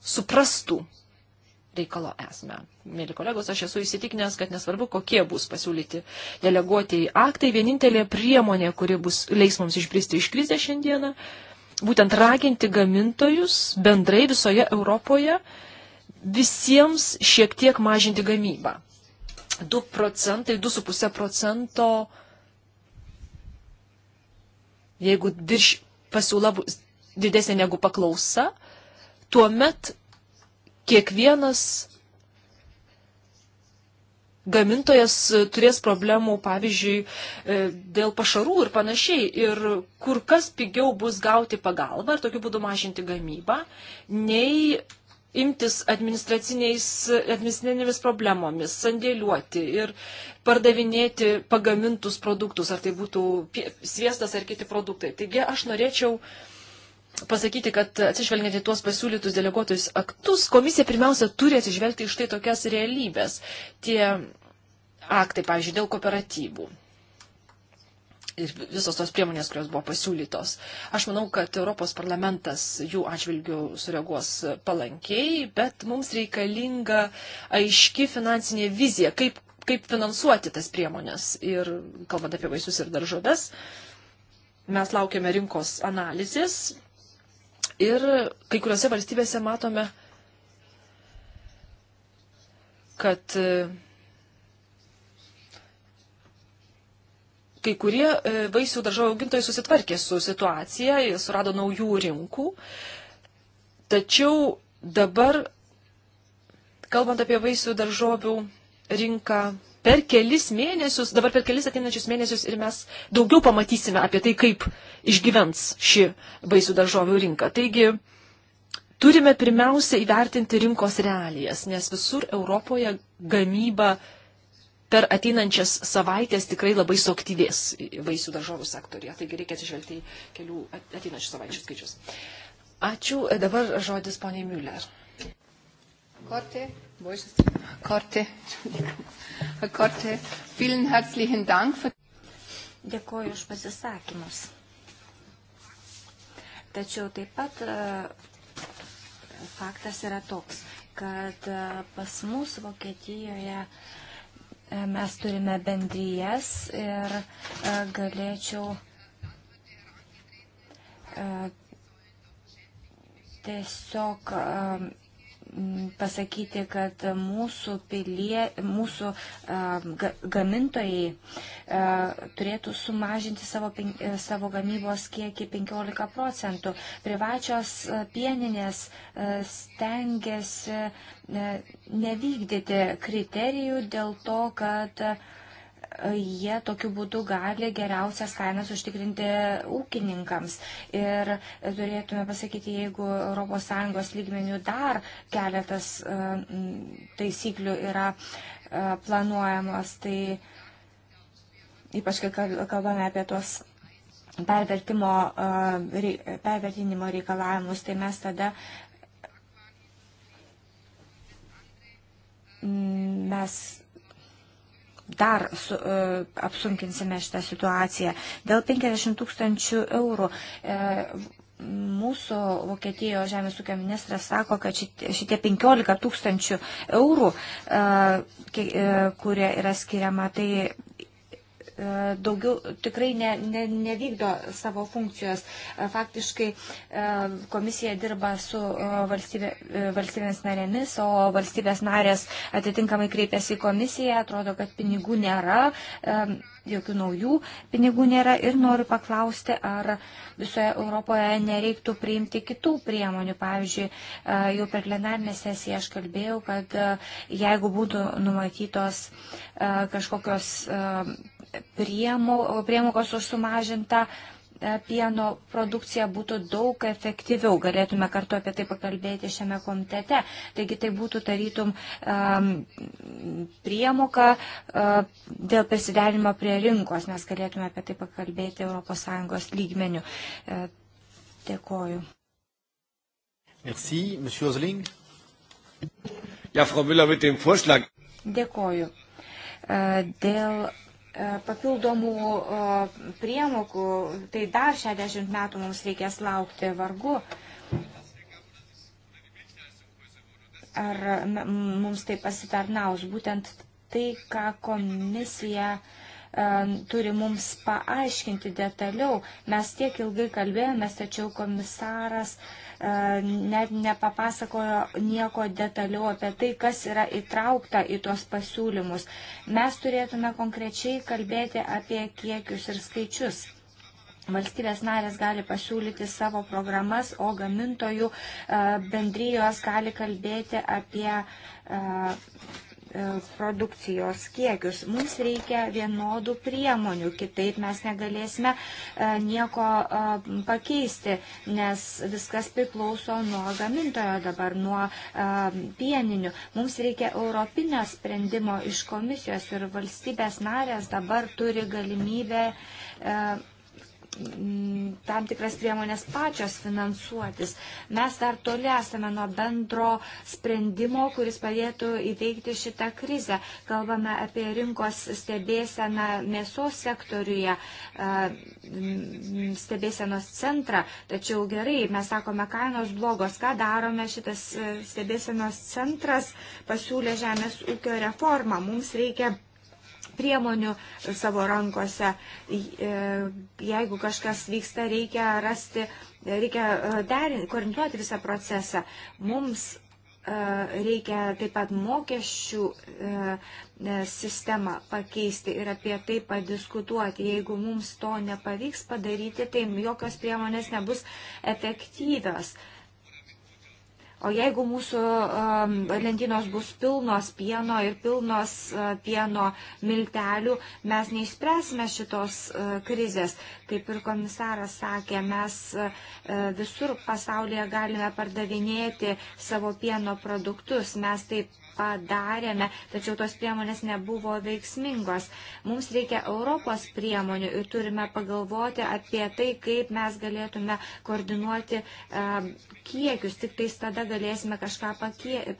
suprastų reikalo esmę. Mėly kolegos, aš esu įsitikinęs, kad nesvarbu, kokie bus pasiūlyti deleguotieji aktai, vienintelė priemonė, kuri bus leis mums išbristi iš krizės šiandieną, būtent raginti gamintojus bendrai visoje Europoje visiems šiek tiek mažinti gamybą. 2 procentai, 2,5 procento, jeigu virš pasiūla bus didesnė negu paklausa, tuomet kiekvienas gamintojas e, turės problemų, pavyzdžiui, e, dėl pašarų ir panašiai. Ir kur kas pigiau bus gauti pagalbą ir tokiu būdu mažinti gamybą, nei imtis administracinėmis problemomis, sandėliuoti ir pardavinėti pagamintus produktus, ar tai būtų sviestas ar kiti produktai. Taigi aš norėčiau uh, pasakyti, kad atsižvelgiant į tuos pasiūlytus deleguotus aktus, komisija pirmiausia turi atsižvelgti iš tai tokias realybės. Tie aktai, pavyzdžiui, dėl kooperatyvų. Ir visos tos priemonės, kurios buvo pasiūlytos. Aš manau, kad Europos parlamentas jų atžvilgių sureaguos palankiai, bet mums reikalinga aiški finansinė vizija, kaip, kaip finansuoti tas priemonės. Ir kalbant apie vaisius ir daržoves, mes laukiame rinkos analizės Ir kai kuriuose valstybėse matome, kad e, kai kurie e, vaisių daržovių augintojai susitvarkė su situacija, surado naujų rinkų. Tačiau dabar, kalbant apie vaisių daržovių rinką per kelis mėnesius, dabar per kelis ateinančius mėnesius ir mes daugiau pamatysime apie tai, kaip išgyvens ši baisių daržovių rinka. Taigi, turime pirmiausia įvertinti rinkos realijas, nes visur Europoje gamyba per ateinančias savaitės tikrai labai suaktyvės vaisių daržovų sektorija. Taigi reikia atsižvelgti į kelių ateinančių savaičių skaičius. Ačiū. Dabar žodis poniai Müller. Kortė. Wo ist es? Korte. Herr Korte, vielen herzlichen Dank. Dėkoju už pasisakymus. Tačiau taip pat e, faktas yra toks, kad e, pas mus Vokietijoje e, mes turime bendryjas ir galėčiau tiesiog Mm, pasakyti, kad mūsų, pilie, mūsų gamintojai turėtų sumažinti savo, e, savo gamybos kiekį 15 procentų. Privačios pieninės stengiasi nevykdyti kriterijų dėl to, kad jie tokiu būdu gali geriausias kainas užtikrinti ūkininkams. Ir turėtume pasakyti, jeigu ES lygmenių dar keletas e, taisyklių yra e, planuojamos, tai ypač kai kalbame apie tos e, pervertinimo reikalavimus, tai mes tada mes dar su, e, apsunkinsime šitą situaciją. Dėl 50 tūkstančių eurų. E, Mūsų Vokietijos žemės ūkio ministras sako, kad šitie 15 tūkstančių eurų, e, e, kurie yra skiriama, tai E, daugiau tikrai ne, ne, nevykdo savo funkcijos. E, faktiškai e, komisija dirba su valstybė, valstybės narėmis, o valstybės narės atitinkamai kreipiasi į komisiją, atrodo, kad pinigų nėra jokių naujų pinigų nėra ir noriu paklausti, ar visoje Europoje nereiktų priimti kitų priemonių. Pavyzdžiui, jau per plenarnę sesiją aš kalbėjau, kad jeigu būtų numatytos kažkokios priemokos už sumažintą e, pieno produkcija būtų daug efektyviau. Galėtume kartu apie tai pakalbėti šiame komitete. Taigi tai būtų tarytum um, priemoka um, dėl prisiderimo prie rinkos. Mes galėtume apie tai pakalbėti ES lygmenių. E, dėkoju. Merci, Monsieur Osling. Ja, Frau Müller, mit dem Vorschlag. Dėkoju. E, dėl E, papildomų e, priemokų, tai dar 60 metų mums reikės laukti vargu. Ar mums tai pasitarnaus būtent tai, ką komisija uh, E, turi mums paaiškinti detaliau. Mes tiek ilgai kalbėjomės, tačiau komisaras e, net nepapasakojo nieko detaliau apie tai, kas yra įtraukta į tuos pasiūlymus. Mes turėtume konkrečiai kalbėti apie kiekius ir skaičius. Valstybės narės gali pasiūlyti savo programas, o gamintojų e, bendrijos gali kalbėti apie E, produkcijos kiekius. Mums reikia vienodų priemonių, kitaip mes negalėsime e, nieko e, pakeisti, nes viskas priklauso nuo gamintojo dabar, nuo pieninių. Mums reikia europinio sprendimo iš komisijos ir valstybės narės dabar turi galimybę tam tikras priemonės pačios finansuotis. Mes dar toli esame nuo bendro sprendimo, kuris padėtų įveikti šitą krizę. Kalbame apie rinkos stebėseną mėsos sektoriuje, stebėsenos centrą. Tačiau gerai, mes sakome, kainos blogos. Ką darome? Šitas e, stebėsenos centras pasiūlė žemės ūkio reformą. Mums reikia priemonių savo rankose. E, jeigu kažkas vyksta, reikia rasti, reikia e, derinti, koordinuoti visą procesą. Mums e, reikia taip pat mokesčių sistemą pakeisti ir apie tai padiskutuoti. Jeigu mums to nepavyks padaryti, tai jokios priemonės nebus efektyvios. O jeigu mūsų um, lentynos bus pilnos pieno ir pilnos uh, pieno miltelių, mes neišspręsime šitos uh, krizės. Kaip ir komisaras sakė, mes uh, visur pasaulyje galime pardavinėti savo pieno produktus. Mes taip padarėme, tačiau tos priemonės nebuvo veiksmingos. Mums reikia Europos priemonių ir turime pagalvoti apie tai, kaip mes galėtume koordinuoti kiekius, tik tais tada galėsime kažką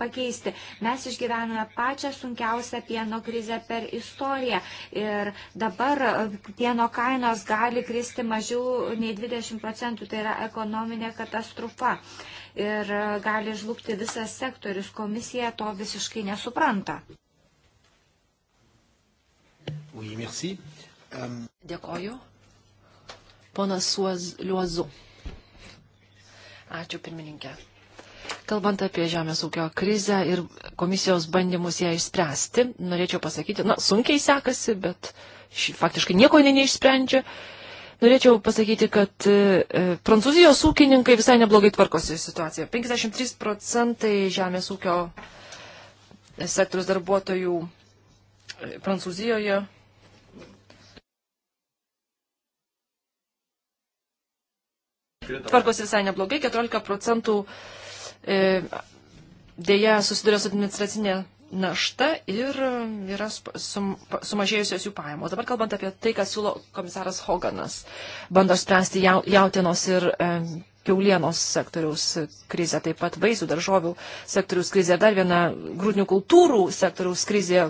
pakeisti. Mes išgyvenome pačią sunkiausią pieno krizę per istoriją ir dabar pieno kainos gali kristi mažiau nei 20 procentų, tai yra ekonominė katastrofa. Uh, ir e, gali žlugti visas sektorius. Komisija to visiškai nesupranta. Oui, merci. Um... Dėkoju. Ponas Liuozu. Ačiū pirmininkė. Kalbant apie žemės ūkio krizę ir komisijos bandymus ją išspręsti, norėčiau pasakyti, na, sunkiai sekasi, bet ši, faktiškai nieko jinai neišsprendžia. Uh, Norėčiau pasakyti, kad e, prancūzijos ūkininkai visai neblogai tvarkosi situaciją. 53 procentai žemės ūkio sektorius darbuotojų e, Prancūzijoje. Tvarkosi visai neblogai, 14 procentų e, dėja susiduria su administracinė našta ir yra sum, sumažėjusios jų pajamos. Dabar kalbant apie tai, ką siūlo komisaras Hoganas, bando spręsti jautienos ir e, kiaulienos sektoriaus krizę, taip pat vaisių daržovių sektoriaus krizę, dar viena grūdinių kultūrų sektoriaus krizė,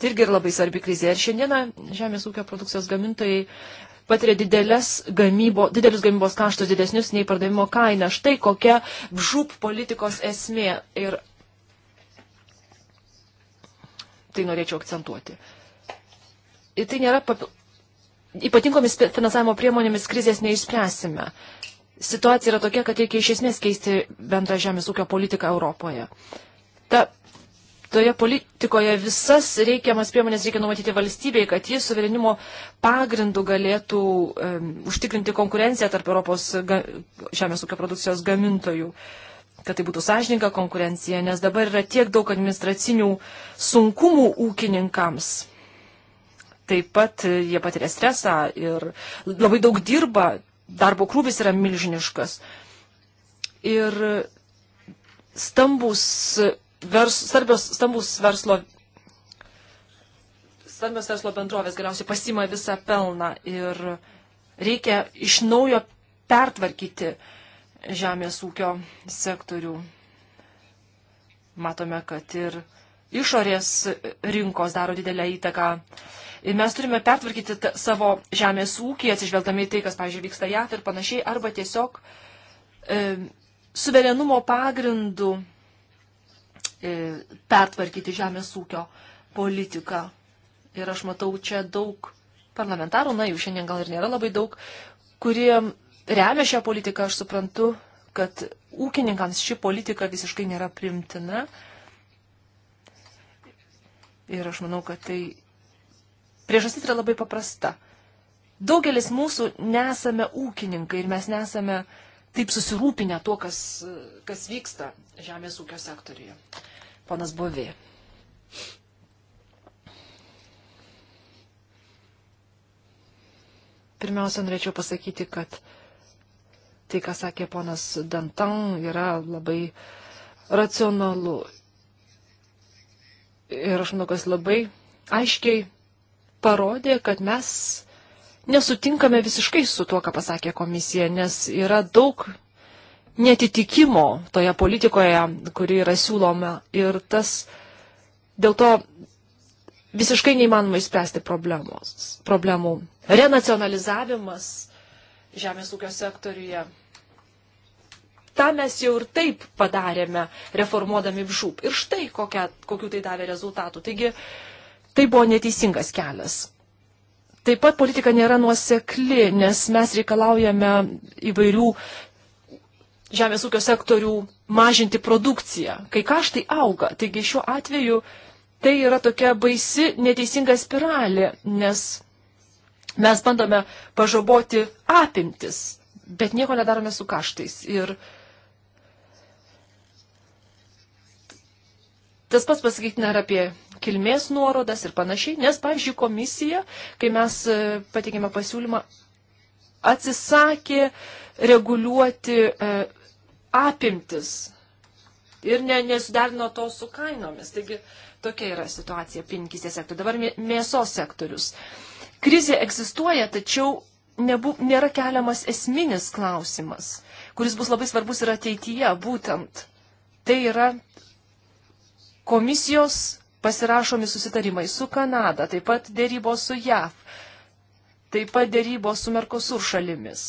tai irgi yra labai svarbi krizė. Ir šiandieną žemės ūkio produkcijos gamintojai patiria didelės gamybo, didelius gamybos kaštus didesnius nei pardavimo kaina. Štai kokia žūp politikos esmė. Ir tai norėčiau akcentuoti. Ir tai nėra papil... ypatingomis finansavimo priemonėmis krizės neišspręsime. Situacija yra tokia, kad reikia iš esmės keisti bendrą žemės ūkio politiką Europoje. Ta toje politikoje visas reikiamas priemonės reikia numatyti valstybei, kad jis suverenimo pagrindų galėtų um, užtikrinti konkurenciją tarp Europos ga, žemės ūkio produkcijos gamintojų. Uh, kad tai būtų sąžininga konkurencija, nes dabar yra tiek daug administracinių sunkumų ūkininkams. Taip pat e, jie patiria stresą ir labai daug dirba, darbo krūvis yra milžiniškas. Ir stambus, vers, starbios, stambus verslo stambios verslo bendrovės galiausiai pasima visą pelną ir reikia iš naujo pertvarkyti uh, žemės ūkio sektorių. Matome, kad ir išorės rinkos daro didelę įtaką. Ir mes turime pertvarkyti savo žemės ūkį, atsižvelgdami į tai, kas, pavyzdžiui, vyksta JAF ir panašiai, arba tiesiog e, suverenumo pagrindų e, pertvarkyti žemės ūkio politiką. Ir aš matau čia daug parlamentarų, na jų šiandien gal ir nėra labai daug, kurie remia šią politiką, aš suprantu, kad ūkininkams ši politika visiškai nėra primtina. Ir aš manau, kad tai priežastis yra labai paprasta. Daugelis mūsų nesame ūkininkai ir mes nesame taip susirūpinę tuo, kas, kas vyksta žemės ūkio sektoriuje. Ponas Bovė. Pirmiausia, norėčiau pasakyti, kad tai, ką sakė ponas Dantan, yra labai racionalu. Ir aš manau, kas labai aiškiai parodė, kad mes nesutinkame visiškai su tuo, ką pasakė komisija, nes yra daug netitikimo toje politikoje, kuri yra siūloma. Ir tas dėl to visiškai neįmanoma įspręsti problemos, problemų. Renacionalizavimas žemės ūkio sektoriuje. Ta mes jau ir taip padarėme, reformuodami žūp. Ir štai kokia, kokiu tai davė rezultatų. Taigi, tai buvo neteisingas kelias. Taip pat politika nėra nuosekli, nes mes reikalaujame įvairių žemės ūkio sektorių mažinti produkciją, kai kaštai auga. Taigi šiuo atveju tai yra tokia baisi neteisinga spiralė, nes Mes bandome pažaboti apimtis, bet nieko nedarome su kaštais. Ir tas pats pasakytina ir apie kilmės nuorodas ir panašiai, nes, pavyzdžiui, komisija, kai mes e, pateikėme pasiūlymą, atsisakė reguliuoti e, apimtis ir ne, nesudarino to su kainomis. Taigi tokia yra situacija pinkistės sektoriuje. Dabar mėsos sektorius. E, Krizė egzistuoja, tačiau nebu, nėra keliamas esminis klausimas, kuris bus labai svarbus ir ateityje būtent. Tai yra komisijos pasirašomi susitarimai su Kanada, taip pat dėrybos su JAV, taip pat dėrybos su Merkosur šalimis.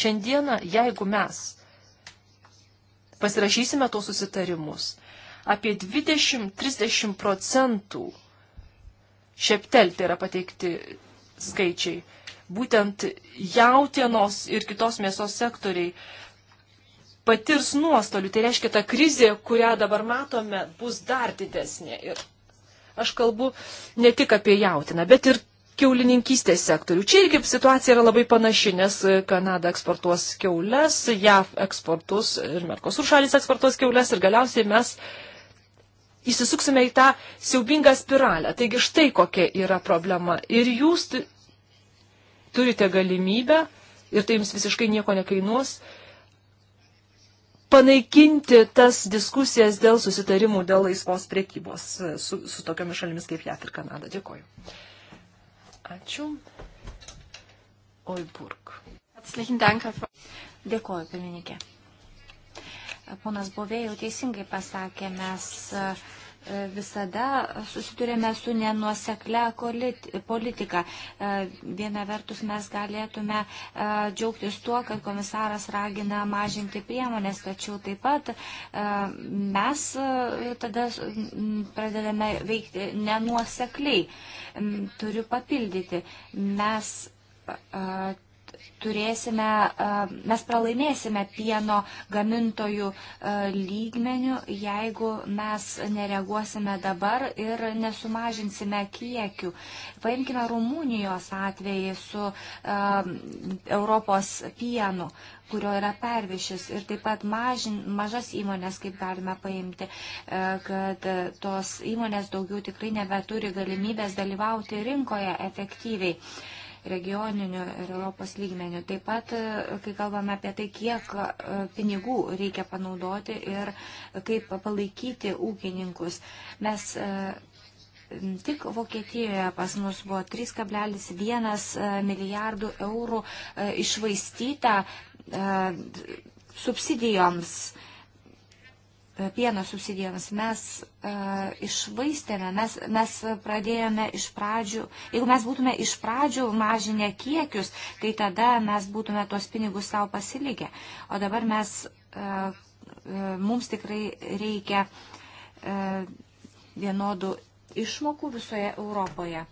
Šiandieną, jeigu mes pasirašysime tos susitarimus, apie 20-30 procentų šeptel, tai yra pateikti skaičiai. Būtent jautienos ir kitos mėsos sektoriai patirs nuostolių. Tai reiškia, ta krizė, kurią dabar matome, bus dar didesnė. Ir aš kalbu ne tik apie jautiną, bet ir kiaulininkystės sektorių. Čia irgi situacija yra labai panaši, nes Kanada eksportuos kiaules, JAV eksportus ir Merkosur šalis eksportuos kiaules ir galiausiai mes uh, įsisuksime į tą siaubingą spiralę. Taigi štai kokia yra problema. Ir jūs turite galimybę, ir tai jums visiškai nieko nekainuos, panaikinti tas diskusijas dėl susitarimų, dėl laisvos priekybos e, su, su tokiamis šalimis kaip JAF ir Kanada. Dėkoju. Ačiū. Oiburg. Dėkoju, pirmininkė ponas Bovėjų teisingai pasakė, mes e, visada susidurėme su nenuosekle politika. E, viena vertus mes galėtume e, džiaugtis tuo, kad komisaras ragina mažinti priemonės, tačiau taip pat mes tada pradedame veikti nenuosekliai. Turiu papildyti. Mes turėsime, e, mes pralaimėsime pieno gamintojų e, lygmenių, jeigu mes nereaguosime dabar ir nesumažinsime kiekių. Paimkime Rumunijos atvejį su e, Europos pienu kurio yra pervišis ir taip pat mažin, mažas įmonės, kaip galime paimti, kad tos įmonės daugiau tikrai nebeturi galimybės dalyvauti rinkoje efektyviai regioniniu ir Europos lygmeniu. Taip pat, e, kai kalbame apie tai, kiek e, pinigų reikia panaudoti ir kaip palaikyti ūkininkus. Mes e, tik Vokietijoje pas mus buvo 3,1 milijardų eurų išvaistyta subsidijoms pienas subsidijoms. Mes uh, e, išvaistėme, mes, mes pradėjome iš pradžių, jeigu mes būtume iš pradžių mažinę kiekius, tai tada mes būtume tuos pinigus savo pasilikę. O dabar mes, uh, uh, mums tikrai reikia uh, vienodų išmokų visoje Europoje.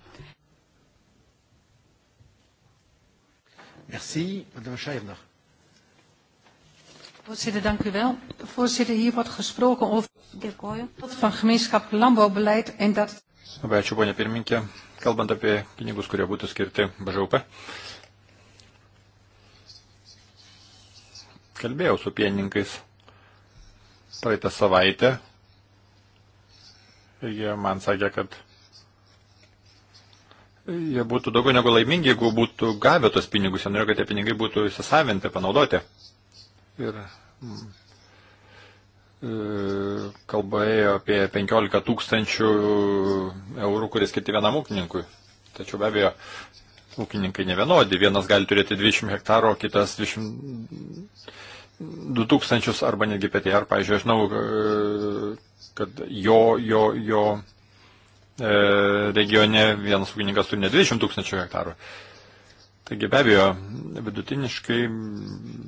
Merci, Madame Scheiner. Voorzitter, dank u wel. Voorzitter, hier wordt gesproken over het van gemeenschappelijk landbouwbeleid en dat. Labai ačiū, ponia pirminkė. Kalbant apie pinigus, kurie būtų skirti BŽUP. Kalbėjau su pienininkais praeitą savaitę. Ir jie man sakė, kad jie būtų daugiau negu laimingi, jeigu būtų gavę tos pinigus. Jie norėjo, kad tie pinigai būtų įsisavinti, panaudoti. Ir mm, e, kalba ėjo apie 15 tūkstančių eurų, kurie skirti vienam ūkininkui. Tačiau be abejo, ūkininkai ne vienodi. Vienas gali turėti 20 hektarų, kitas 20... 2000 arba netgi PTR. Pavyzdžiui, aš žinau, e, kad jo, jo, jo e, regione vienas ūkininkas turi ne 20 tūkstančių hektarų. Taigi be abejo, vidutiniškai,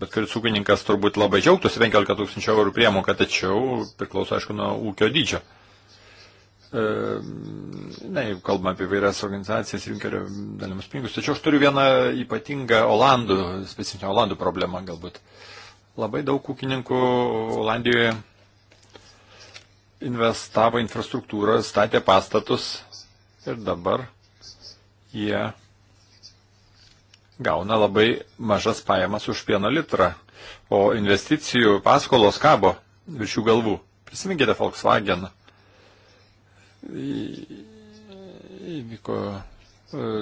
bet kuris ūkininkas turbūt labai džiaugtųsi 15 tūkstančių eurų priemoką, tačiau priklauso, aišku, nuo ūkio dydžio. E, ne, jeigu kalbame apie vairias organizacijas, rinkerio dalimus pinigus, tačiau aš turiu vieną ypatingą Olandų, specifinę Olandų problemą galbūt. Labai daug ūkininkų Olandijoje investavo infrastruktūrą, statė pastatus ir dabar jie gauna labai mažas pajamas už pieno litrą, o investicijų paskolos kabo virš jų galvų. Prisiminkite Volkswagen. Įvyko e,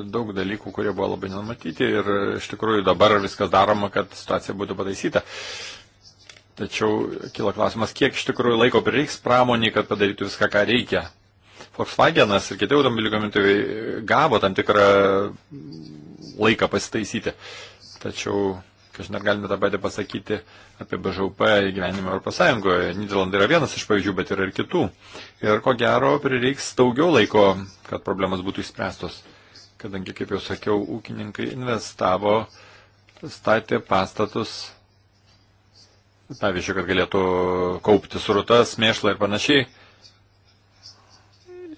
daug dalykų, kurie buvo labai nenumatyti ir iš tikrųjų dabar viskas daroma, kad situacija būtų pataisyta. Tačiau kila klausimas, kiek iš tikrųjų laiko prireiks pramoniai, kad padarytų viską, ką reikia. Volkswagenas ir kiti automobilių gamintojai gavo tam tikrą laiką pasitaisyti. Tačiau, kažin ar galime tą patį pasakyti apie BŽUP įgyvenimą Europos Sąjungoje. Niderlandai yra vienas iš pavyzdžių, bet yra ir kitų. Ir ko gero prireiks daugiau laiko, kad problemas būtų išspręstos. Kadangi, kaip jau sakiau, ūkininkai investavo, statė pastatus pavyzdžiui, kad galėtų kaupti surutas, mėšlą ir panašiai.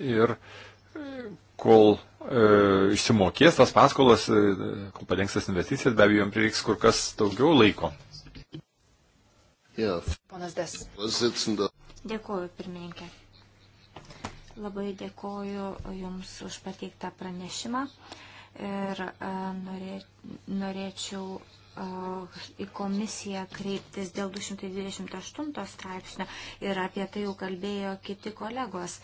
Ir kol E, išsimokės tas paskolas, e, kol padengs tas investicijas, be abejo, jam prireiks kur kas daugiau laiko. Ponas Des. Dėkuoju, pirmininkė. Labai dėkuoju Jums už pateiktą pranešimą ir e, norė, norėčiau į komisiją kreiptis dėl 228 straipsnio ir apie tai jau kalbėjo kiti kolegos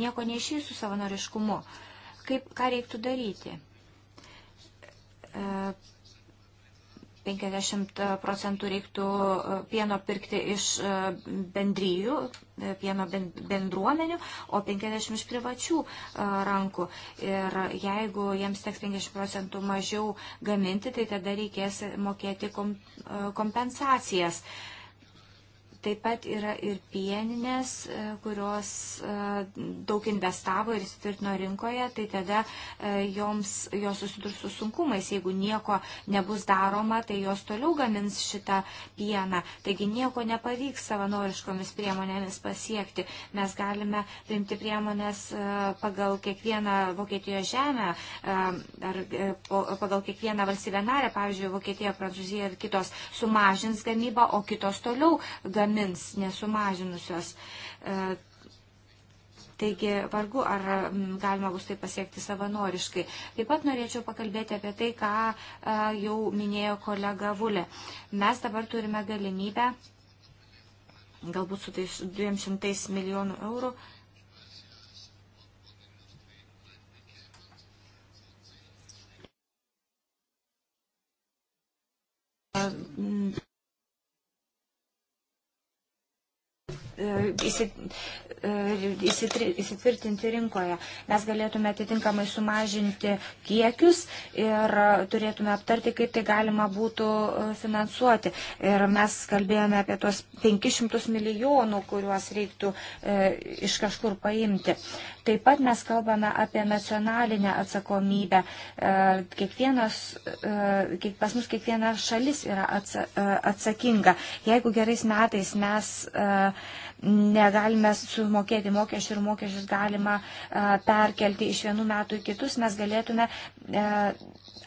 nieko neišėjus su savanoriškumu. Kaip, ką reiktų daryti? 50 e, procentų reiktų e, pieno pirkti iš e, bendryjų, pieno bendruomenių, o 50 iš privačių rankų. Ir jeigu jiems teks 50 procentų mažiau gaminti, tai tada reikės mokėti kompensacijas. Uh, Taip pat yra ir pieninės, e, kurios e, daug investavo ir įsitvirtino rinkoje, tai tada e, joms, jos susidurs su sunkumais. Jeigu nieko nebus daroma, tai jos toliau gamins šitą pieną. Taigi nieko nepavyks savanoriškomis priemonėmis pasiekti. Mes galime priimti priemonės pagal kiekvieną Vokietijos žemę ar pagal kiekvieną valstybę narę, pavyzdžiui, Vokietija, Prancūzija ir kitos sumažins gamybą, o kitos toliau gamins nenuramins, nesumažinusios. E, taigi vargu, ar galima bus tai pasiekti savanoriškai. Taip pat norėčiau pakalbėti apie tai, ką e, jau minėjo kolega Vulė. Mes dabar turime galimybę, galbūt su tais 200 milijonų eurų, E, e, įsitvirtinti rinkoje. Mes galėtume atitinkamai sumažinti kiekius ir turėtume aptarti, kaip tai galima būtų e, finansuoti. Ir mes kalbėjome apie tuos 500 milijonų, kuriuos reiktų iš kažkur paimti. Taip pat mes kalbame apie nacionalinę atsakomybę. Kiekvienas, kiek, pas mus kiekviena šalis yra atsakinga. Jeigu gerais metais mes negalime sumokėti mokesčių ir mokesčius galima perkelti iš vienų metų į kitus, mes galėtume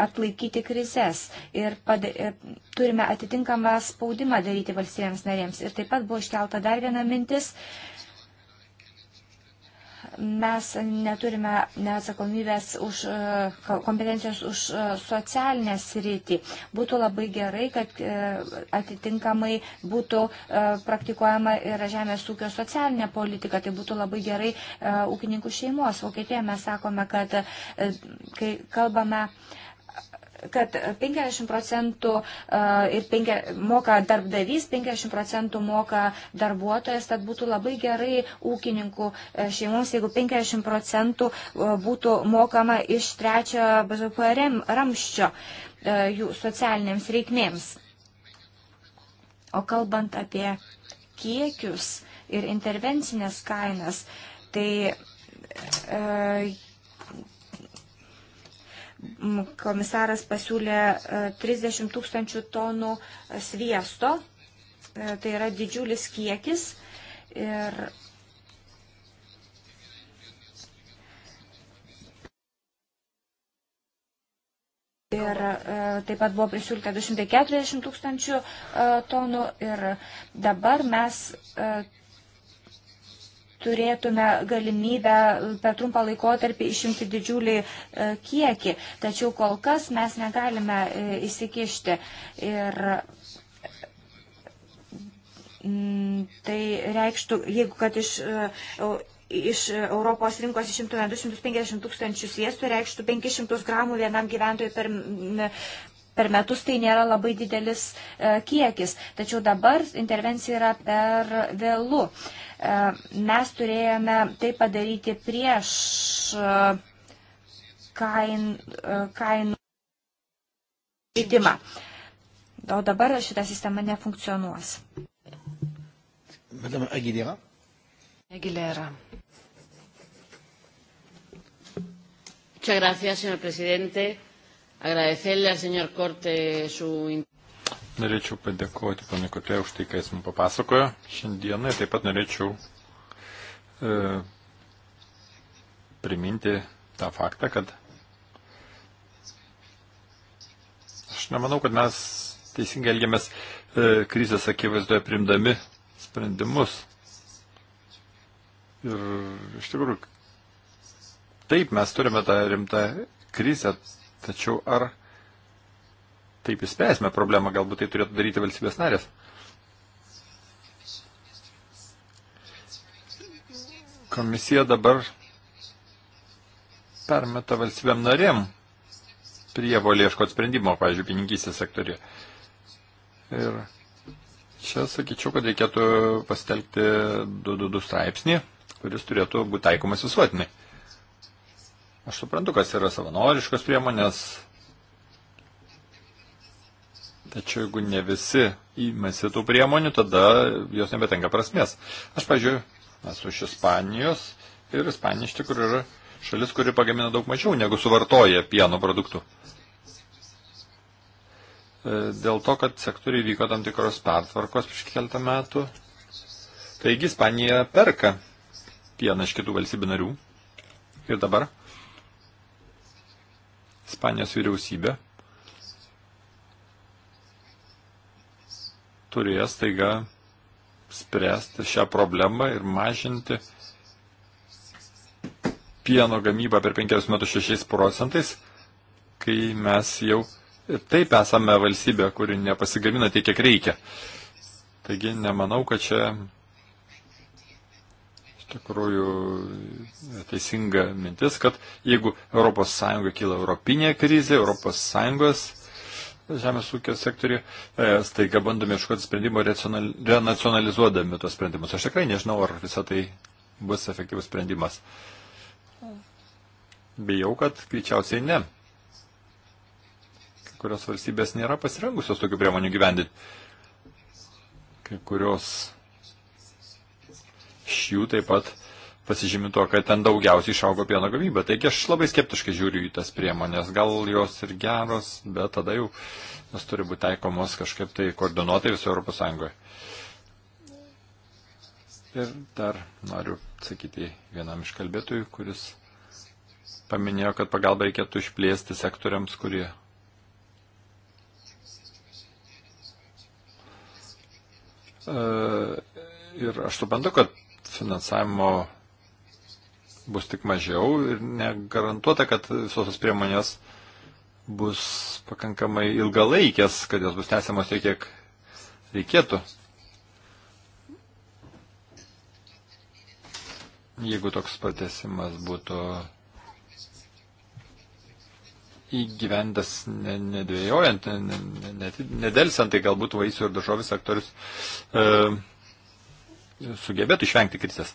atlaikyti krizės ir pad, e, turime atitinkamą spaudimą daryti valstybėms narėms. Ir taip pat buvo iškelta dar viena mintis, mes neturime neatsakomybės už e, kompetencijos už e, socialinę sritį. Būtų labai gerai, kad e, atitinkamai būtų praktikuojama ir žemės ūkio socialinė politika. Tai būtų labai gerai ūkininkų šeimos. Vokietijoje mes sakome, kad kai kalbame kad 50 procentų e, ir penkia, moka darbdavys, 50 procentų moka darbuotojas, tad būtų labai gerai ūkininkų e, šeimoms, jeigu 50 procentų e, būtų mokama iš trečio BZP ramščio jų socialinėms reikmėms. O kalbant apie kiekius ir intervencinės kainas, tai e, Komisaras pasiūlė 30 e, tūkstančių tonų sviesto. E, tai yra didžiulis kiekis. Ir Ir e, taip pat buvo prisiūlyta 240 tūkstančių tonų ir dabar mes turėtume galimybę per trumpą laikotarpį išimti didžiulį e, kiekį. Tačiau kol kas mes negalime e, įsikišti. Ir mm, tai reikštų, jeigu kad iš e, iš Europos rinkos išimtume 250 tūkstančių sviestų reikštų 500 gramų vienam gyventojui per per metus tai nėra labai didelis e, kiekis, tačiau dabar intervencija yra per vėlų. E, mes turėjome tai padaryti prieš e, kain, kainų žaidimą. O dabar šita sistema nefunkcionuos. Madame Aguilera. Aguilera. Muchas gracias, señor presidente agradecerle al señor Corte su. Norėčiau padėkoti panai Kotlė už tai, ką jis mums papasakojo šiandieną. Taip pat norėčiau e, priminti tą faktą, kad aš nemanau, kad mes teisingai elgiamės e, krizės akivaizdoje primdami sprendimus. Ir iš tikrųjų, taip mes turime tą rimtą krizę, Tačiau ar taip įspėsime problemą, galbūt tai turėtų daryti valstybės narės? Komisija dabar permeta valstybėm narėm prievolį ieškoti sprendimo, pavyzdžiui, pinigysės sektorė. Ir čia sakyčiau, kad reikėtų pasitelkti 222 straipsnį, kuris turėtų būti taikomas visuotinai. Aš suprantu, kas yra savanoriškos priemonės, tačiau jeigu ne visi įmasi tų priemonių, tada jos nebetenka prasmės. Aš, pažiūrėjau, esu iš Ispanijos ir Ispanija iš tikrųjų yra šalis, kuri pagamina daug mažiau negu suvartoja pieno produktų. E, dėl to, kad sektoriai vyko tam tikros pertvarkos prieš keltą metų. Taigi Ispanija perka pieną iš kitų valstybių narių. Ir dabar Ispanijos vyriausybė turės taiga spręsti šią problemą ir mažinti pieno gamybą per 5 metus 6 procentais, kai mes jau ir taip esame valstybė, kuri nepasigamina tiek, kiek reikia. Taigi nemanau, kad čia tikrųjų e, teisinga mintis, kad jeigu ES kyla europinė krizė, ES žemės ūkio sektoriuje, e, staiga bandome iškoti sprendimo renacionalizuodami tuos sprendimus. Aš tikrai nežinau, ar visą tai bus efektyvus sprendimas. Bijau, kad greičiausiai ne. Kai kurios valstybės nėra pasirengusios tokių priemonių gyvendinti. Kai kurios iš jų taip pat pasižymi to, kad ten daugiausiai išaugo pieno gamyba. Taigi aš labai skeptiškai žiūriu į tas priemonės. Gal jos ir geros, bet tada jau jos turi būti taikomos kažkaip tai koordinuotai viso Europos Sąjungoje. Ir dar noriu sakyti vienam iš kalbėtojų, kuris paminėjo, kad pagalbą reikėtų išplėsti sektoriams, kurie. E, ir aš suprantu, kad finansavimo bus tik mažiau ir negarantuota, kad visos tos priemonės bus pakankamai ilgalaikės, kad jos bus tęsiamos tiek, kiek reikėtų. Jeigu toks patesimas būtų įgyvendas nedvėjojant, nedelsiant, ne, ne, ne, tai galbūt vaisių ir daržovės sektorius e, sugebėtų išvengti krizės.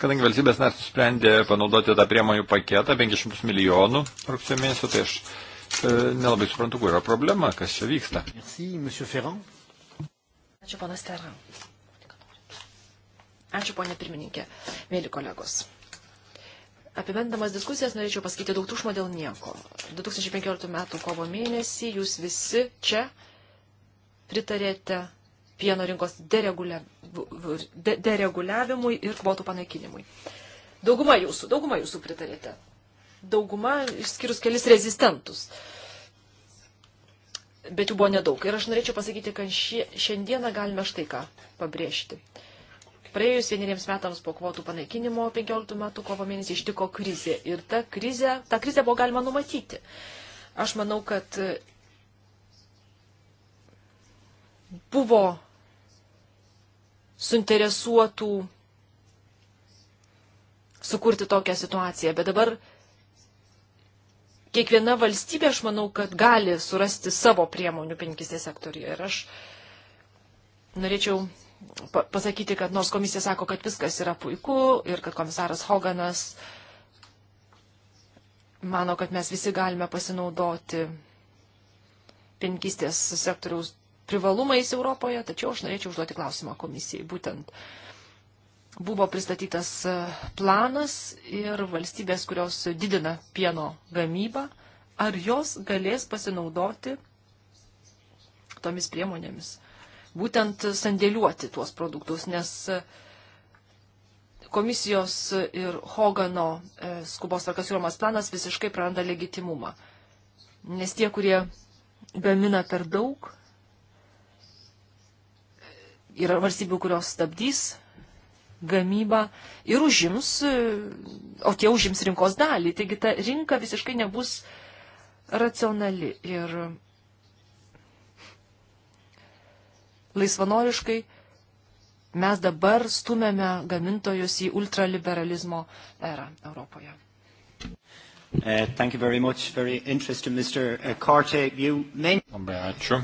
Kadangi valstybės nes nusprendė panaudoti tą priemonių paketą 500 milijonų rugsėjo mėnesio, tai aš e, nelabai suprantu, kur yra problema, kas čia vyksta. Merci, Ačiū, panas Terra. Ačiū, ponė pirmininkė. Mėly kolegos. Apibendinamas diskusijas norėčiau pasakyti daug tušmo dėl nieko. 2015 m. kovo mėnesį jūs visi čia pritarėte pieno rinkos dereguliavimui ir kvotų panaikinimui. Dauguma jūsų, dauguma jūsų pritarėte. Dauguma išskyrus kelis rezistentus. Bet jų buvo nedaug. Ir aš norėčiau pasakyti, kad šiandieną galime štai ką pabrėžti. Praėjus vieneriems metams po kvotų panaikinimo 15 metų kovo mėnesį ištiko krizė ir ta krizė, tą krizę buvo galima numatyti. Aš manau, kad buvo suinteresuotų sukurti tokią situaciją, bet dabar kiekviena valstybė, aš manau, kad gali surasti savo priemonių pinkistės sektorijoje. Ir aš norėčiau pasakyti, kad nors komisija sako, kad viskas yra puiku ir kad komisaras Hoganas mano, kad mes visi galime pasinaudoti pinkistės sektoriaus privalumais Europoje, tačiau aš norėčiau užduoti klausimą komisijai. Būtent buvo pristatytas e, planas ir valstybės, kurios didina pieno gamybą, ar jos galės pasinaudoti tomis priemonėmis. Būtent sandėliuoti tuos produktus, nes e, komisijos ir Hogano e, skubos tvarkas siūlomas planas visiškai praranda legitimumą. Nes tie, kurie gamina per daug, Yra valstybių, kurios stabdys gamybą ir užims, e, o tie užims rinkos dalį. Taigi ta rinka visiškai nebus racionali ir laisvanoriškai mes dabar stumėme gamintojus į ultraliberalizmo erą Europoje. Uh, thank you very much. Very interesting, Mr. Korte. Uh, you mentioned... Labai ačiū.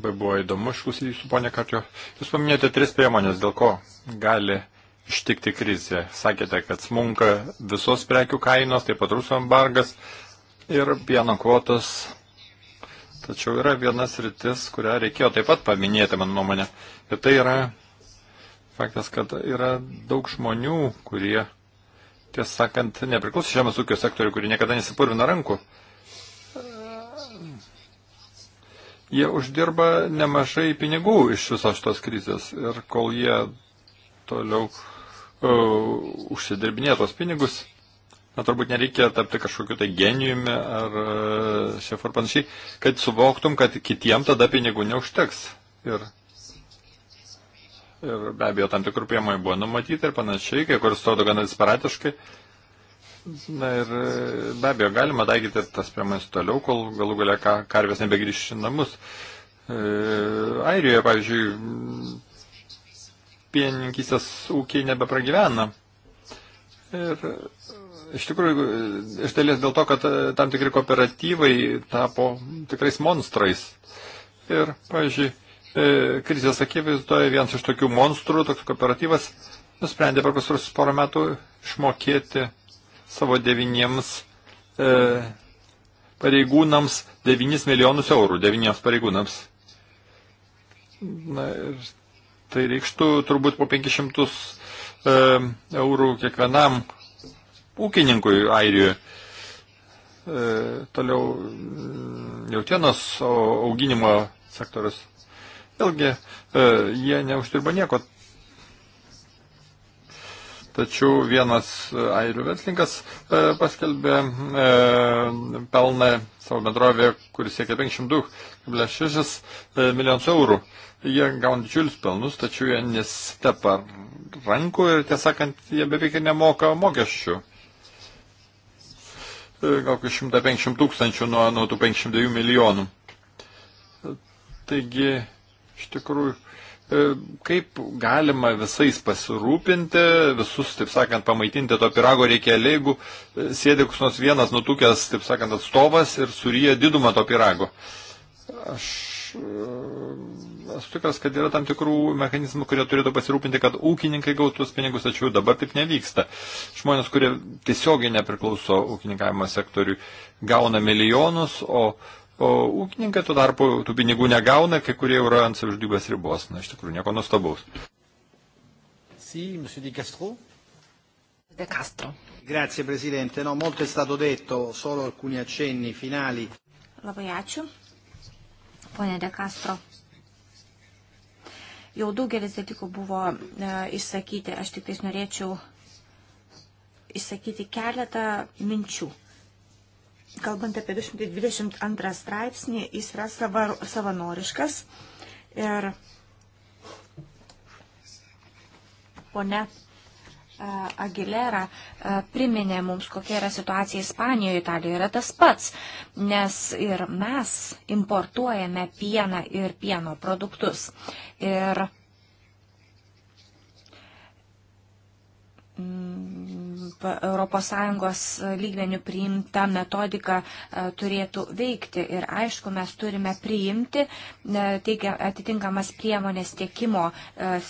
Be buvo įdomu išklausyti jūsų, ponė Kartio. Jūs paminėjote tris priemonės, dėl ko gali ištikti krizė. Sakėte, kad smunka visos prekių kainos, taip pat rusų embargas ir pieno kvotas. Tačiau yra vienas rytis, kurią reikėjo taip pat paminėti, mano nuomonė. Ir tai yra faktas, kad yra daug žmonių, kurie, tiesą sakant, nepriklauso žemės ūkio sektoriui, kurie niekada nesipurvina rankų. jie uždirba nemažai pinigų iš visos šitos krizės ir kol jie toliau uh, e, užsidirbinė tos pinigus, na turbūt nereikia tapti kažkokiu tai genijumi ar uh, e, šef ar panašiai, kad suvoktum, kad kitiem tada pinigų neužteks. Ir, ir be abejo, tam tikrų priemonių buvo numatyti ir panašiai, kai kur stodo gana disparatiškai. Uh, Na ir e, be abejo, galima daigyti tas priemonės toliau, kol galų galia karvės nebegrįš į namus. E, Airijoje, pavyzdžiui, pieninkysės ūkiai nebepragyvena. Ir e, iš tikrųjų, e, iš dalies dėl to, kad tam tikri kooperatyvai tapo tikrais monstrais. Ir, pavyzdžiui, krizės akivaizdoje vienas iš tokių monstrų, toks kooperatyvas, nusprendė per pasurus porą metų išmokėti savo devyniems e, pareigūnams 9 milijonus eurų, devyniems pareigūnams. Na, ir tai reikštų turbūt po 500 e, eurų kiekvienam ūkininkui Airijoje. E, toliau mm, jautienos auginimo sektorius. Vėlgi, e, jie neuždirba nieko, Tačiau vienas e, airių verslininkas e, paskelbė e, pelną savo bendrovėje, kuris siekia 502,6 e, milijonus eurų. Jie gauna didžiulius pelnus, tačiau jie nestepa rankų ir, tiesąkant, jie beveik nemoka mokesčių. E, gal 150 tūkstančių nuo, nuo tų 502 milijonų. Taigi, iš tikrųjų, E, kaip galima visais pasirūpinti, visus, taip sakant, pamaitinti to pirago reikėlė, jeigu e, sėdė kus nors vienas nutukęs, taip sakant, atstovas ir suryja didumą to pirago. Aš e, esu tikras, kad yra tam tikrų mechanizmų, kurie turėtų pasirūpinti, kad ūkininkai gautų tuos pinigus, tačiau dabar taip nevyksta. Žmonės, kurie tiesiogiai nepriklauso ūkininkavimo sektoriui, gauna milijonus, o o ūkininkai tuo tarpu tų pinigų negauna, kai kurie yra ant savižudybės ribos. Na, iš tikrųjų, nieko nuostabaus. Si, De Castro. De Castro. Grazie, Presidente. No, molto è stato detto, solo alcuni accenni finali. Labai ačiū. Pone De Castro jau daugelis dalykų buvo e, išsakyti. Aš tik tais norėčiau išsakyti keletą minčių kalbant apie 222 straipsnį, jis yra savar, savanoriškas. Ir pone Agilera priminė mums, kokia yra situacija Ispanijoje, Italijoje yra tas pats, nes ir mes importuojame pieną ir pieno produktus. Ir mm, ES e, lygmenių priimta metodika e, turėtų veikti. Ir aišku, mes turime priimti e, teikia, atitinkamas priemonės tiekimo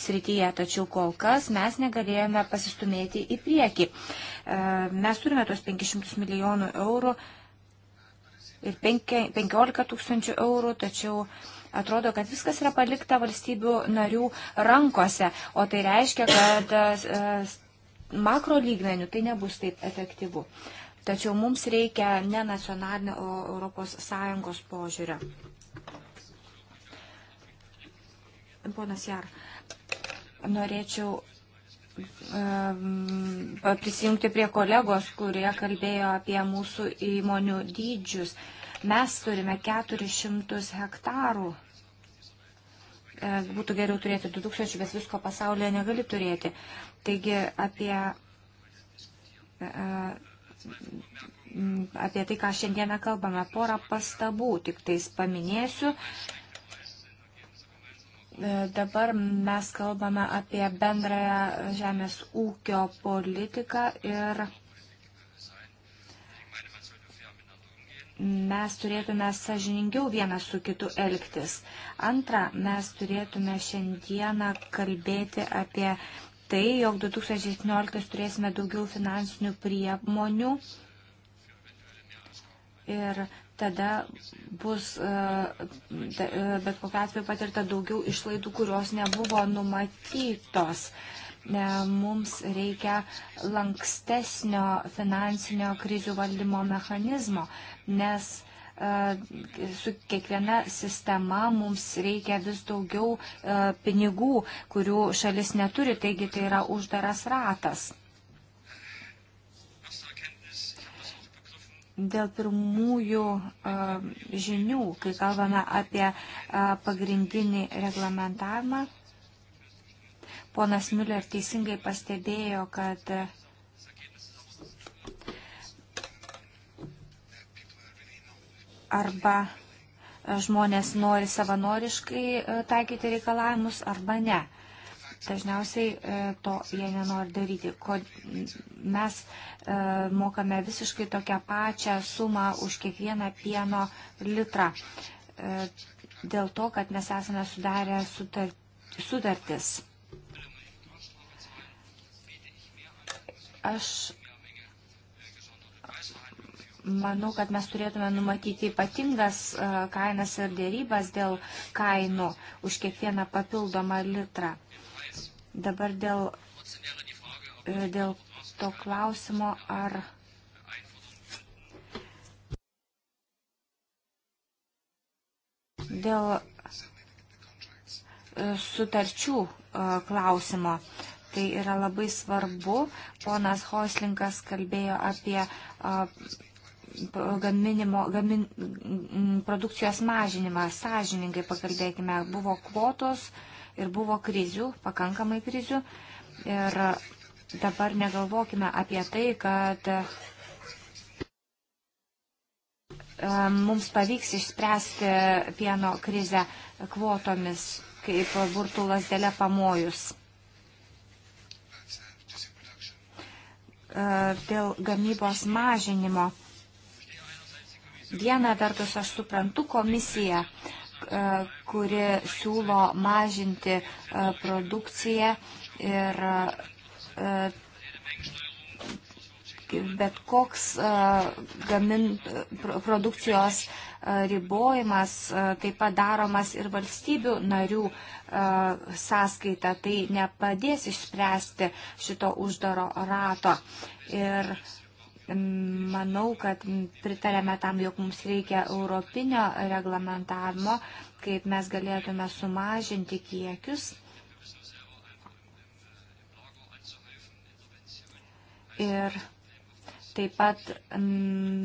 srityje, tačiau kol kas mes negalėjome pasistumėti į priekį. Mes turime tos 500 milijonų eurų ir 15 tūkstančių eurų, tačiau atrodo, kad viskas yra palikta valstybių narių rankose, o tai reiškia, kad makro lygmenių tai nebus taip efektyvu. Tačiau mums reikia ne nacionalinio, o ES požiūrio. Ponas Jar, norėčiau um, prisijungti prie kolegos, kurie kalbėjo apie mūsų įmonių dydžius. Mes turime 400 hektarų E, būtų geriau turėti 2000, bet visko pasaulyje negali turėti. Taigi apie, e, apie tai, ką šiandieną kalbame, porą pastabų tik tais paminėsiu. E, dabar mes kalbame apie bendrąją žemės ūkio politiką ir mes turėtume sažiningiau vienas su kitu elgtis. Antra, mes turėtume šiandieną kalbėti apie tai, jog 2017 turėsime daugiau finansinių priemonių ir tada bus e, e, bet kokia atveju patirta daugiau išlaidų, kurios nebuvo numatytos. Uh, E, mums reikia lankstesnio finansinio krizių valdymo mechanizmo, nes e, su kiekviena sistema mums reikia vis daugiau e, pinigų, kurių šalis neturi, taigi tai yra uždaras ratas. Dėl pirmųjų žinių, kai kalbame apie pagrindinį reglamentavimą, Ponas Müller teisingai pastebėjo, kad arba žmonės nori savanoriškai e, taikyti reikalavimus, arba ne. Dažniausiai e, to jie nenori daryti. Mes e, mokame visiškai tokią pačią sumą už kiekvieną pieno litrą. Dėl to, kad mes esame sudarę sutartis Aš manau, kad mes turėtume numatyti ypatingas e, kainas ir dėrybas dėl kainų už kiekvieną papildomą litrą. Dabar dėl, e, dėl to klausimo, ar. Dėl e, sutarčių klausimo. Uh, Tai yra labai svarbu. Ponas Hoslinkas kalbėjo apie a, gaminimo, gamin, produkcijos mažinimą. Sąžiningai pakalbėkime, buvo kvotos ir buvo krizių, pakankamai krizių. Ir dabar negalvokime apie tai, kad mums pavyks išspręsti pieno krizę kvotomis, kaip burtulas dėlė pamojus. E, dėl gamybos mažinimo. Viena vertus aš suprantu komisiją, e, kuri siūlo mažinti e, produkciją ir bet koks gamin, produkcijos ribojimas taip pat daromas ir valstybių narių sąskaita. Tai nepadės išspręsti šito uždaro rato. Ir manau, kad pritarėme tam, jog mums reikia europinio reglamentavimo, kaip mes galėtume sumažinti kiekius. Ir Taip pat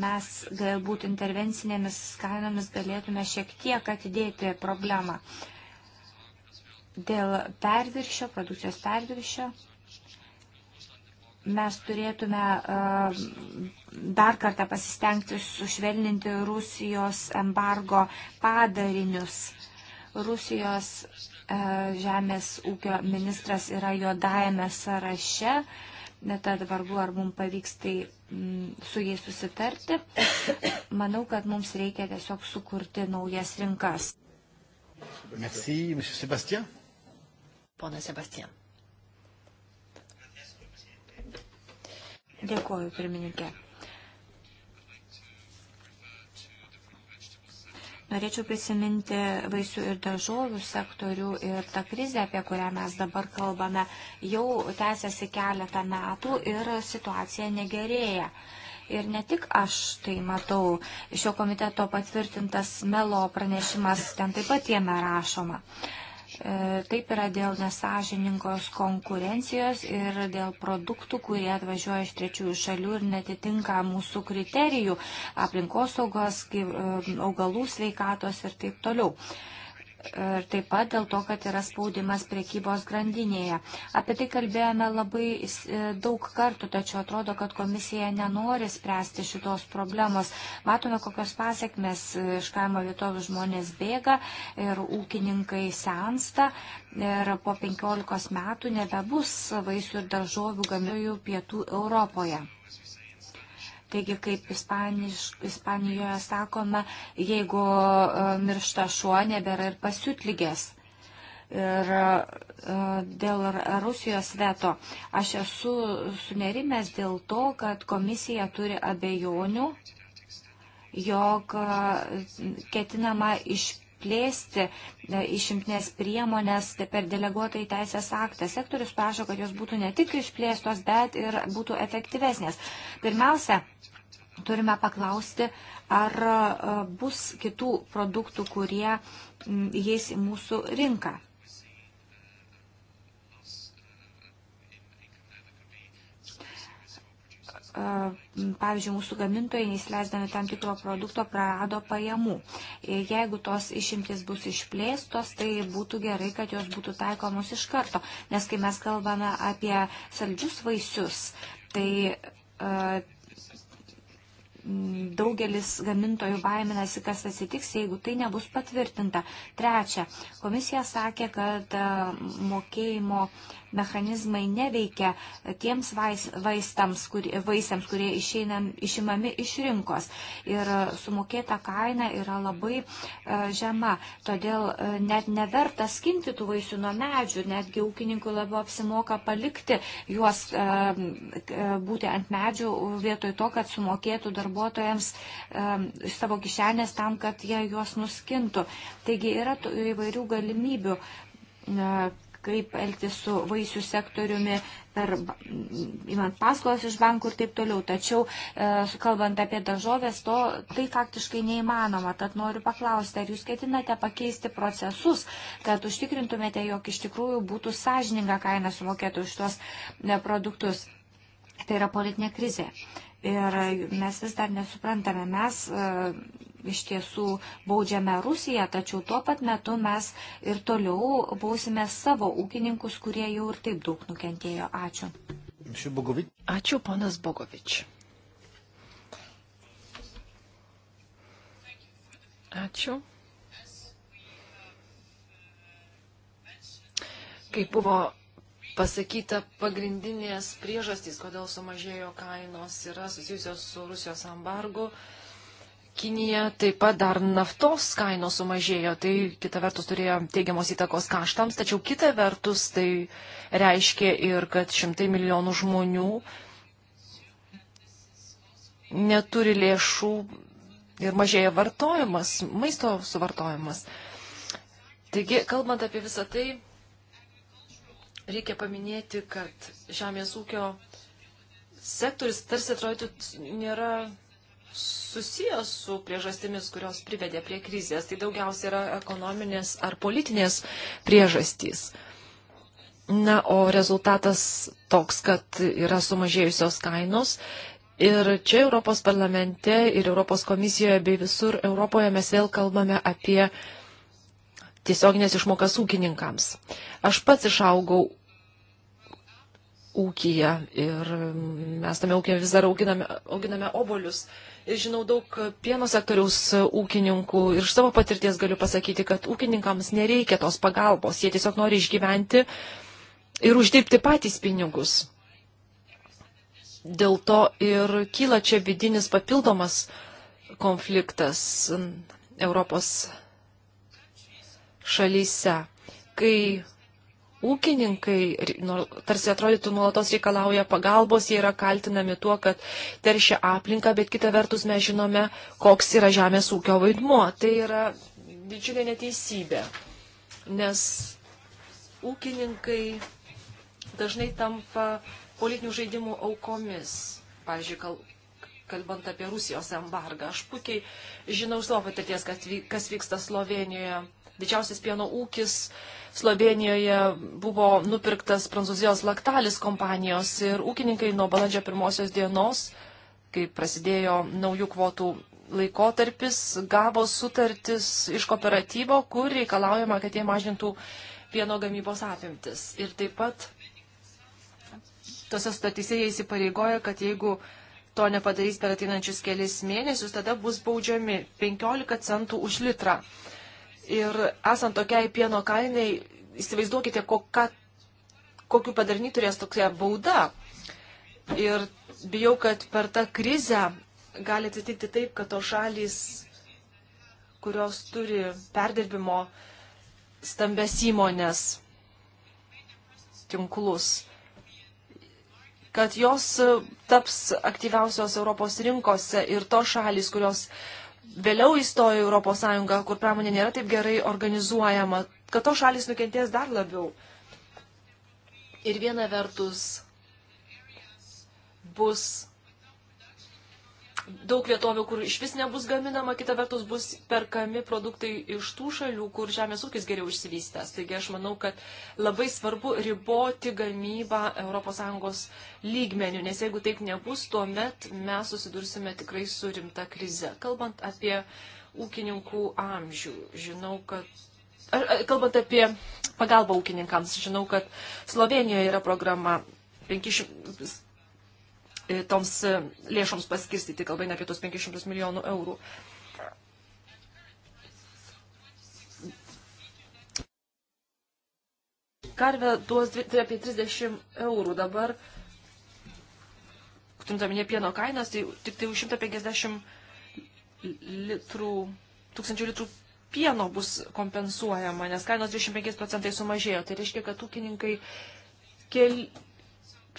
mes galbūt intervencinėmis kainomis galėtume šiek tiek atidėti problemą. Dėl perviršio, produkcijos perviršio, mes turėtume e, dar kartą pasistengti sušvelninti Rusijos embargo padarinius. Rusijos e, žemės ūkio ministras yra juodajame sąraše Tad vargu, ar mums pavyks tai mm, su jais susitarti. Manau, kad mums reikia tiesiog sukurti naujas rinkas. Merci, M. Sebastien. Pona Sebastien. Dėkuoju, pirmininkė. Norėčiau prisiminti vaisių ir daržovių sektorių ir tą krizę, apie kurią mes dabar kalbame, jau tęsiasi keletą metų ir situacija negerėja. Ir ne tik aš tai matau, šio komiteto patvirtintas Melo pranešimas, ten taip pat jame rašoma. Uh, E, taip yra dėl nesažininkos konkurencijos ir dėl produktų, kurie atvažiuoja iš trečiųjų šalių ir netitinka mūsų kriterijų aplinkosaugos, e, augalų sveikatos ir taip toliau ir taip pat dėl to, kad yra spaudimas priekybos grandinėje. Apie tai kalbėjome labai e, daug kartų, tačiau atrodo, kad komisija nenori spręsti šitos problemos. Matome, kokios pasiekmes e, iš kaimo vietovių žmonės bėga ir ūkininkai sensta ir po 15 metų nebebus vaisių ir daržovių gamintojų pietų Europoje. Taigi, kaip Ispaniš, Ispanijoje sakoma, jeigu e, miršta šuo, nebėra ir pasiutlygės. Ir e, dėl Rusijos veto aš esu sunerimęs dėl to, kad komisija turi abejonių, jog e, ketinama išpildyti plėsti e, išimtinės priemonės per deleguotą į teisės aktą. Sektorius prašo, kad jos būtų ne tik išplėstos, bet ir būtų efektyvesnės. Pirmiausia, turime paklausti, ar e, bus kitų produktų, kurie įeis į mūsų rinką. pavyzdžiui, mūsų gamintojai neįsileisdami tam tikro produkto prarado pajamų. Ir jeigu tos išimtis bus išplėstos, tai būtų gerai, kad jos būtų taikomos iš karto. Nes kai mes kalbame apie saldžius vaisius, tai daugelis gamintojų baiminasi, kas atsitiks, jeigu tai nebus patvirtinta. Trečia, komisija sakė, kad mokėjimo mechanizmai neveikia tiems vaistams, kur, vaistams kurie išeinam, išimami iš rinkos. Ir sumokėta kaina yra labai e, žema. Todėl e, net neverta skinti tų vaisių nuo medžių, netgi ūkininkų labiau apsimoka palikti juos e, būti ant medžių vietoj to, kad sumokėtų darbuotojams savo kišenės tam, kad jie juos nuskintų. Taigi yra įvairių galimybių kaip elgtis su vaisių sektoriumi, per, imant paskolas iš bankų ir taip toliau. Tačiau, e, kalbant apie daržovės, to tai faktiškai neįmanoma. Tad noriu paklausti, ar jūs ketinate pakeisti procesus, kad užtikrintumėte, jog iš tikrųjų būtų sąžininga kaina sumokėtų už tuos e, produktus. Tai yra politinė krizė. Uh, Ir mes vis dar nesuprantame, mes e, iš tiesų baudžiame Rusiją, tačiau tuo pat metu mes ir toliau bausime savo ūkininkus, kurie jau ir taip daug nukentėjo. Ačiū. Ačiū, ponas Bogovič. Ačiū. Kaip buvo pasakyta pagrindinės priežastys, kodėl sumažėjo kainos, yra susijusios su Rusijos embargu. Kinija taip pat dar naftos kainos sumažėjo, tai kita vertus turėjo teigiamos įtakos kaštams, tačiau kita vertus tai reiškia ir, kad šimtai milijonų žmonių neturi lėšų ir mažėja vartojimas, maisto suvartojimas. Taigi, kalbant apie visą tai, reikia paminėti, kad žemės ūkio sektorius tarsi atrodytų nėra susijęs su priežastimis, kurios privedė prie krizės. Tai daugiausia yra ekonominės ar politinės priežastys. Na, o rezultatas toks, kad yra sumažėjusios kainos. Ir čia Europos parlamente ir Europos komisijoje bei visur Europoje mes vėl kalbame apie tiesioginės išmokas ūkininkams. Aš pats išaugau ūkyje ir mes tame ūkyje vis dar auginame, auginame obolius. Ir žinau daug pieno sektoriaus ūkininkų ir iš savo patirties galiu pasakyti, kad ūkininkams nereikia tos pagalbos, jie tiesiog nori išgyventi ir uždirbti patys pinigus. Dėl to ir kyla čia vidinis papildomas konfliktas Europos šalyse, kai ūkininkai, tarsi atrodytų, nuolatos reikalauja pagalbos, jie yra kaltinami tuo, kad teršia aplinką, bet kita vertus mes žinome, koks yra žemės ūkio vaidmuo. Tai yra didžiulė neteisybė, nes ūkininkai dažnai tampa politinių žaidimų aukomis. Pavyzdžiui, kal kalbant apie Rusijos embargą. Aš puikiai žinau iš savo patirties, kas vyksta Slovenijoje didžiausias pieno ūkis Slovenijoje buvo nupirktas prancūzijos laktalis kompanijos ir ūkininkai nuo balandžio pirmosios dienos, kai prasidėjo naujų kvotų laikotarpis, gavo sutartis iš kooperatyvo, kur reikalaujama, kad jie mažintų pieno gamybos apimtis. Ir taip pat tose sutartyse jie įsipareigoja, kad jeigu to nepadarys per ateinančius kelias mėnesius, tada bus baudžiami 15 centų už litrą. Ir esant tokiai pieno kainai, įsivaizduokite, koka, kokiu padarny turės tokia bauda. Ir bijau, kad per tą krizę gali atsitikti taip, kad tos šalys, kurios turi perdirbimo stambes įmonės tinklus, kad jos taps aktyviausios Europos rinkose ir tos šalys, kurios uh, vėliau įstojo į Europos Sąjungą, kur pramonė nėra taip gerai organizuojama, kad to šalis nukentės dar labiau. Ir viena vertus bus daug vietovių, kur iš vis nebus gaminama, kita vertus bus perkami produktai iš tų šalių, kur žemės ūkis geriau išsivystęs. Taigi aš manau, kad labai svarbu riboti gamybą ES lygmenių, nes jeigu taip nebus, tuomet mes susidursime tikrai su rimta krize. Kalbant apie ūkininkų amžių, žinau, kad. Ar, ar, kalbant apie pagalbą ūkininkams, žinau, kad Slovenijoje yra programa 500 E, toms e, lėšoms paskirstyti, kalbant apie tos 500 milijonų eurų. Karvė duos tai apie 30 eurų dabar, turintaminė pieno kainas, tai tik tai už 150 litrų, tūkstančių litrų pieno bus kompensuojama, nes kainos 25 procentai sumažėjo. Tai reiškia, kad ūkininkai kel,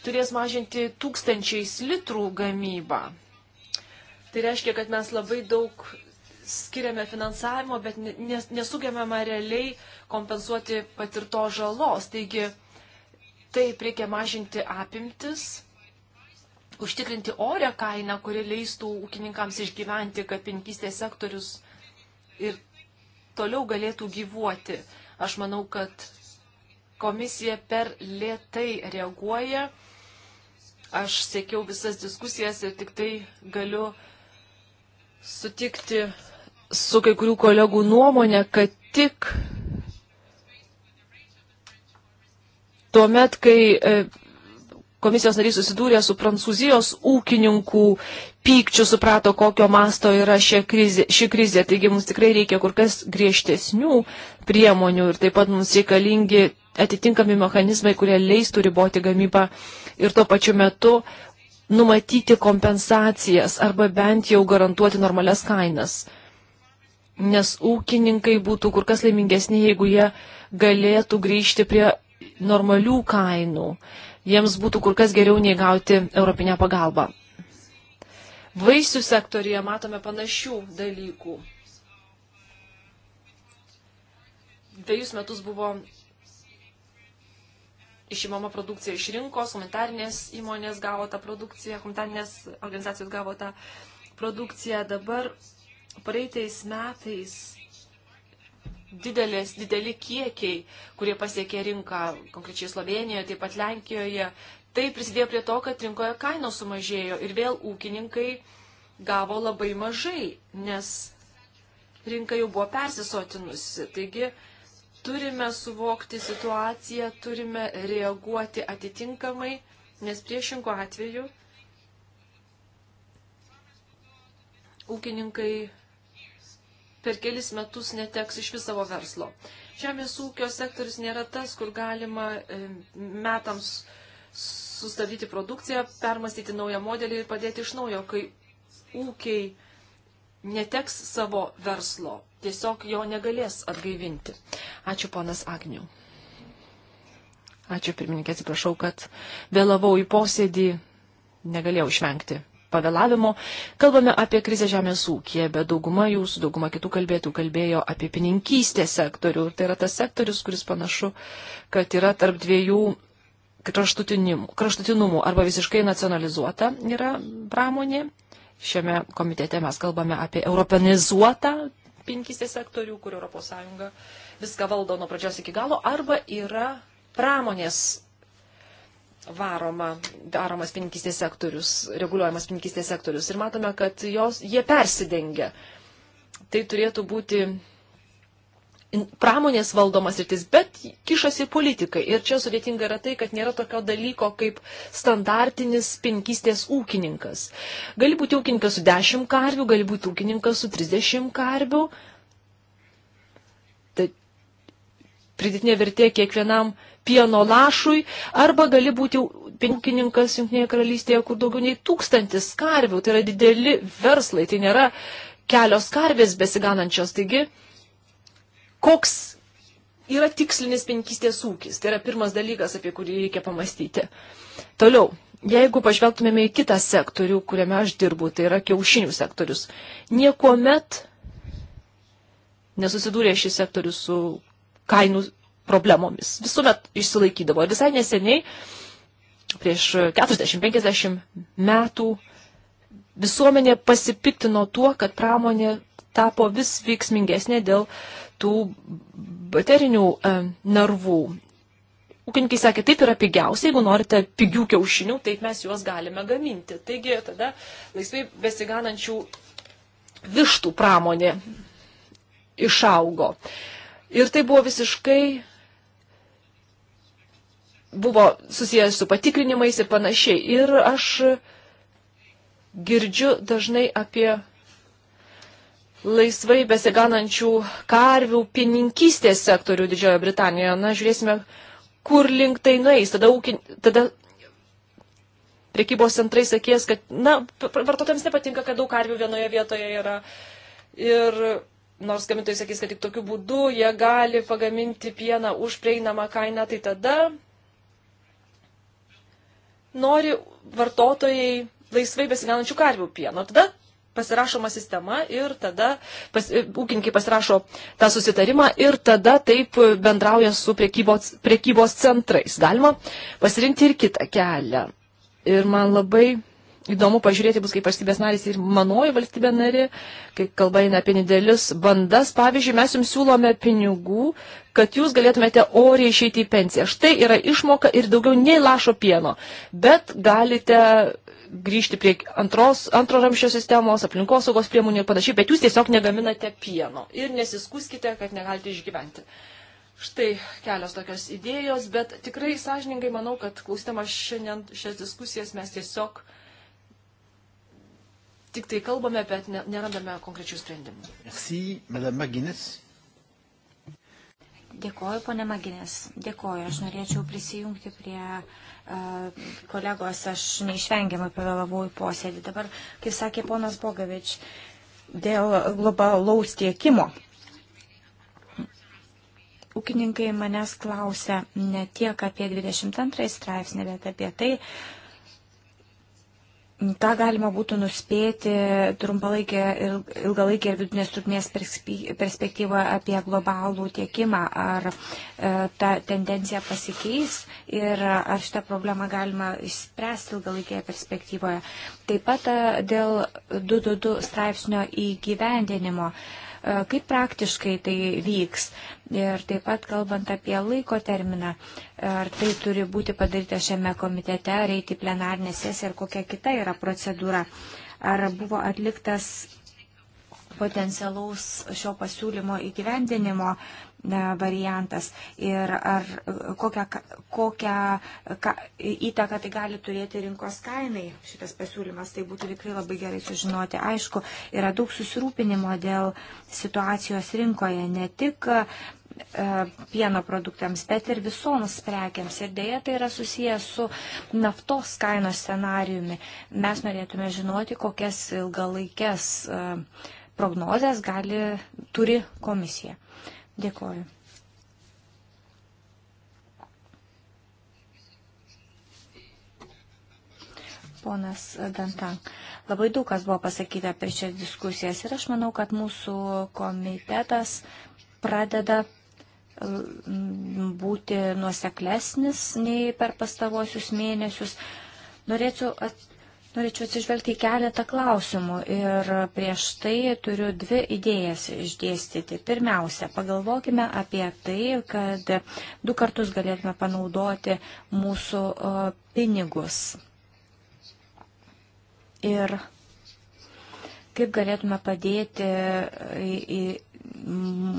turės mažinti tūkstančiais litrų gamybą. Tai reiškia, kad mes labai daug skiriame finansavimo, bet nesugebėme realiai kompensuoti patirto žalos. Taigi taip reikia mažinti apimtis, užtikrinti orę kainą, kuri leistų ūkininkams išgyventi, kad pinkystės sektorius ir toliau galėtų gyvuoti. Aš manau, kad komisija per lietai reaguoja Aš sėkiau visas diskusijas ir tik tai galiu sutikti su kai kurių kolegų nuomonė, kad tik tuomet, kai e, komisijos narys susidūrė su prancūzijos ūkininkų pykčių suprato, kokio masto yra ši krizė, ši krizė. Taigi mums tikrai reikia kur kas griežtesnių priemonių ir taip pat mums reikalingi atitinkami mechanizmai, kurie leistų riboti gamybą ir tuo pačiu metu numatyti kompensacijas arba bent jau garantuoti normales kainas. Nes ūkininkai būtų kur kas laimingesni, jeigu jie galėtų grįžti prie normalių kainų. Jiems būtų kur kas geriau nei gauti europinę pagalbą. Vaisių sektorija matome panašių dalykų. Dviejus metus buvo išimama produkcija iš rinkos, humanitarnės įmonės gavo tą produkciją, humanitarnės organizacijos gavo tą produkciją. Dabar praeitais metais didelės, dideli kiekiai, kurie pasiekė rinką, konkrečiai Slovenijoje, taip pat Lenkijoje, tai prisidėjo prie to, kad rinkoje kainos sumažėjo ir vėl ūkininkai gavo labai mažai, nes rinka jau buvo persisotinusi. Taigi turime suvokti situaciją, turime reaguoti atitinkamai, nes priešingų atveju ūkininkai per kelis metus neteks iš viso savo verslo. Žemės ūkio sektorius nėra tas, kur galima e, metams sustabdyti produkciją, permastyti naują modelį ir padėti iš naujo, kai ūkiai neteks savo verslo, tiesiog jo negalės atgaivinti. Ačiū ponas Agnių. Ačiū pirmininkė, atsiprašau, kad vėlavau į posėdį, negalėjau išvengti pavėlavimo. Kalbame apie krizę žemės ūkiją, bet dauguma jūsų, dauguma kitų kalbėtų kalbėjo apie pininkystės sektorių. Ir tai yra tas sektorius, kuris panašu, kad yra tarp dviejų kraštutinumų arba visiškai nacionalizuota yra pramonė. Šiame komitete mes kalbame apie europenizuotą pinkistės sektorių, kur ES viską valdo nuo pradžios iki galo, arba yra pramonės varoma, daromas pinkistės sektorius, reguliuojamas pinkistės sektorius. Ir matome, kad jos, jie persidengia. Tai turėtų būti pramonės valdomas rytis, bet kišasi politikai. Ir čia sudėtinga yra tai, kad nėra tokio dalyko kaip standartinis pinkystės ūkininkas. Gali būti ūkininkas su 10 karvių, gali būti ūkininkas su 30 karvių. Tai pridėtinė vertė kiekvienam pieno lašui, arba gali būti ūkininkas Junktinėje karalystėje, kur daugiau nei tūkstantis karvių, tai yra dideli verslai, tai nėra kelios karvės besiganančios. Taigi, koks yra tikslinis pinkystės ūkis. Tai yra pirmas dalykas, apie kurį reikia pamastyti. Toliau, jeigu pažvelgtumėme į kitą sektorių, kuriame aš dirbu, tai yra kiaušinių sektorius. Niekuomet nesusidūrė šis sektorius su kainų problemomis. Visuomet išsilaikydavo. Ir visai neseniai, prieš 40-50 metų, visuomenė pasipiktino tuo, kad pramonė tapo vis veiksmingesnė dėl uh, tų baterinių e, narvų. Ūkininkai sakė, taip yra pigiausia, jeigu norite pigių kiaušinių, taip mes juos galime gaminti. Taigi tada laisvai besiganančių vištų pramonė išaugo. Ir tai buvo visiškai buvo susijęs su patikrinimais ir panašiai. Ir aš girdžiu dažnai apie laisvai besiganančių karvių pininkystės sektorių Didžiojo Britanijoje. Na, žiūrėsime, kur link tai nueis. Tada, ūkin, tada prekybos centrai sakės, kad, na, vartotojams nepatinka, kad daug karvių vienoje vietoje yra. Ir nors gamintojai sakys, kad tik tokiu būdu jie gali pagaminti pieną už prieinamą kainą, tai tada nori vartotojai laisvai besigalančių karvių pieno. Tada pasirašoma sistema ir tada pas, e, ūkininkai pasirašo tą susitarimą ir tada taip bendrauja su priekybos, priekybos centrais. Galima pasirinkti ir kitą kelią. Ir man labai įdomu pažiūrėti bus, kaip valstybės narys ir manoji valstybė nari, kai kalba eina apie nedėlius bandas. Pavyzdžiui, mes jums siūlome pinigų, kad jūs galėtumėte oriai išeiti į pensiją. Štai yra išmoka ir daugiau nei lašo pieno. Bet galite grįžti prie antros, antro ramščio sistemos, aplinkosaugos priemonių ir panašiai, bet jūs tiesiog negaminate pieno ir nesiskuskite, kad negalite išgyventi. Štai kelios tokios idėjos, bet tikrai sąžiningai manau, kad klausydamas šiandien šias diskusijas mes tiesiog tik tai kalbame, bet nerandame konkrečių sprendimų. Merci, Madame Maginis. Dėkoju, ponė Maginės. Dėkoju. Aš norėčiau prisijungti prie uh, Kolegos, aš neišvengiamai pavėlavau į posėdį. Dabar, kaip sakė ponas Bogavič, dėl globalaus tiekimo. Ūkininkai manęs klausia ne tiek apie 22 straipsnį, bet apie tai, Nu, ta galima būtų nuspėti trumpalaikė ir ilgalaikė ir vidutinės trukmės perspektyvoje apie globalų tiekimą, ar e, ta tendencija pasikeis ir ar šitą problemą galima išspręsti ilgalaikėje perspektyvoje. Taip pat e, dėl 222 straipsnio įgyvendinimo. Uh, E, kaip praktiškai tai vyks? Ir taip pat kalbant apie laiko terminą, ar tai turi būti padaryta šiame komitete, ar eiti plenarnė sesija, ar kokia kita yra procedūra. Ar buvo atliktas potencialaus šio pasiūlymo įgyvendinimo E, variantas ir ar kokią, kokią ka, įtaką tai gali turėti rinkos kainai šitas pasiūlymas. Tai būtų tikrai labai gerai sužinoti. Aišku, yra daug susirūpinimo dėl situacijos rinkoje, ne tik e, pieno produktams, bet ir visoms prekiams. Ir dėja tai yra susijęs su naftos kainos scenariumi. Mes norėtume žinoti, kokias ilgalaikės e, prognozes gali, turi komisija. Dėkoju. Ponas Dantan, labai daug kas buvo pasakyta per šias diskusijas ir aš manau, kad mūsų komitetas pradeda mm, būti nuoseklesnis nei per pastaruosius mėnesius. Norėčiau at Norėčiau atsižvelgti į keletą klausimų ir prieš tai turiu dvi idėjas išdėstyti. Pirmiausia, pagalvokime apie tai, kad du kartus galėtume panaudoti mūsų pinigus. Ir kaip galėtume padėti į, į,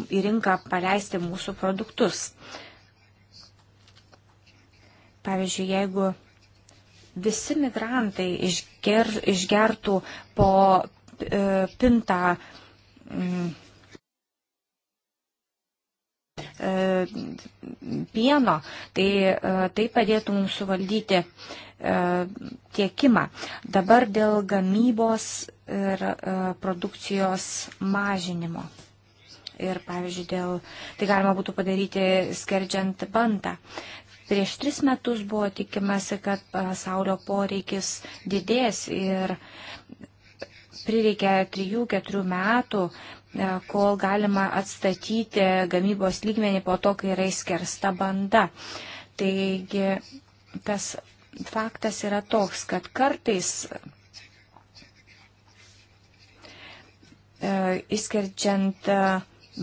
į rinką paleisti mūsų produktus. Pavyzdžiui, jeigu visi migrantai išger, išgertų po e, pintą mm, e, pieno, tai e, tai padėtų mums suvaldyti e, tiekimą. Dabar dėl gamybos ir e, produkcijos mažinimo. Ir pavyzdžiui, dėl, tai galima būtų padaryti skerdžiant bandą. Prieš tris metus buvo tikimasi, kad pasaulio poreikis didės ir prireikė 3-4 metų, e, kol galima atstatyti gamybos lygmenį po to, kai yra įskersta banda. Taigi tas faktas yra toks, kad kartais įskerdžiant e,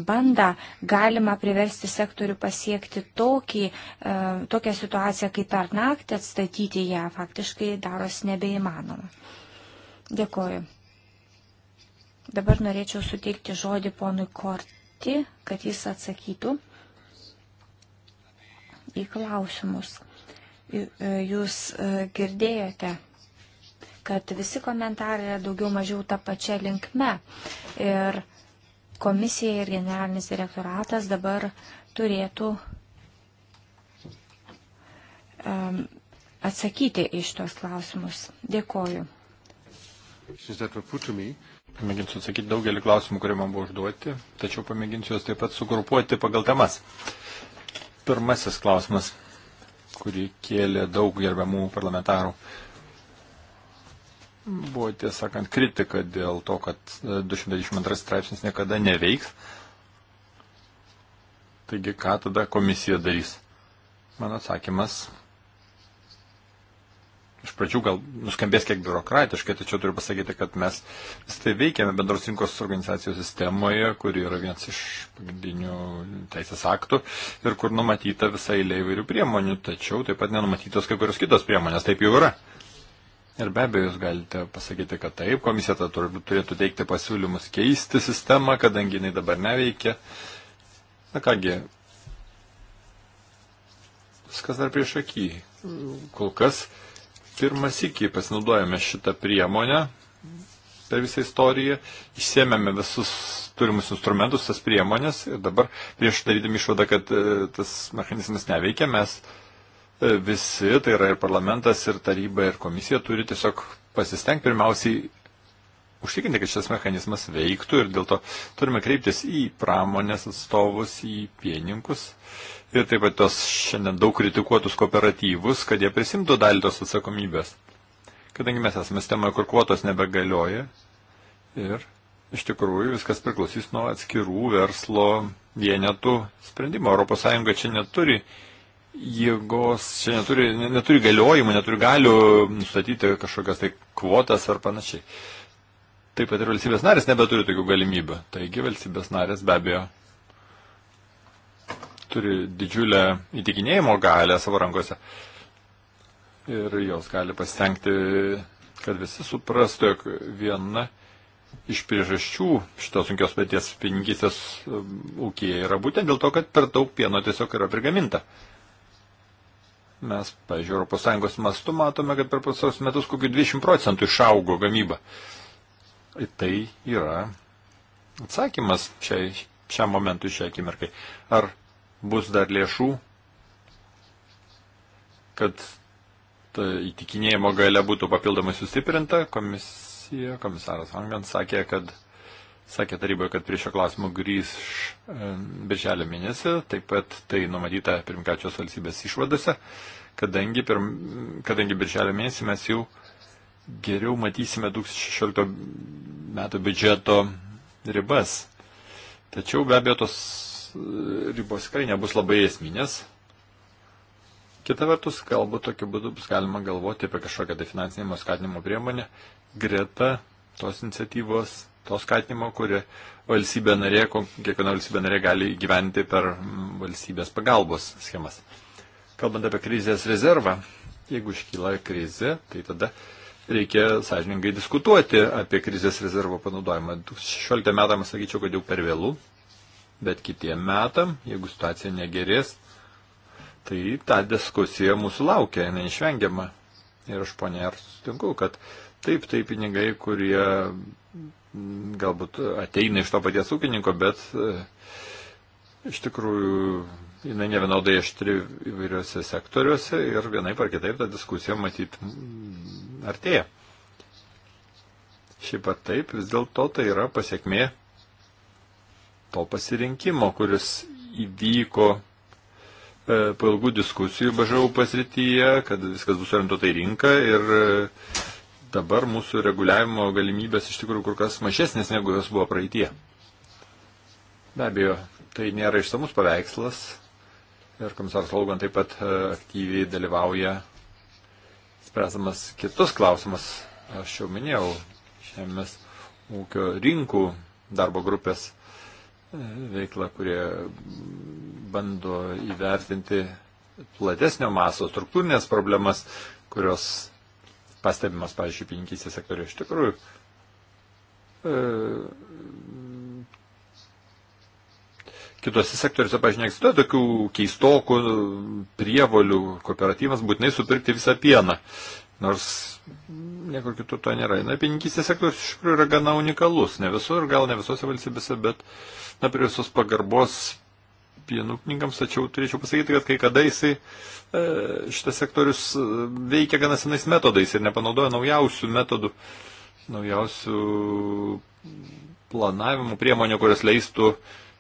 bandą, galima priversti sektorių pasiekti tokį, e, tokią situaciją, kaip per naktį atstatyti ją faktiškai darosi nebeįmanoma. Dėkoju. Dabar norėčiau suteikti žodį ponui Korti, kad jis atsakytų į klausimus. E, jūs e, girdėjote kad visi komentarai yra daugiau mažiau tą pačią linkmę. Ir komisija ir generalinis direktoratas dabar turėtų um, atsakyti iš tos klausimus. Dėkoju. Pamėginsiu atsakyti daugelį klausimų, kurie man buvo užduoti, tačiau pamėginsiu juos taip pat sugrupuoti pagal temas. Pirmasis klausimas, kurį kėlė daug gerbiamų parlamentarų. Uh, Buvo tiesąkant kritika dėl to, kad 222 e, straipsnis niekada neveiks. Taigi, ką tada komisija darys? Mano atsakymas iš pradžių gal nuskambės kiek biurokratiškai, tačiau turiu pasakyti, kad mes vis tai veikiame bendros rinkos organizacijos sistemoje, kuri yra vienas iš pagrindinių teisės aktų ir kur numatyta visai eilė įvairių priemonių, tačiau taip pat nenumatytos kai kurios kitos priemonės, taip jau yra. Ir be abejo, jūs galite pasakyti, kad taip, komisija turėtų teikti pasiūlymus keisti sistemą, kadangi jinai dabar neveikia. Na kągi, viskas dar prieš akį. Kol kas pirmas iki pasinaudojame šitą priemonę per visą istoriją, išsiemėme visus turimus instrumentus, tas priemonės ir dabar prieš darydami išvadą, kad e, tas mechanizmas neveikia, mes visi, tai yra ir parlamentas, ir taryba, ir komisija turi tiesiog pasistengti pirmiausiai užtikrinti, kad šis mechanizmas veiktų ir dėl to turime kreiptis į pramonės atstovus, į pieninkus ir taip pat tos šiandien daug kritikuotus kooperatyvus, kad jie prisimtų dalį tos atsakomybės. Kadangi mes esame sistemoje, kur kvotos nebegalioja ir iš tikrųjų viskas priklausys nuo atskirų verslo vienetų sprendimo. ES čia neturi jėgos čia neturi, neturi galiojimų, neturi galių nustatyti kažkokias tai kvotas ar panašiai. Taip pat ir valstybės narės nebeturi tokių galimybių. Taigi valstybės narės be abejo turi didžiulę įtikinėjimo galę savo rankose. Ir jos gali pasitengti, kad visi suprastų, jog viena iš priežasčių šitos sunkios paties pieningystės um, ūkija yra būtent dėl to, kad per daug pieno tiesiog yra prigaminta. Mes, pažiūrėjau, ES mastu matome, kad per pasaros metus kokiu 20 procentų išaugo gamyba. Ir tai yra atsakymas šiai, šiam momentui, šiai akimirkai. Ar bus dar lėšų, kad ta įtikinėjimo gale būtų papildomai sustiprinta? Komisija, komisaras Angan sakė, kad sakė taryboje, kad prie šio klausimo grįž e, birželio mėnesį, taip pat tai numatyta pirmkačios valstybės išvadose, kadangi, pirm, kadangi birželio mėnesį mes jau geriau matysime 2016 metų biudžeto ribas. Tačiau be abejo tos e, ribos tikrai nebus labai esminės. Kita vertus, galbūt tokiu būdu bus galima galvoti apie kažkokią tai finansinimo skatinimo priemonę greta tos iniciatyvos to skatinimo, kurį valstybė narė, kiekviena valstybė narė gali gyventi per mm, valstybės pagalbos schemas. Kalbant apie krizės rezervą, jeigu iškyla krizė, tai tada reikia sąžiningai diskutuoti apie krizės rezervo panaudojimą. 16 metam sakyčiau, kad jau per vėlų, bet kitiem metam, jeigu situacija negerės, tai ta diskusija mūsų laukia, neišvengiama. Ir aš ponė ir sutinku, kad taip, tai pinigai, kurie galbūt ateina iš to paties ūkininko, bet e, iš tikrųjų jinai ne vienodai aštri įvairiuose sektoriuose ir vienaip ar kitaip ta diskusija matyt mm, artėja. Šiaip ar taip, vis dėlto tai yra pasiekmė to pasirinkimo, kuris įvyko e, po ilgų diskusijų bažau pasrityje, kad viskas bus orientuota į rinką ir e, dabar mūsų reguliavimo galimybės iš tikrųjų kur kas mažesnės negu jos buvo praeitie. Be abejo, tai nėra išsamus paveikslas ir komisaras Laugan taip pat e, aktyviai dalyvauja spręsamas kitus klausimus. Aš jau minėjau žemės ūkio rinkų darbo grupės e, veiklą, kurie bando įvertinti platesnio maso struktūrinės problemas, kurios pastebimas, pavyzdžiui, pininkystės sektoriuje. Iš tikrųjų, e, kitose sektoriuose, pavyzdžiui, neegzistuoja tokių keistokų prievolių kooperatyvas būtinai supirkti visą pieną. Nors niekur kitur to nėra. Na, pininkystės sektorius iš tikrųjų yra gana unikalus. Ne visur, gal ne visose valstybėse, bet, na, prie visos pagarbos pieno ūkininkams, tačiau turėčiau pasakyti, kad kai kada jisai e, šitas sektorius e, veikia gana senais metodais ir nepanaudoja naujausių metodų, naujausių planavimų priemonių, kurias leistų,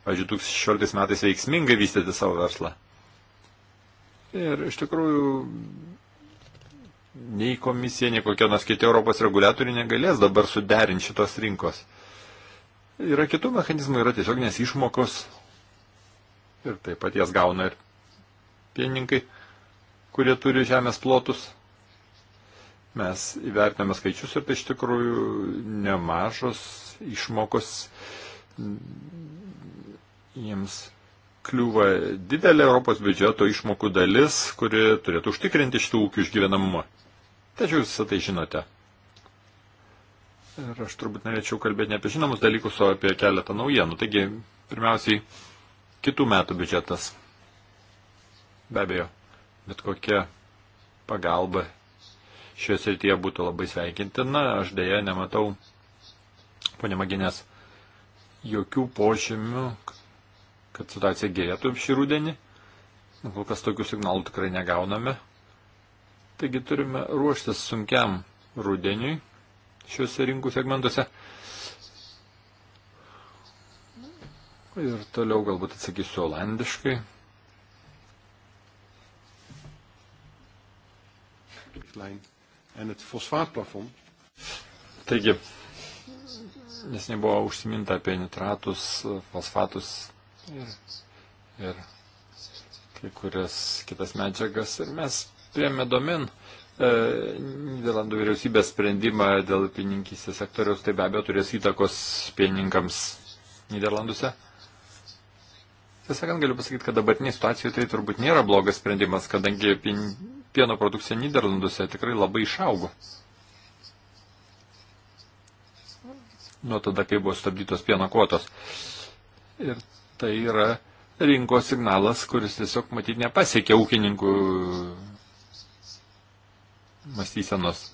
pažiūrėjau, 2016 metais veiksmingai vystyti savo verslą. Ir iš tikrųjų nei komisija, nei kokie nors kiti Europos reguliatoriai negalės dabar suderinti šitos rinkos. Yra kitų mechanizmų, yra tiesioginės išmokos, ir taip pat jas gauna ir pienininkai, kurie turi žemės plotus. Mes įvertiname skaičius ir tai iš tikrųjų nemažos išmokos jiems kliūva didelė Europos biudžeto išmokų dalis, kuri turėtų užtikrinti šitų ūkių išgyvenamumą. Tačiau visą tai žinote. Ir aš turbūt norėčiau kalbėti ne apie žinomus dalykus, o apie keletą naujienų. Taigi, pirmiausiai, kitų metų biudžetas. Be abejo, bet kokia pagalba šioje srityje būtų labai sveikintina. Aš dėja nematau, ponė Maginės, jokių požymių, kad situacija gerėtų šį rudenį. Kol kas tokių signalų tikrai negauname. Taigi turime ruoštis sunkiam rudeniui šiuose rinkų segmentuose. Ir toliau galbūt atsakysiu olandiškai. Taigi, nes nebuvo užsiminta apie nitratus, fosfatus ir, ir kai kurias kitas medžiagas. Ir mes priemė domin e, Niderlandų vyriausybės sprendimą dėl pieninkystės sektoriaus, tai be abejo turės įtakos pieninkams Niderlanduose. Tiesą sakant, galiu pasakyti, kad dabartinė situacija tai turbūt nėra blogas sprendimas, kadangi pieno produkcija Niderlanduose tikrai labai išaugo. Nuo tada, kai buvo stabdytos pieno kvotos. Ir tai yra rinkos signalas, kuris tiesiog matyt nepasiekia ūkininkų mąstysenos.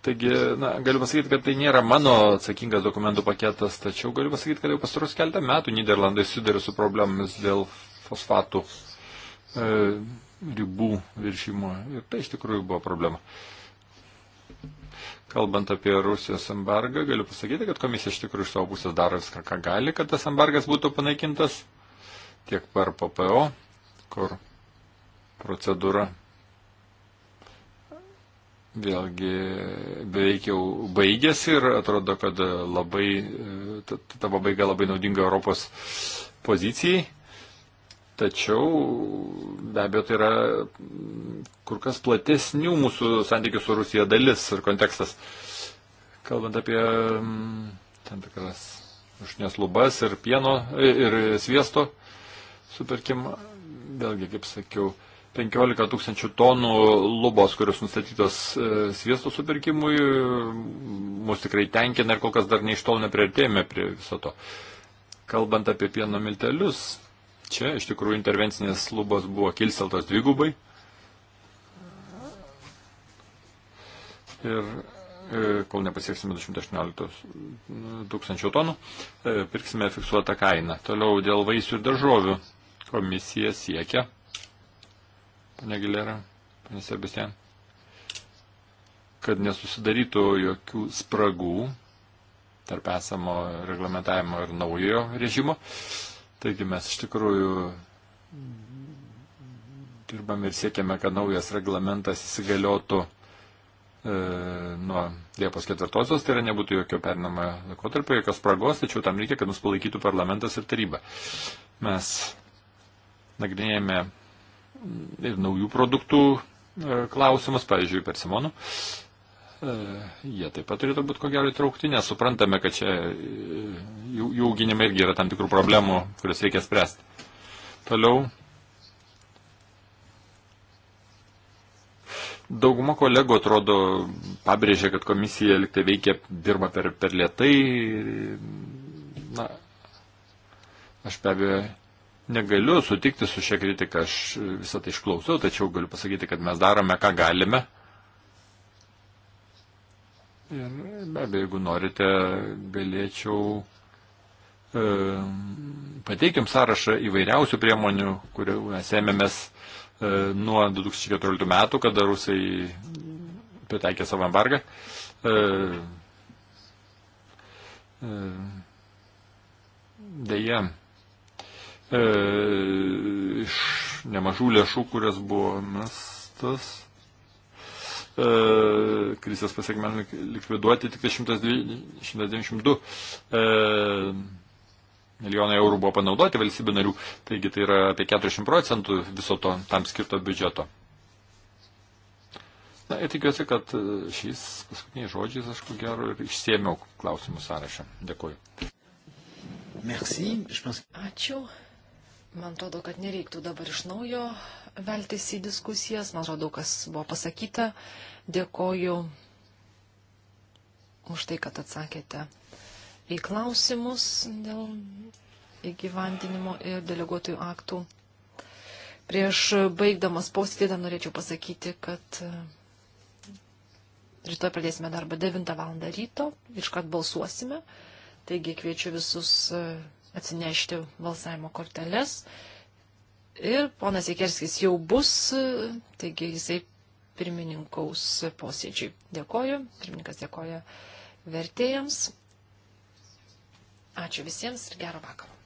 Taigi, na, galiu pasakyti, kad tai nėra mano atsakingas dokumentų paketas, tačiau galiu pasakyti, kad jau pastarus keletą metų Niderlandai sudarė su problemomis dėl fosfatų e, ribų viršimo. Ir tai iš tikrųjų buvo problema. Kalbant apie Rusijos embargą, galiu pasakyti, kad komisija iš tikrųjų iš savo pusės daro viską, ką gali, kad tas embargas būtų panaikintas tiek per PPO, kur procedūra vėlgi beveik jau baigėsi ir atrodo, kad labai, ta, ta pabaiga labai naudinga Europos pozicijai. Tačiau be abejo tai yra kur kas platesnių mūsų santykių su Rusija dalis ir kontekstas. Kalbant apie mm, tam tikras užnės lubas ir pieno ir sviesto supirkim, vėlgi, kaip sakiau, 15 tūkstančių tonų lubos, kurios nustatytos e, sviesto supirkimui, mus tikrai tenkina ir kol kas dar neiš tol neprieartėjome prie viso to. Kalbant apie pieno miltelius, čia iš tikrųjų intervencinės lubos buvo kilsteltos dvigubai. Ir e, kol nepasieksime 218 e, tūkstančių tonų, pirksime fiksuotą kainą. Toliau dėl vaisių ir daržovių komisija siekia ponia Gilera, ponia Sebastian, kad nesusidarytų jokių spragų tarp esamo reglamentavimo ir naujo režimo. Taigi mes iš tikrųjų dirbam ir siekiame, kad naujas reglamentas įsigaliotų e, nuo Liepos 4-osios, tai yra nebūtų jokio pernamo laikotarpio, jokios spragos, tačiau tam reikia, kad mus palaikytų parlamentas ir taryba. Mes nagrinėjame ir naujų produktų e, klausimas, pavyzdžiui, persimonų. E, jie taip pat turėtų būti ko gero įtraukti, nes suprantame, kad čia e, jų, jų auginime irgi yra tam tikrų problemų, kurias reikia spręsti. Toliau. Dauguma kolegų atrodo pabrėžia, kad komisija liktai veikia, dirba per, per lietai. Na, aš be abejo negaliu sutikti su šia kritika, aš visą tai išklausiau, tačiau galiu pasakyti, kad mes darome, ką galime. Ir be abejo, jeigu norite, galėčiau e, pateikiam sąrašą įvairiausių priemonių, kurių mes ėmėmės e, nuo 2014 metų, kada rusai pritaikė savo embargą. E, e, Deja, e, iš nemažų lėšų, kurias buvo mestas e, krizės pasiekmėm likviduoti tik 192 tai e, milijonai eurų buvo panaudoti valstybių narių, taigi tai yra apie 40 procentų viso to tam skirto biudžeto. Na ir tikiuosi, kad e, šiais paskutiniais žodžiais aš ko gero ir išsėmiau klausimų sąrašą. Dėkuoju. Merci. Ačiū. Man atrodo, kad nereiktų dabar iš naujo veltis į diskusijas. Man atrodo, kas buvo pasakyta. Dėkoju už tai, kad atsakėte į klausimus dėl įgyvandinimo ir deleguotojų aktų. Prieš baigdamas posėdį dar norėčiau pasakyti, kad e, rytoj pradėsime darbą 9 val. ryto, iškart balsuosime. Taigi kviečiu visus e, atsinešti balsavimo korteles. Ir ponas Ikerskis jau bus, taigi jisai pirmininkaus posėdžiui. Dėkoju, pirmininkas dėkoja vertėjams. Ačiū visiems ir gero vakaro.